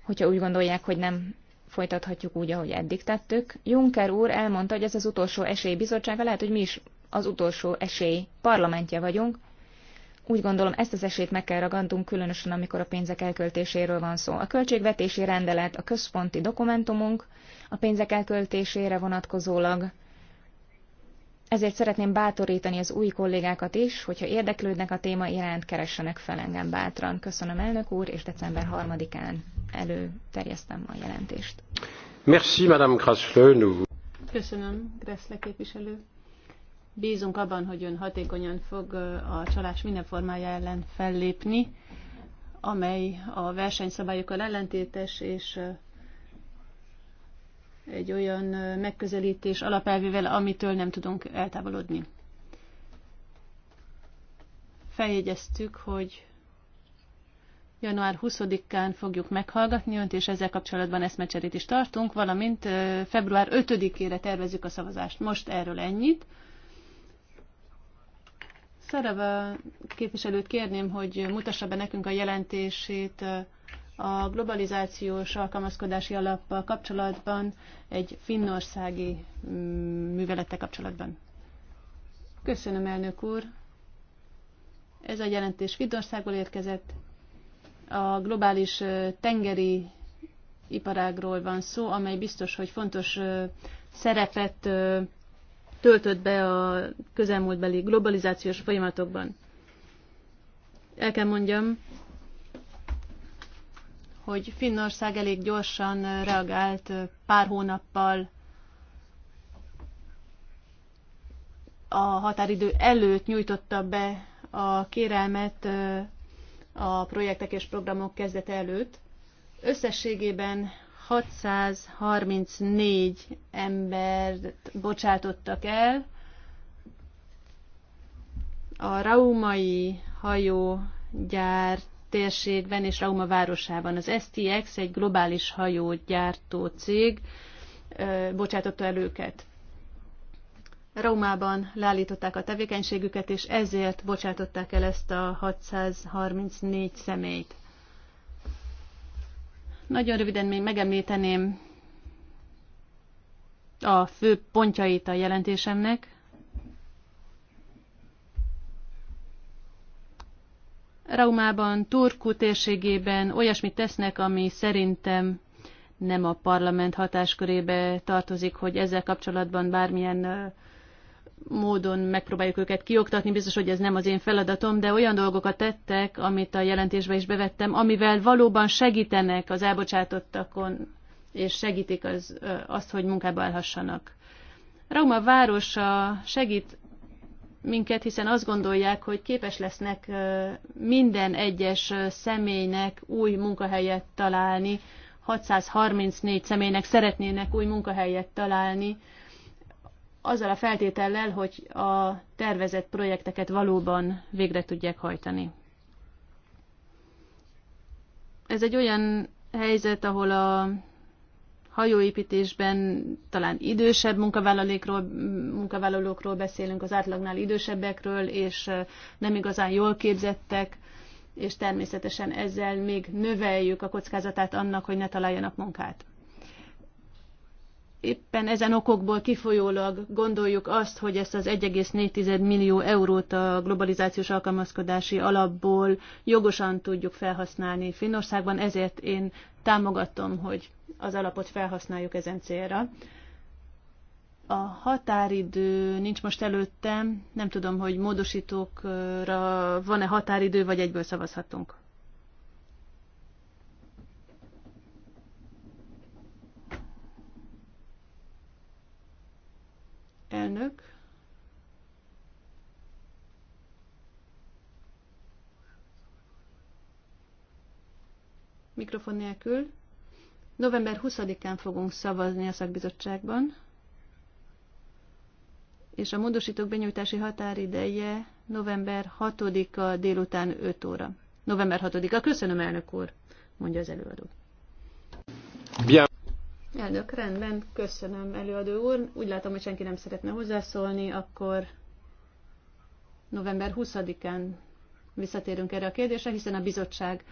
hogyha úgy gondolják, hogy nem folytathatjuk úgy, ahogy eddig tettük. Juncker úr elmondta, hogy ez az utolsó esély bizottsága, lehet, hogy mi is az utolsó esély parlamentje vagyunk. Úgy gondolom, ezt az esélyt meg kell ragadnunk, különösen amikor a pénzek elköltéséről van szó. A költségvetési rendelet a központi dokumentumunk, a pénzek elköltésére vonatkozólag ezért szeretném bátorítani az új kollégákat is, hogyha érdeklődnek a téma iránt, keressenek fel engem bátran. Köszönöm elnök úr, és december 3-án előterjesztem a jelentést. Merci, Madame Grassle. Köszönöm, Gressle képviselő. Bízunk abban, hogy ön hatékonyan fog a csalás minden formája ellen fellépni, amely a versenyszabályokkal ellentétes és egy olyan megközelítés alapelvével, amitől nem tudunk eltávolodni. Feljegyeztük, hogy január 20-án fogjuk meghallgatni önt, és ezzel kapcsolatban eszmecserét is tartunk, valamint február 5-ére tervezzük a szavazást. Most erről ennyit. Szarava képviselőt kérném, hogy mutassa be nekünk a jelentését a globalizációs alkalmazkodási alappal kapcsolatban, egy finnországi mm, művelettel kapcsolatban. Köszönöm, elnök úr! Ez a jelentés Finnországból érkezett. A globális tengeri iparágról van szó, amely biztos, hogy fontos szerepet töltött be a közelmúltbeli globalizációs folyamatokban. El kell mondjam, hogy Finnország elég gyorsan reagált pár hónappal a határidő előtt nyújtotta be a kérelmet a projektek és programok kezdete előtt. Összességében 634 embert bocsátottak el. A Raumai hajógyárt térségben és Rauma városában. Az STX egy globális hajógyártó cég bocsátotta el őket. Rómában leállították a tevékenységüket, és ezért bocsátották el ezt a 634 személyt. Nagyon röviden még megemlíteném a fő pontjait a jelentésemnek. Raumában, Turku térségében olyasmit tesznek, ami szerintem nem a parlament hatáskörébe tartozik, hogy ezzel kapcsolatban bármilyen módon megpróbáljuk őket kioktatni. Biztos, hogy ez nem az én feladatom, de olyan dolgokat tettek, amit a jelentésbe is bevettem, amivel valóban segítenek az elbocsátottakon, és segítik az, azt, hogy munkába állhassanak. Rauma városa segít minket, hiszen azt gondolják, hogy képes lesznek minden egyes személynek új munkahelyet találni, 634 személynek szeretnének új munkahelyet találni, azzal a feltétellel, hogy a tervezett projekteket valóban végre tudják hajtani. Ez egy olyan helyzet, ahol a hajóépítésben talán idősebb munkavállalókról, munkavállalókról beszélünk, az átlagnál idősebbekről, és nem igazán jól képzettek, és természetesen ezzel még növeljük a kockázatát annak, hogy ne találjanak munkát. Éppen ezen okokból kifolyólag gondoljuk azt, hogy ezt az 1,4 millió eurót a globalizációs alkalmazkodási alapból jogosan tudjuk felhasználni Finnországban, ezért én támogatom, hogy az alapot felhasználjuk ezen célra. A határidő nincs most előttem, nem tudom, hogy módosítókra van-e határidő, vagy egyből szavazhatunk. Elnök. Mikrofon nélkül. November 20-án fogunk szavazni a szakbizottságban, és a módosítók benyújtási határideje november 6-a délután 5 óra. November 6-a. Köszönöm, elnök úr, mondja az előadó. Bien. Elnök, rendben, köszönöm, előadó úr. Úgy látom, hogy senki nem szeretne hozzászólni, akkor november 20-án visszatérünk erre a kérdésre, hiszen a bizottság,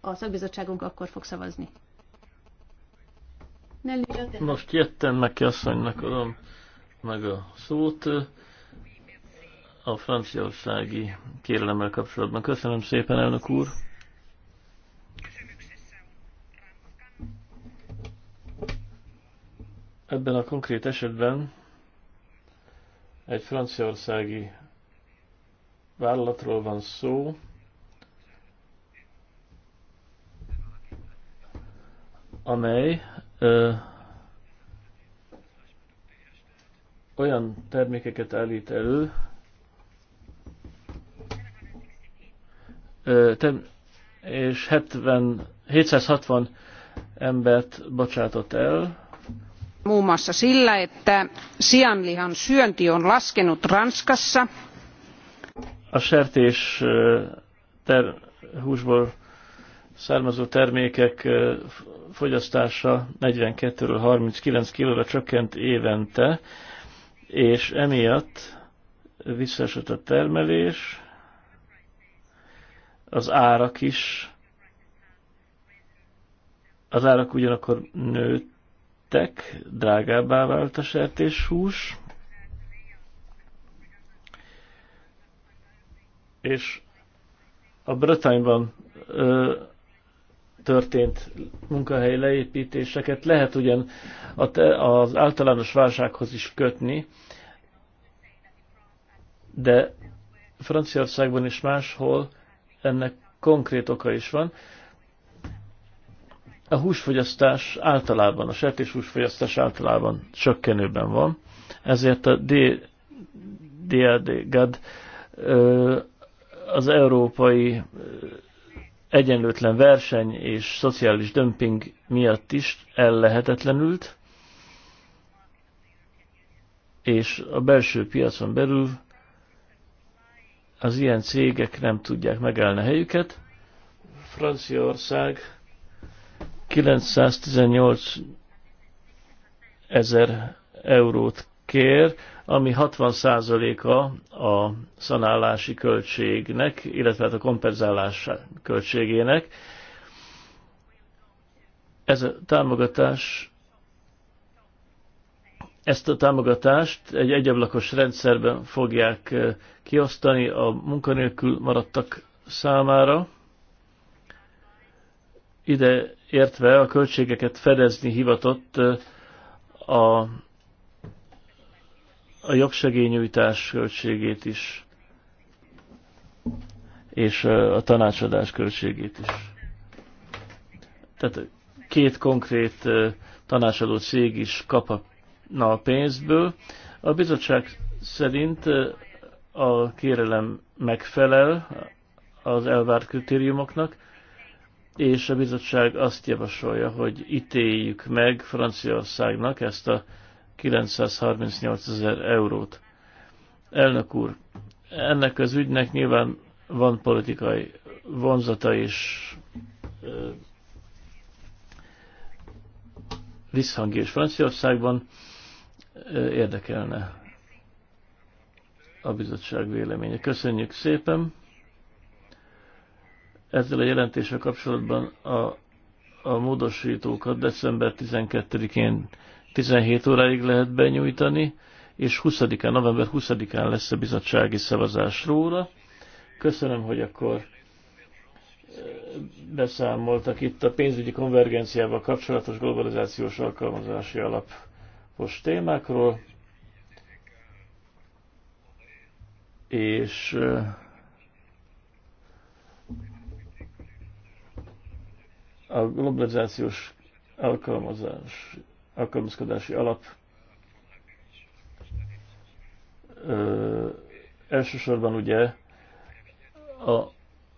a szakbizottságunk akkor fog szavazni. Most jöttem neki asszonynak adom meg a szót a franciaországi kérelemmel kapcsolatban. Köszönöm szépen, elnök úr! Ebben a konkrét esetben egy franciaországi vállalatról van szó, amely ö, olyan termékeket állít elő, ö, és 70, 760 embert bocsátott el. Muun muassa sillä, että sianlihan syönti on laskenut Ranskassa. A sertés ter, húsból származó termékek fogyasztása 42-ről 39 kilóra csökkent évente, és emiatt visszaesett a termelés, az árak is, az árak ugyanakkor nőttek, drágábbá vált a sertéshús, és a Bretányban történt munkahelyi leépítéseket lehet ugyan az általános válsághoz is kötni, de Franciaországban is máshol ennek konkrét oka is van. A húsfogyasztás általában, a sertés húsfogyasztás általában csökkenőben van, ezért a DLD-GAD az európai egyenlőtlen verseny és szociális dömping miatt is ellehetetlenült, és a belső piacon belül az ilyen cégek nem tudják megállni a helyüket. Franciaország 918 ezer eurót kér, ami 60%-a a szanálási költségnek, illetve hát a kompenzálás költségének. Ez a támogatás ezt a támogatást egy egyablakos rendszerben fogják eh, kiosztani a munkanélkül maradtak számára, ide értve a költségeket fedezni hivatott eh, a a jogsegényújtás költségét is, és a tanácsadás költségét is. Tehát két konkrét tanácsadó cég is kapna a pénzből. A bizottság szerint a kérelem megfelel az elvárt kritériumoknak, és a bizottság azt javasolja, hogy ítéljük meg Franciaországnak ezt a 938 ezer eurót. Elnök úr, ennek az ügynek nyilván van politikai vonzata is, visszhangi és Franciaországban érdekelne a bizottság véleménye. Köszönjük szépen! Ezzel a jelentéssel kapcsolatban a, a módosítókat december 12-én 17 óráig lehet benyújtani, és 20-án, november 20-án lesz a bizottsági szavazás róla. Köszönöm, hogy akkor eh, beszámoltak itt a pénzügyi konvergenciával kapcsolatos globalizációs alkalmazási alapos témákról, és eh, a globalizációs alkalmazás alkalmazkodási alap ö, elsősorban ugye a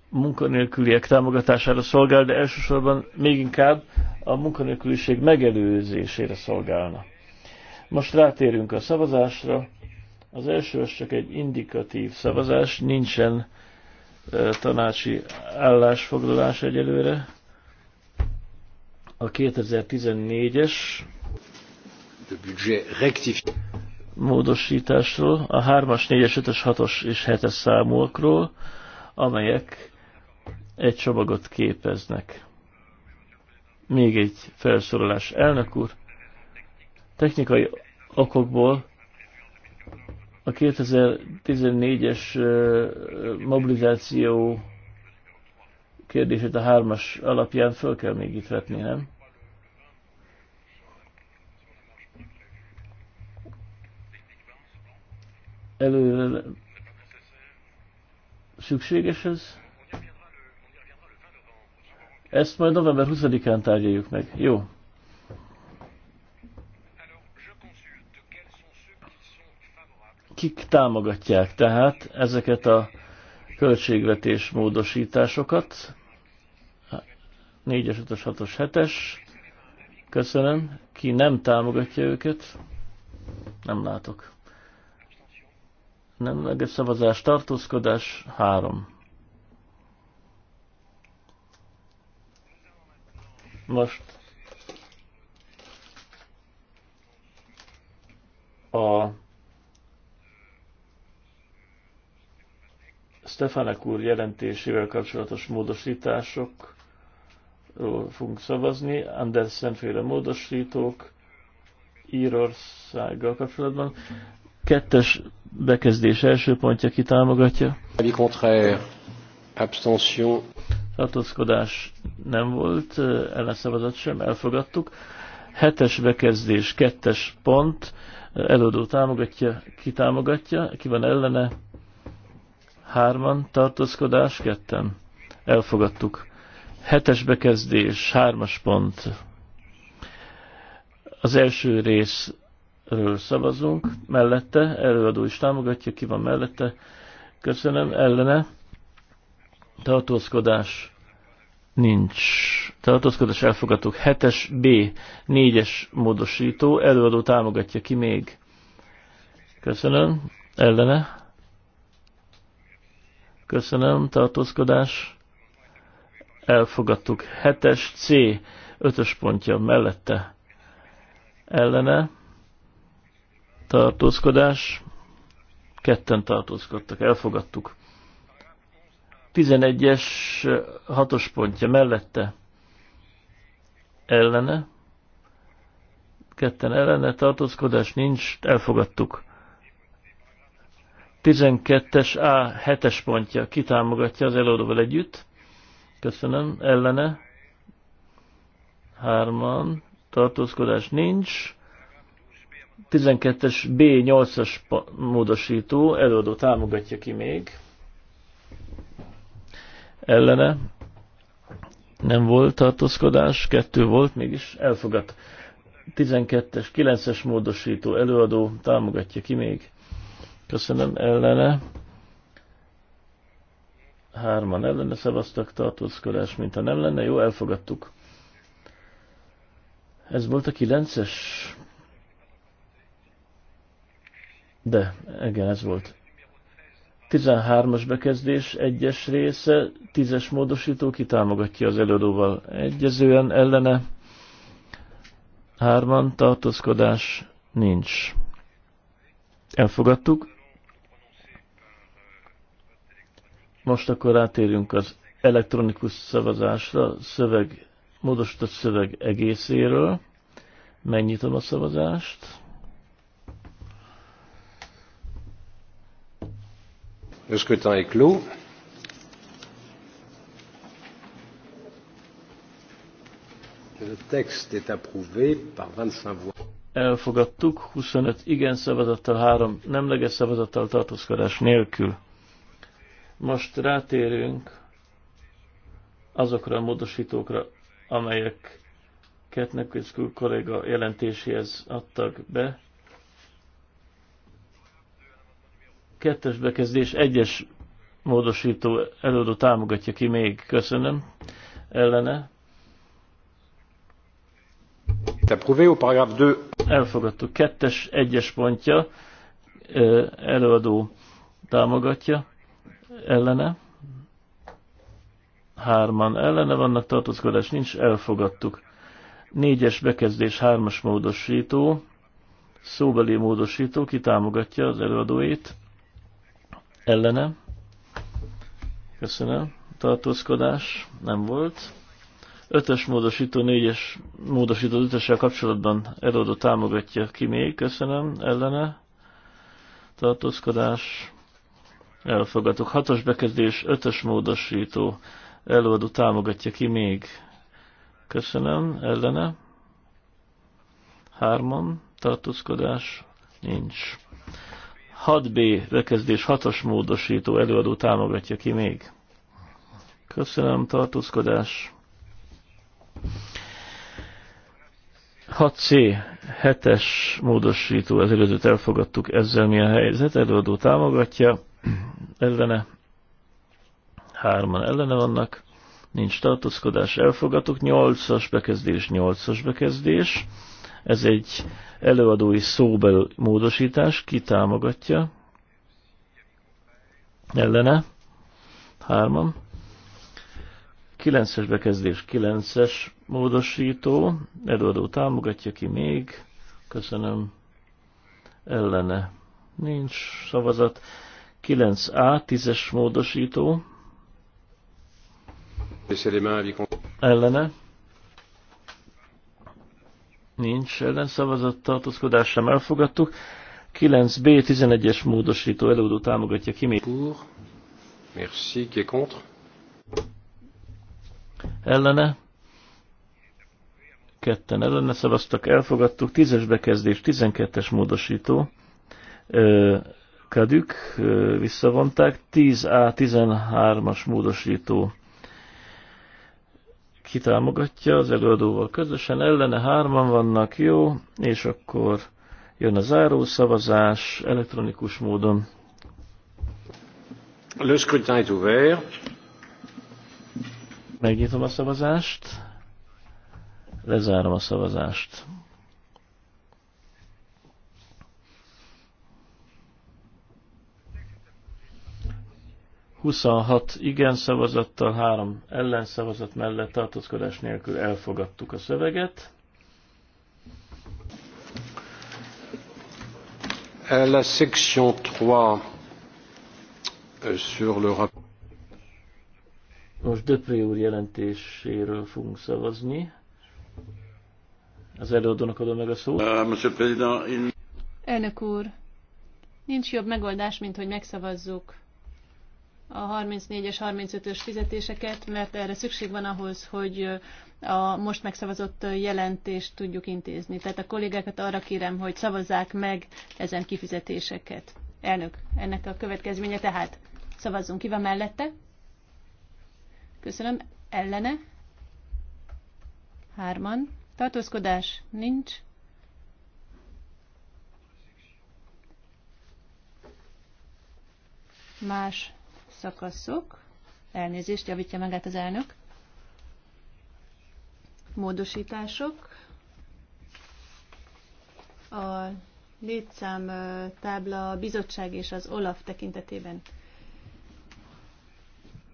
munkanélküliek támogatására szolgál, de elsősorban még inkább a munkanélküliség megelőzésére szolgálna. Most rátérünk a szavazásra. Az első az csak egy indikatív szavazás, nincsen tanácsi állásfoglalás egyelőre. A 2014-es módosításról, a 3-as, 4-es, 5-ös, 6-os és 7-es számúakról, amelyek egy csomagot képeznek. Még egy felszólalás. Elnök úr, technikai okokból a 2014-es mobilizáció kérdését a 3-as alapján föl kell még itt vetni, nem? előre szükséges ez? Ezt majd november 20-án tárgyaljuk meg. Jó. Kik támogatják tehát ezeket a költségvetés módosításokat? 4-es, 5-ös, 6-os, 7-es. Köszönöm. Ki nem támogatja őket? Nem látok. Nemleges szavazás, tartózkodás, három. Most a Stefanek úr jelentésével kapcsolatos módosításokról fogunk szavazni, Andersen féle módosítók, Írországgal kapcsolatban. Kettes bekezdés első pontja kitámogatja. Abstention. Tartózkodás nem volt, ellenszavazat sem, elfogadtuk. Hetes bekezdés, kettes pont, előadó támogatja, ki támogatja, ki van ellene, hárman, tartózkodás, ketten. Elfogadtuk. Hetes bekezdés, hármas pont. Az első rész erről szavazunk, mellette, előadó is támogatja, ki van mellette, köszönöm, ellene, tartózkodás nincs. Tartózkodás elfogadók 7-es B, 4-es módosító, előadó támogatja ki még. Köszönöm, ellene. Köszönöm, tartózkodás. Elfogadtuk 7-es C, 5-ös pontja mellette. Ellene tartózkodás, ketten tartózkodtak, elfogadtuk. 11-es hatos pontja mellette ellene, ketten ellene tartózkodás nincs, elfogadtuk. 12-es A 7-es pontja kitámogatja az előadóval együtt. Köszönöm, ellene. Hárman, tartózkodás nincs 12-es B8-as módosító előadó támogatja ki még. Ellene nem volt tartózkodás, kettő volt, mégis elfogadt. 12-es, 9-es módosító előadó támogatja ki még. Köszönöm, ellene. Hárman ellene szavaztak, tartózkodás, mintha nem lenne. Jó, elfogadtuk. Ez volt a 9-es de, igen, ez volt. 13-as bekezdés, egyes része, tízes módosító, ki támogatja az előadóval egyezően, ellene hárman tartózkodás nincs. Elfogadtuk. Most akkor rátérünk az elektronikus szavazásra, szöveg, módosított szöveg egészéről. Megnyitom a szavazást. le scrutin est clos. Le texte est approuvé par 25 voix. Elfogadtuk 25 igen szavazattal, 3 nemleges szavazattal tartózkodás nélkül. Most rátérünk azokra a módosítókra, amelyek Ketnek kolléga jelentéséhez adtak be. Kettes bekezdés, egyes módosító előadó támogatja ki még. Köszönöm. Ellene. Elfogadtuk. Kettes, egyes pontja. Előadó támogatja. Ellene. Hárman ellene vannak, tartózkodás nincs, elfogadtuk. Négyes bekezdés, hármas módosító, szóbeli módosító, ki támogatja az előadóit, ellene. Köszönöm. Tartózkodás nem volt. Ötös módosító, négyes módosító, ötössel kapcsolatban eladó támogatja ki még. Köszönöm. Ellene. Tartózkodás. Elfogadok. Hatos bekezdés, ötös módosító. Előadó támogatja ki még. Köszönöm. Ellene. Hárman. Tartózkodás. Nincs. 6B bekezdés 6-as módosító előadó támogatja ki még. Köszönöm, tartózkodás. 6C 7-es módosító, az előzőt elfogadtuk, ezzel mi a helyzet, előadó támogatja, ellene, hárman ellene vannak, nincs tartózkodás, elfogadtuk, 8-as bekezdés, 8-as bekezdés, ez egy előadói szóbel módosítás, ki támogatja? Ellene? Hárman. 9-es bekezdés, 9-es módosító, előadó támogatja ki még, köszönöm, ellene nincs szavazat, 9A, 10-es módosító, ellene, Nincs ellenszavazat, tartózkodás sem elfogadtuk. 9B, 11-es módosító előadó támogatja ki Pour. Merci, qui est contre? Ellene. Ketten ellene szavaztak, elfogadtuk. 10-es bekezdés, 12-es módosító. Kadük, visszavonták. 10A, 13-as módosító ki támogatja, az előadóval közösen, ellene hárman vannak, jó, és akkor jön a záró szavazás elektronikus módon. Le scrutin est ouvert. Megnyitom a szavazást, lezárom a szavazást. 26 igen szavazattal, 3 ellenszavazat mellett tartózkodás nélkül elfogadtuk a szöveget. La section 3 euh, sur le rapport. Most Döpré úr jelentéséről fogunk szavazni. Az előadónak adom meg a szót. Euh, Elnök úr, nincs jobb megoldás, mint hogy megszavazzuk a 34-es, 35-ös fizetéseket, mert erre szükség van ahhoz, hogy a most megszavazott jelentést tudjuk intézni. Tehát a kollégákat arra kérem, hogy szavazzák meg ezen kifizetéseket. Elnök, ennek a következménye tehát szavazzunk ki van mellette. Köszönöm. Ellene. Hárman. Tartózkodás nincs. Más szakaszok. Elnézést, javítja magát az elnök. Módosítások. A létszám tábla a bizottság és az OLAF tekintetében.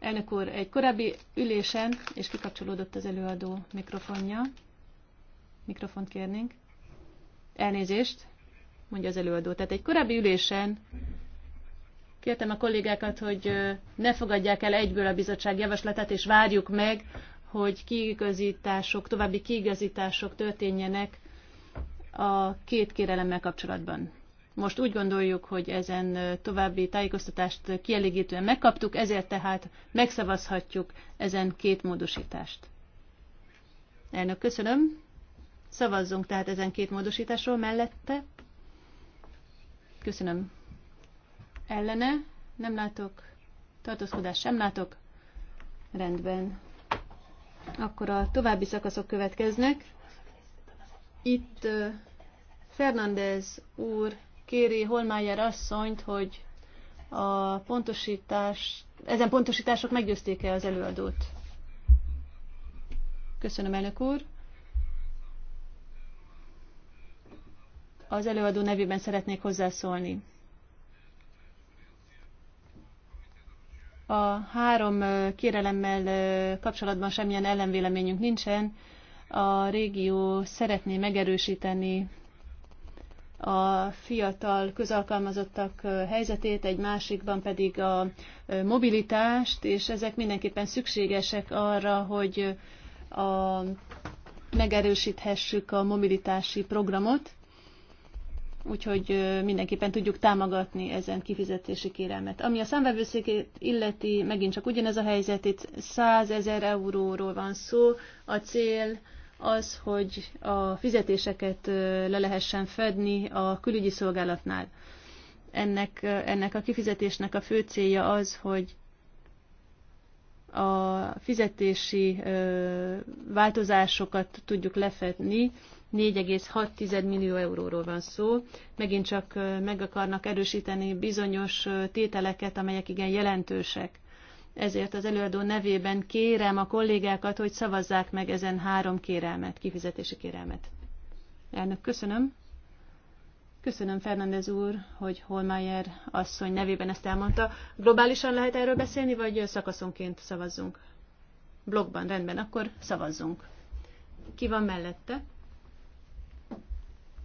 Elnök úr, egy korábbi ülésen, és kikapcsolódott az előadó mikrofonja. Mikrofont kérnénk. Elnézést, mondja az előadó. Tehát egy korábbi ülésen Kértem a kollégákat, hogy ne fogadják el egyből a bizottság javaslatát, és várjuk meg, hogy kiigazítások, további kiigazítások történjenek a két kérelemmel kapcsolatban. Most úgy gondoljuk, hogy ezen további tájékoztatást kielégítően megkaptuk, ezért tehát megszavazhatjuk ezen két módosítást. Elnök, köszönöm. Szavazzunk tehát ezen két módosításról mellette. Köszönöm ellene, nem látok, tartózkodást sem látok, rendben. Akkor a további szakaszok következnek. Itt Fernandez úr kéri Holmájer asszonyt, hogy a pontosítás, ezen pontosítások meggyőzték-e az előadót? Köszönöm, elnök úr. Az előadó nevében szeretnék hozzászólni. A három kérelemmel kapcsolatban semmilyen ellenvéleményünk nincsen. A régió szeretné megerősíteni a fiatal közalkalmazottak helyzetét, egy másikban pedig a mobilitást, és ezek mindenképpen szükségesek arra, hogy a, megerősíthessük a mobilitási programot úgyhogy mindenképpen tudjuk támogatni ezen kifizetési kérelmet. Ami a számvevőszékét illeti, megint csak ugyanez a helyzet, itt 100 ezer euróról van szó, a cél az, hogy a fizetéseket le lehessen fedni a külügyi szolgálatnál. Ennek, ennek a kifizetésnek a fő célja az, hogy a fizetési változásokat tudjuk lefedni, 4,6 millió euróról van szó. Megint csak meg akarnak erősíteni bizonyos tételeket, amelyek igen jelentősek. Ezért az előadó nevében kérem a kollégákat, hogy szavazzák meg ezen három kérelmet, kifizetési kérelmet. Elnök, köszönöm. Köszönöm Fernandez úr, hogy Holmeyer asszony nevében ezt elmondta. Globálisan lehet erről beszélni, vagy szakaszonként szavazzunk? Blogban, rendben, akkor szavazzunk. Ki van mellette?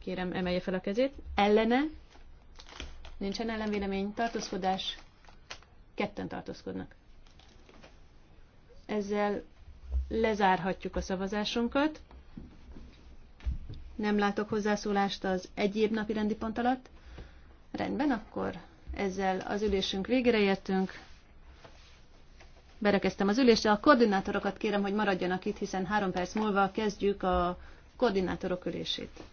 Kérem, emelje fel a kezét. Ellene? Nincsen ellenvélemény. Tartózkodás? Ketten tartózkodnak. Ezzel lezárhatjuk a szavazásunkat. Nem látok hozzászólást az egyéb napi rendi pont alatt. Rendben, akkor ezzel az ülésünk végére értünk. Berekeztem az ülésre. A koordinátorokat kérem, hogy maradjanak itt, hiszen három perc múlva kezdjük a koordinátorok ülését.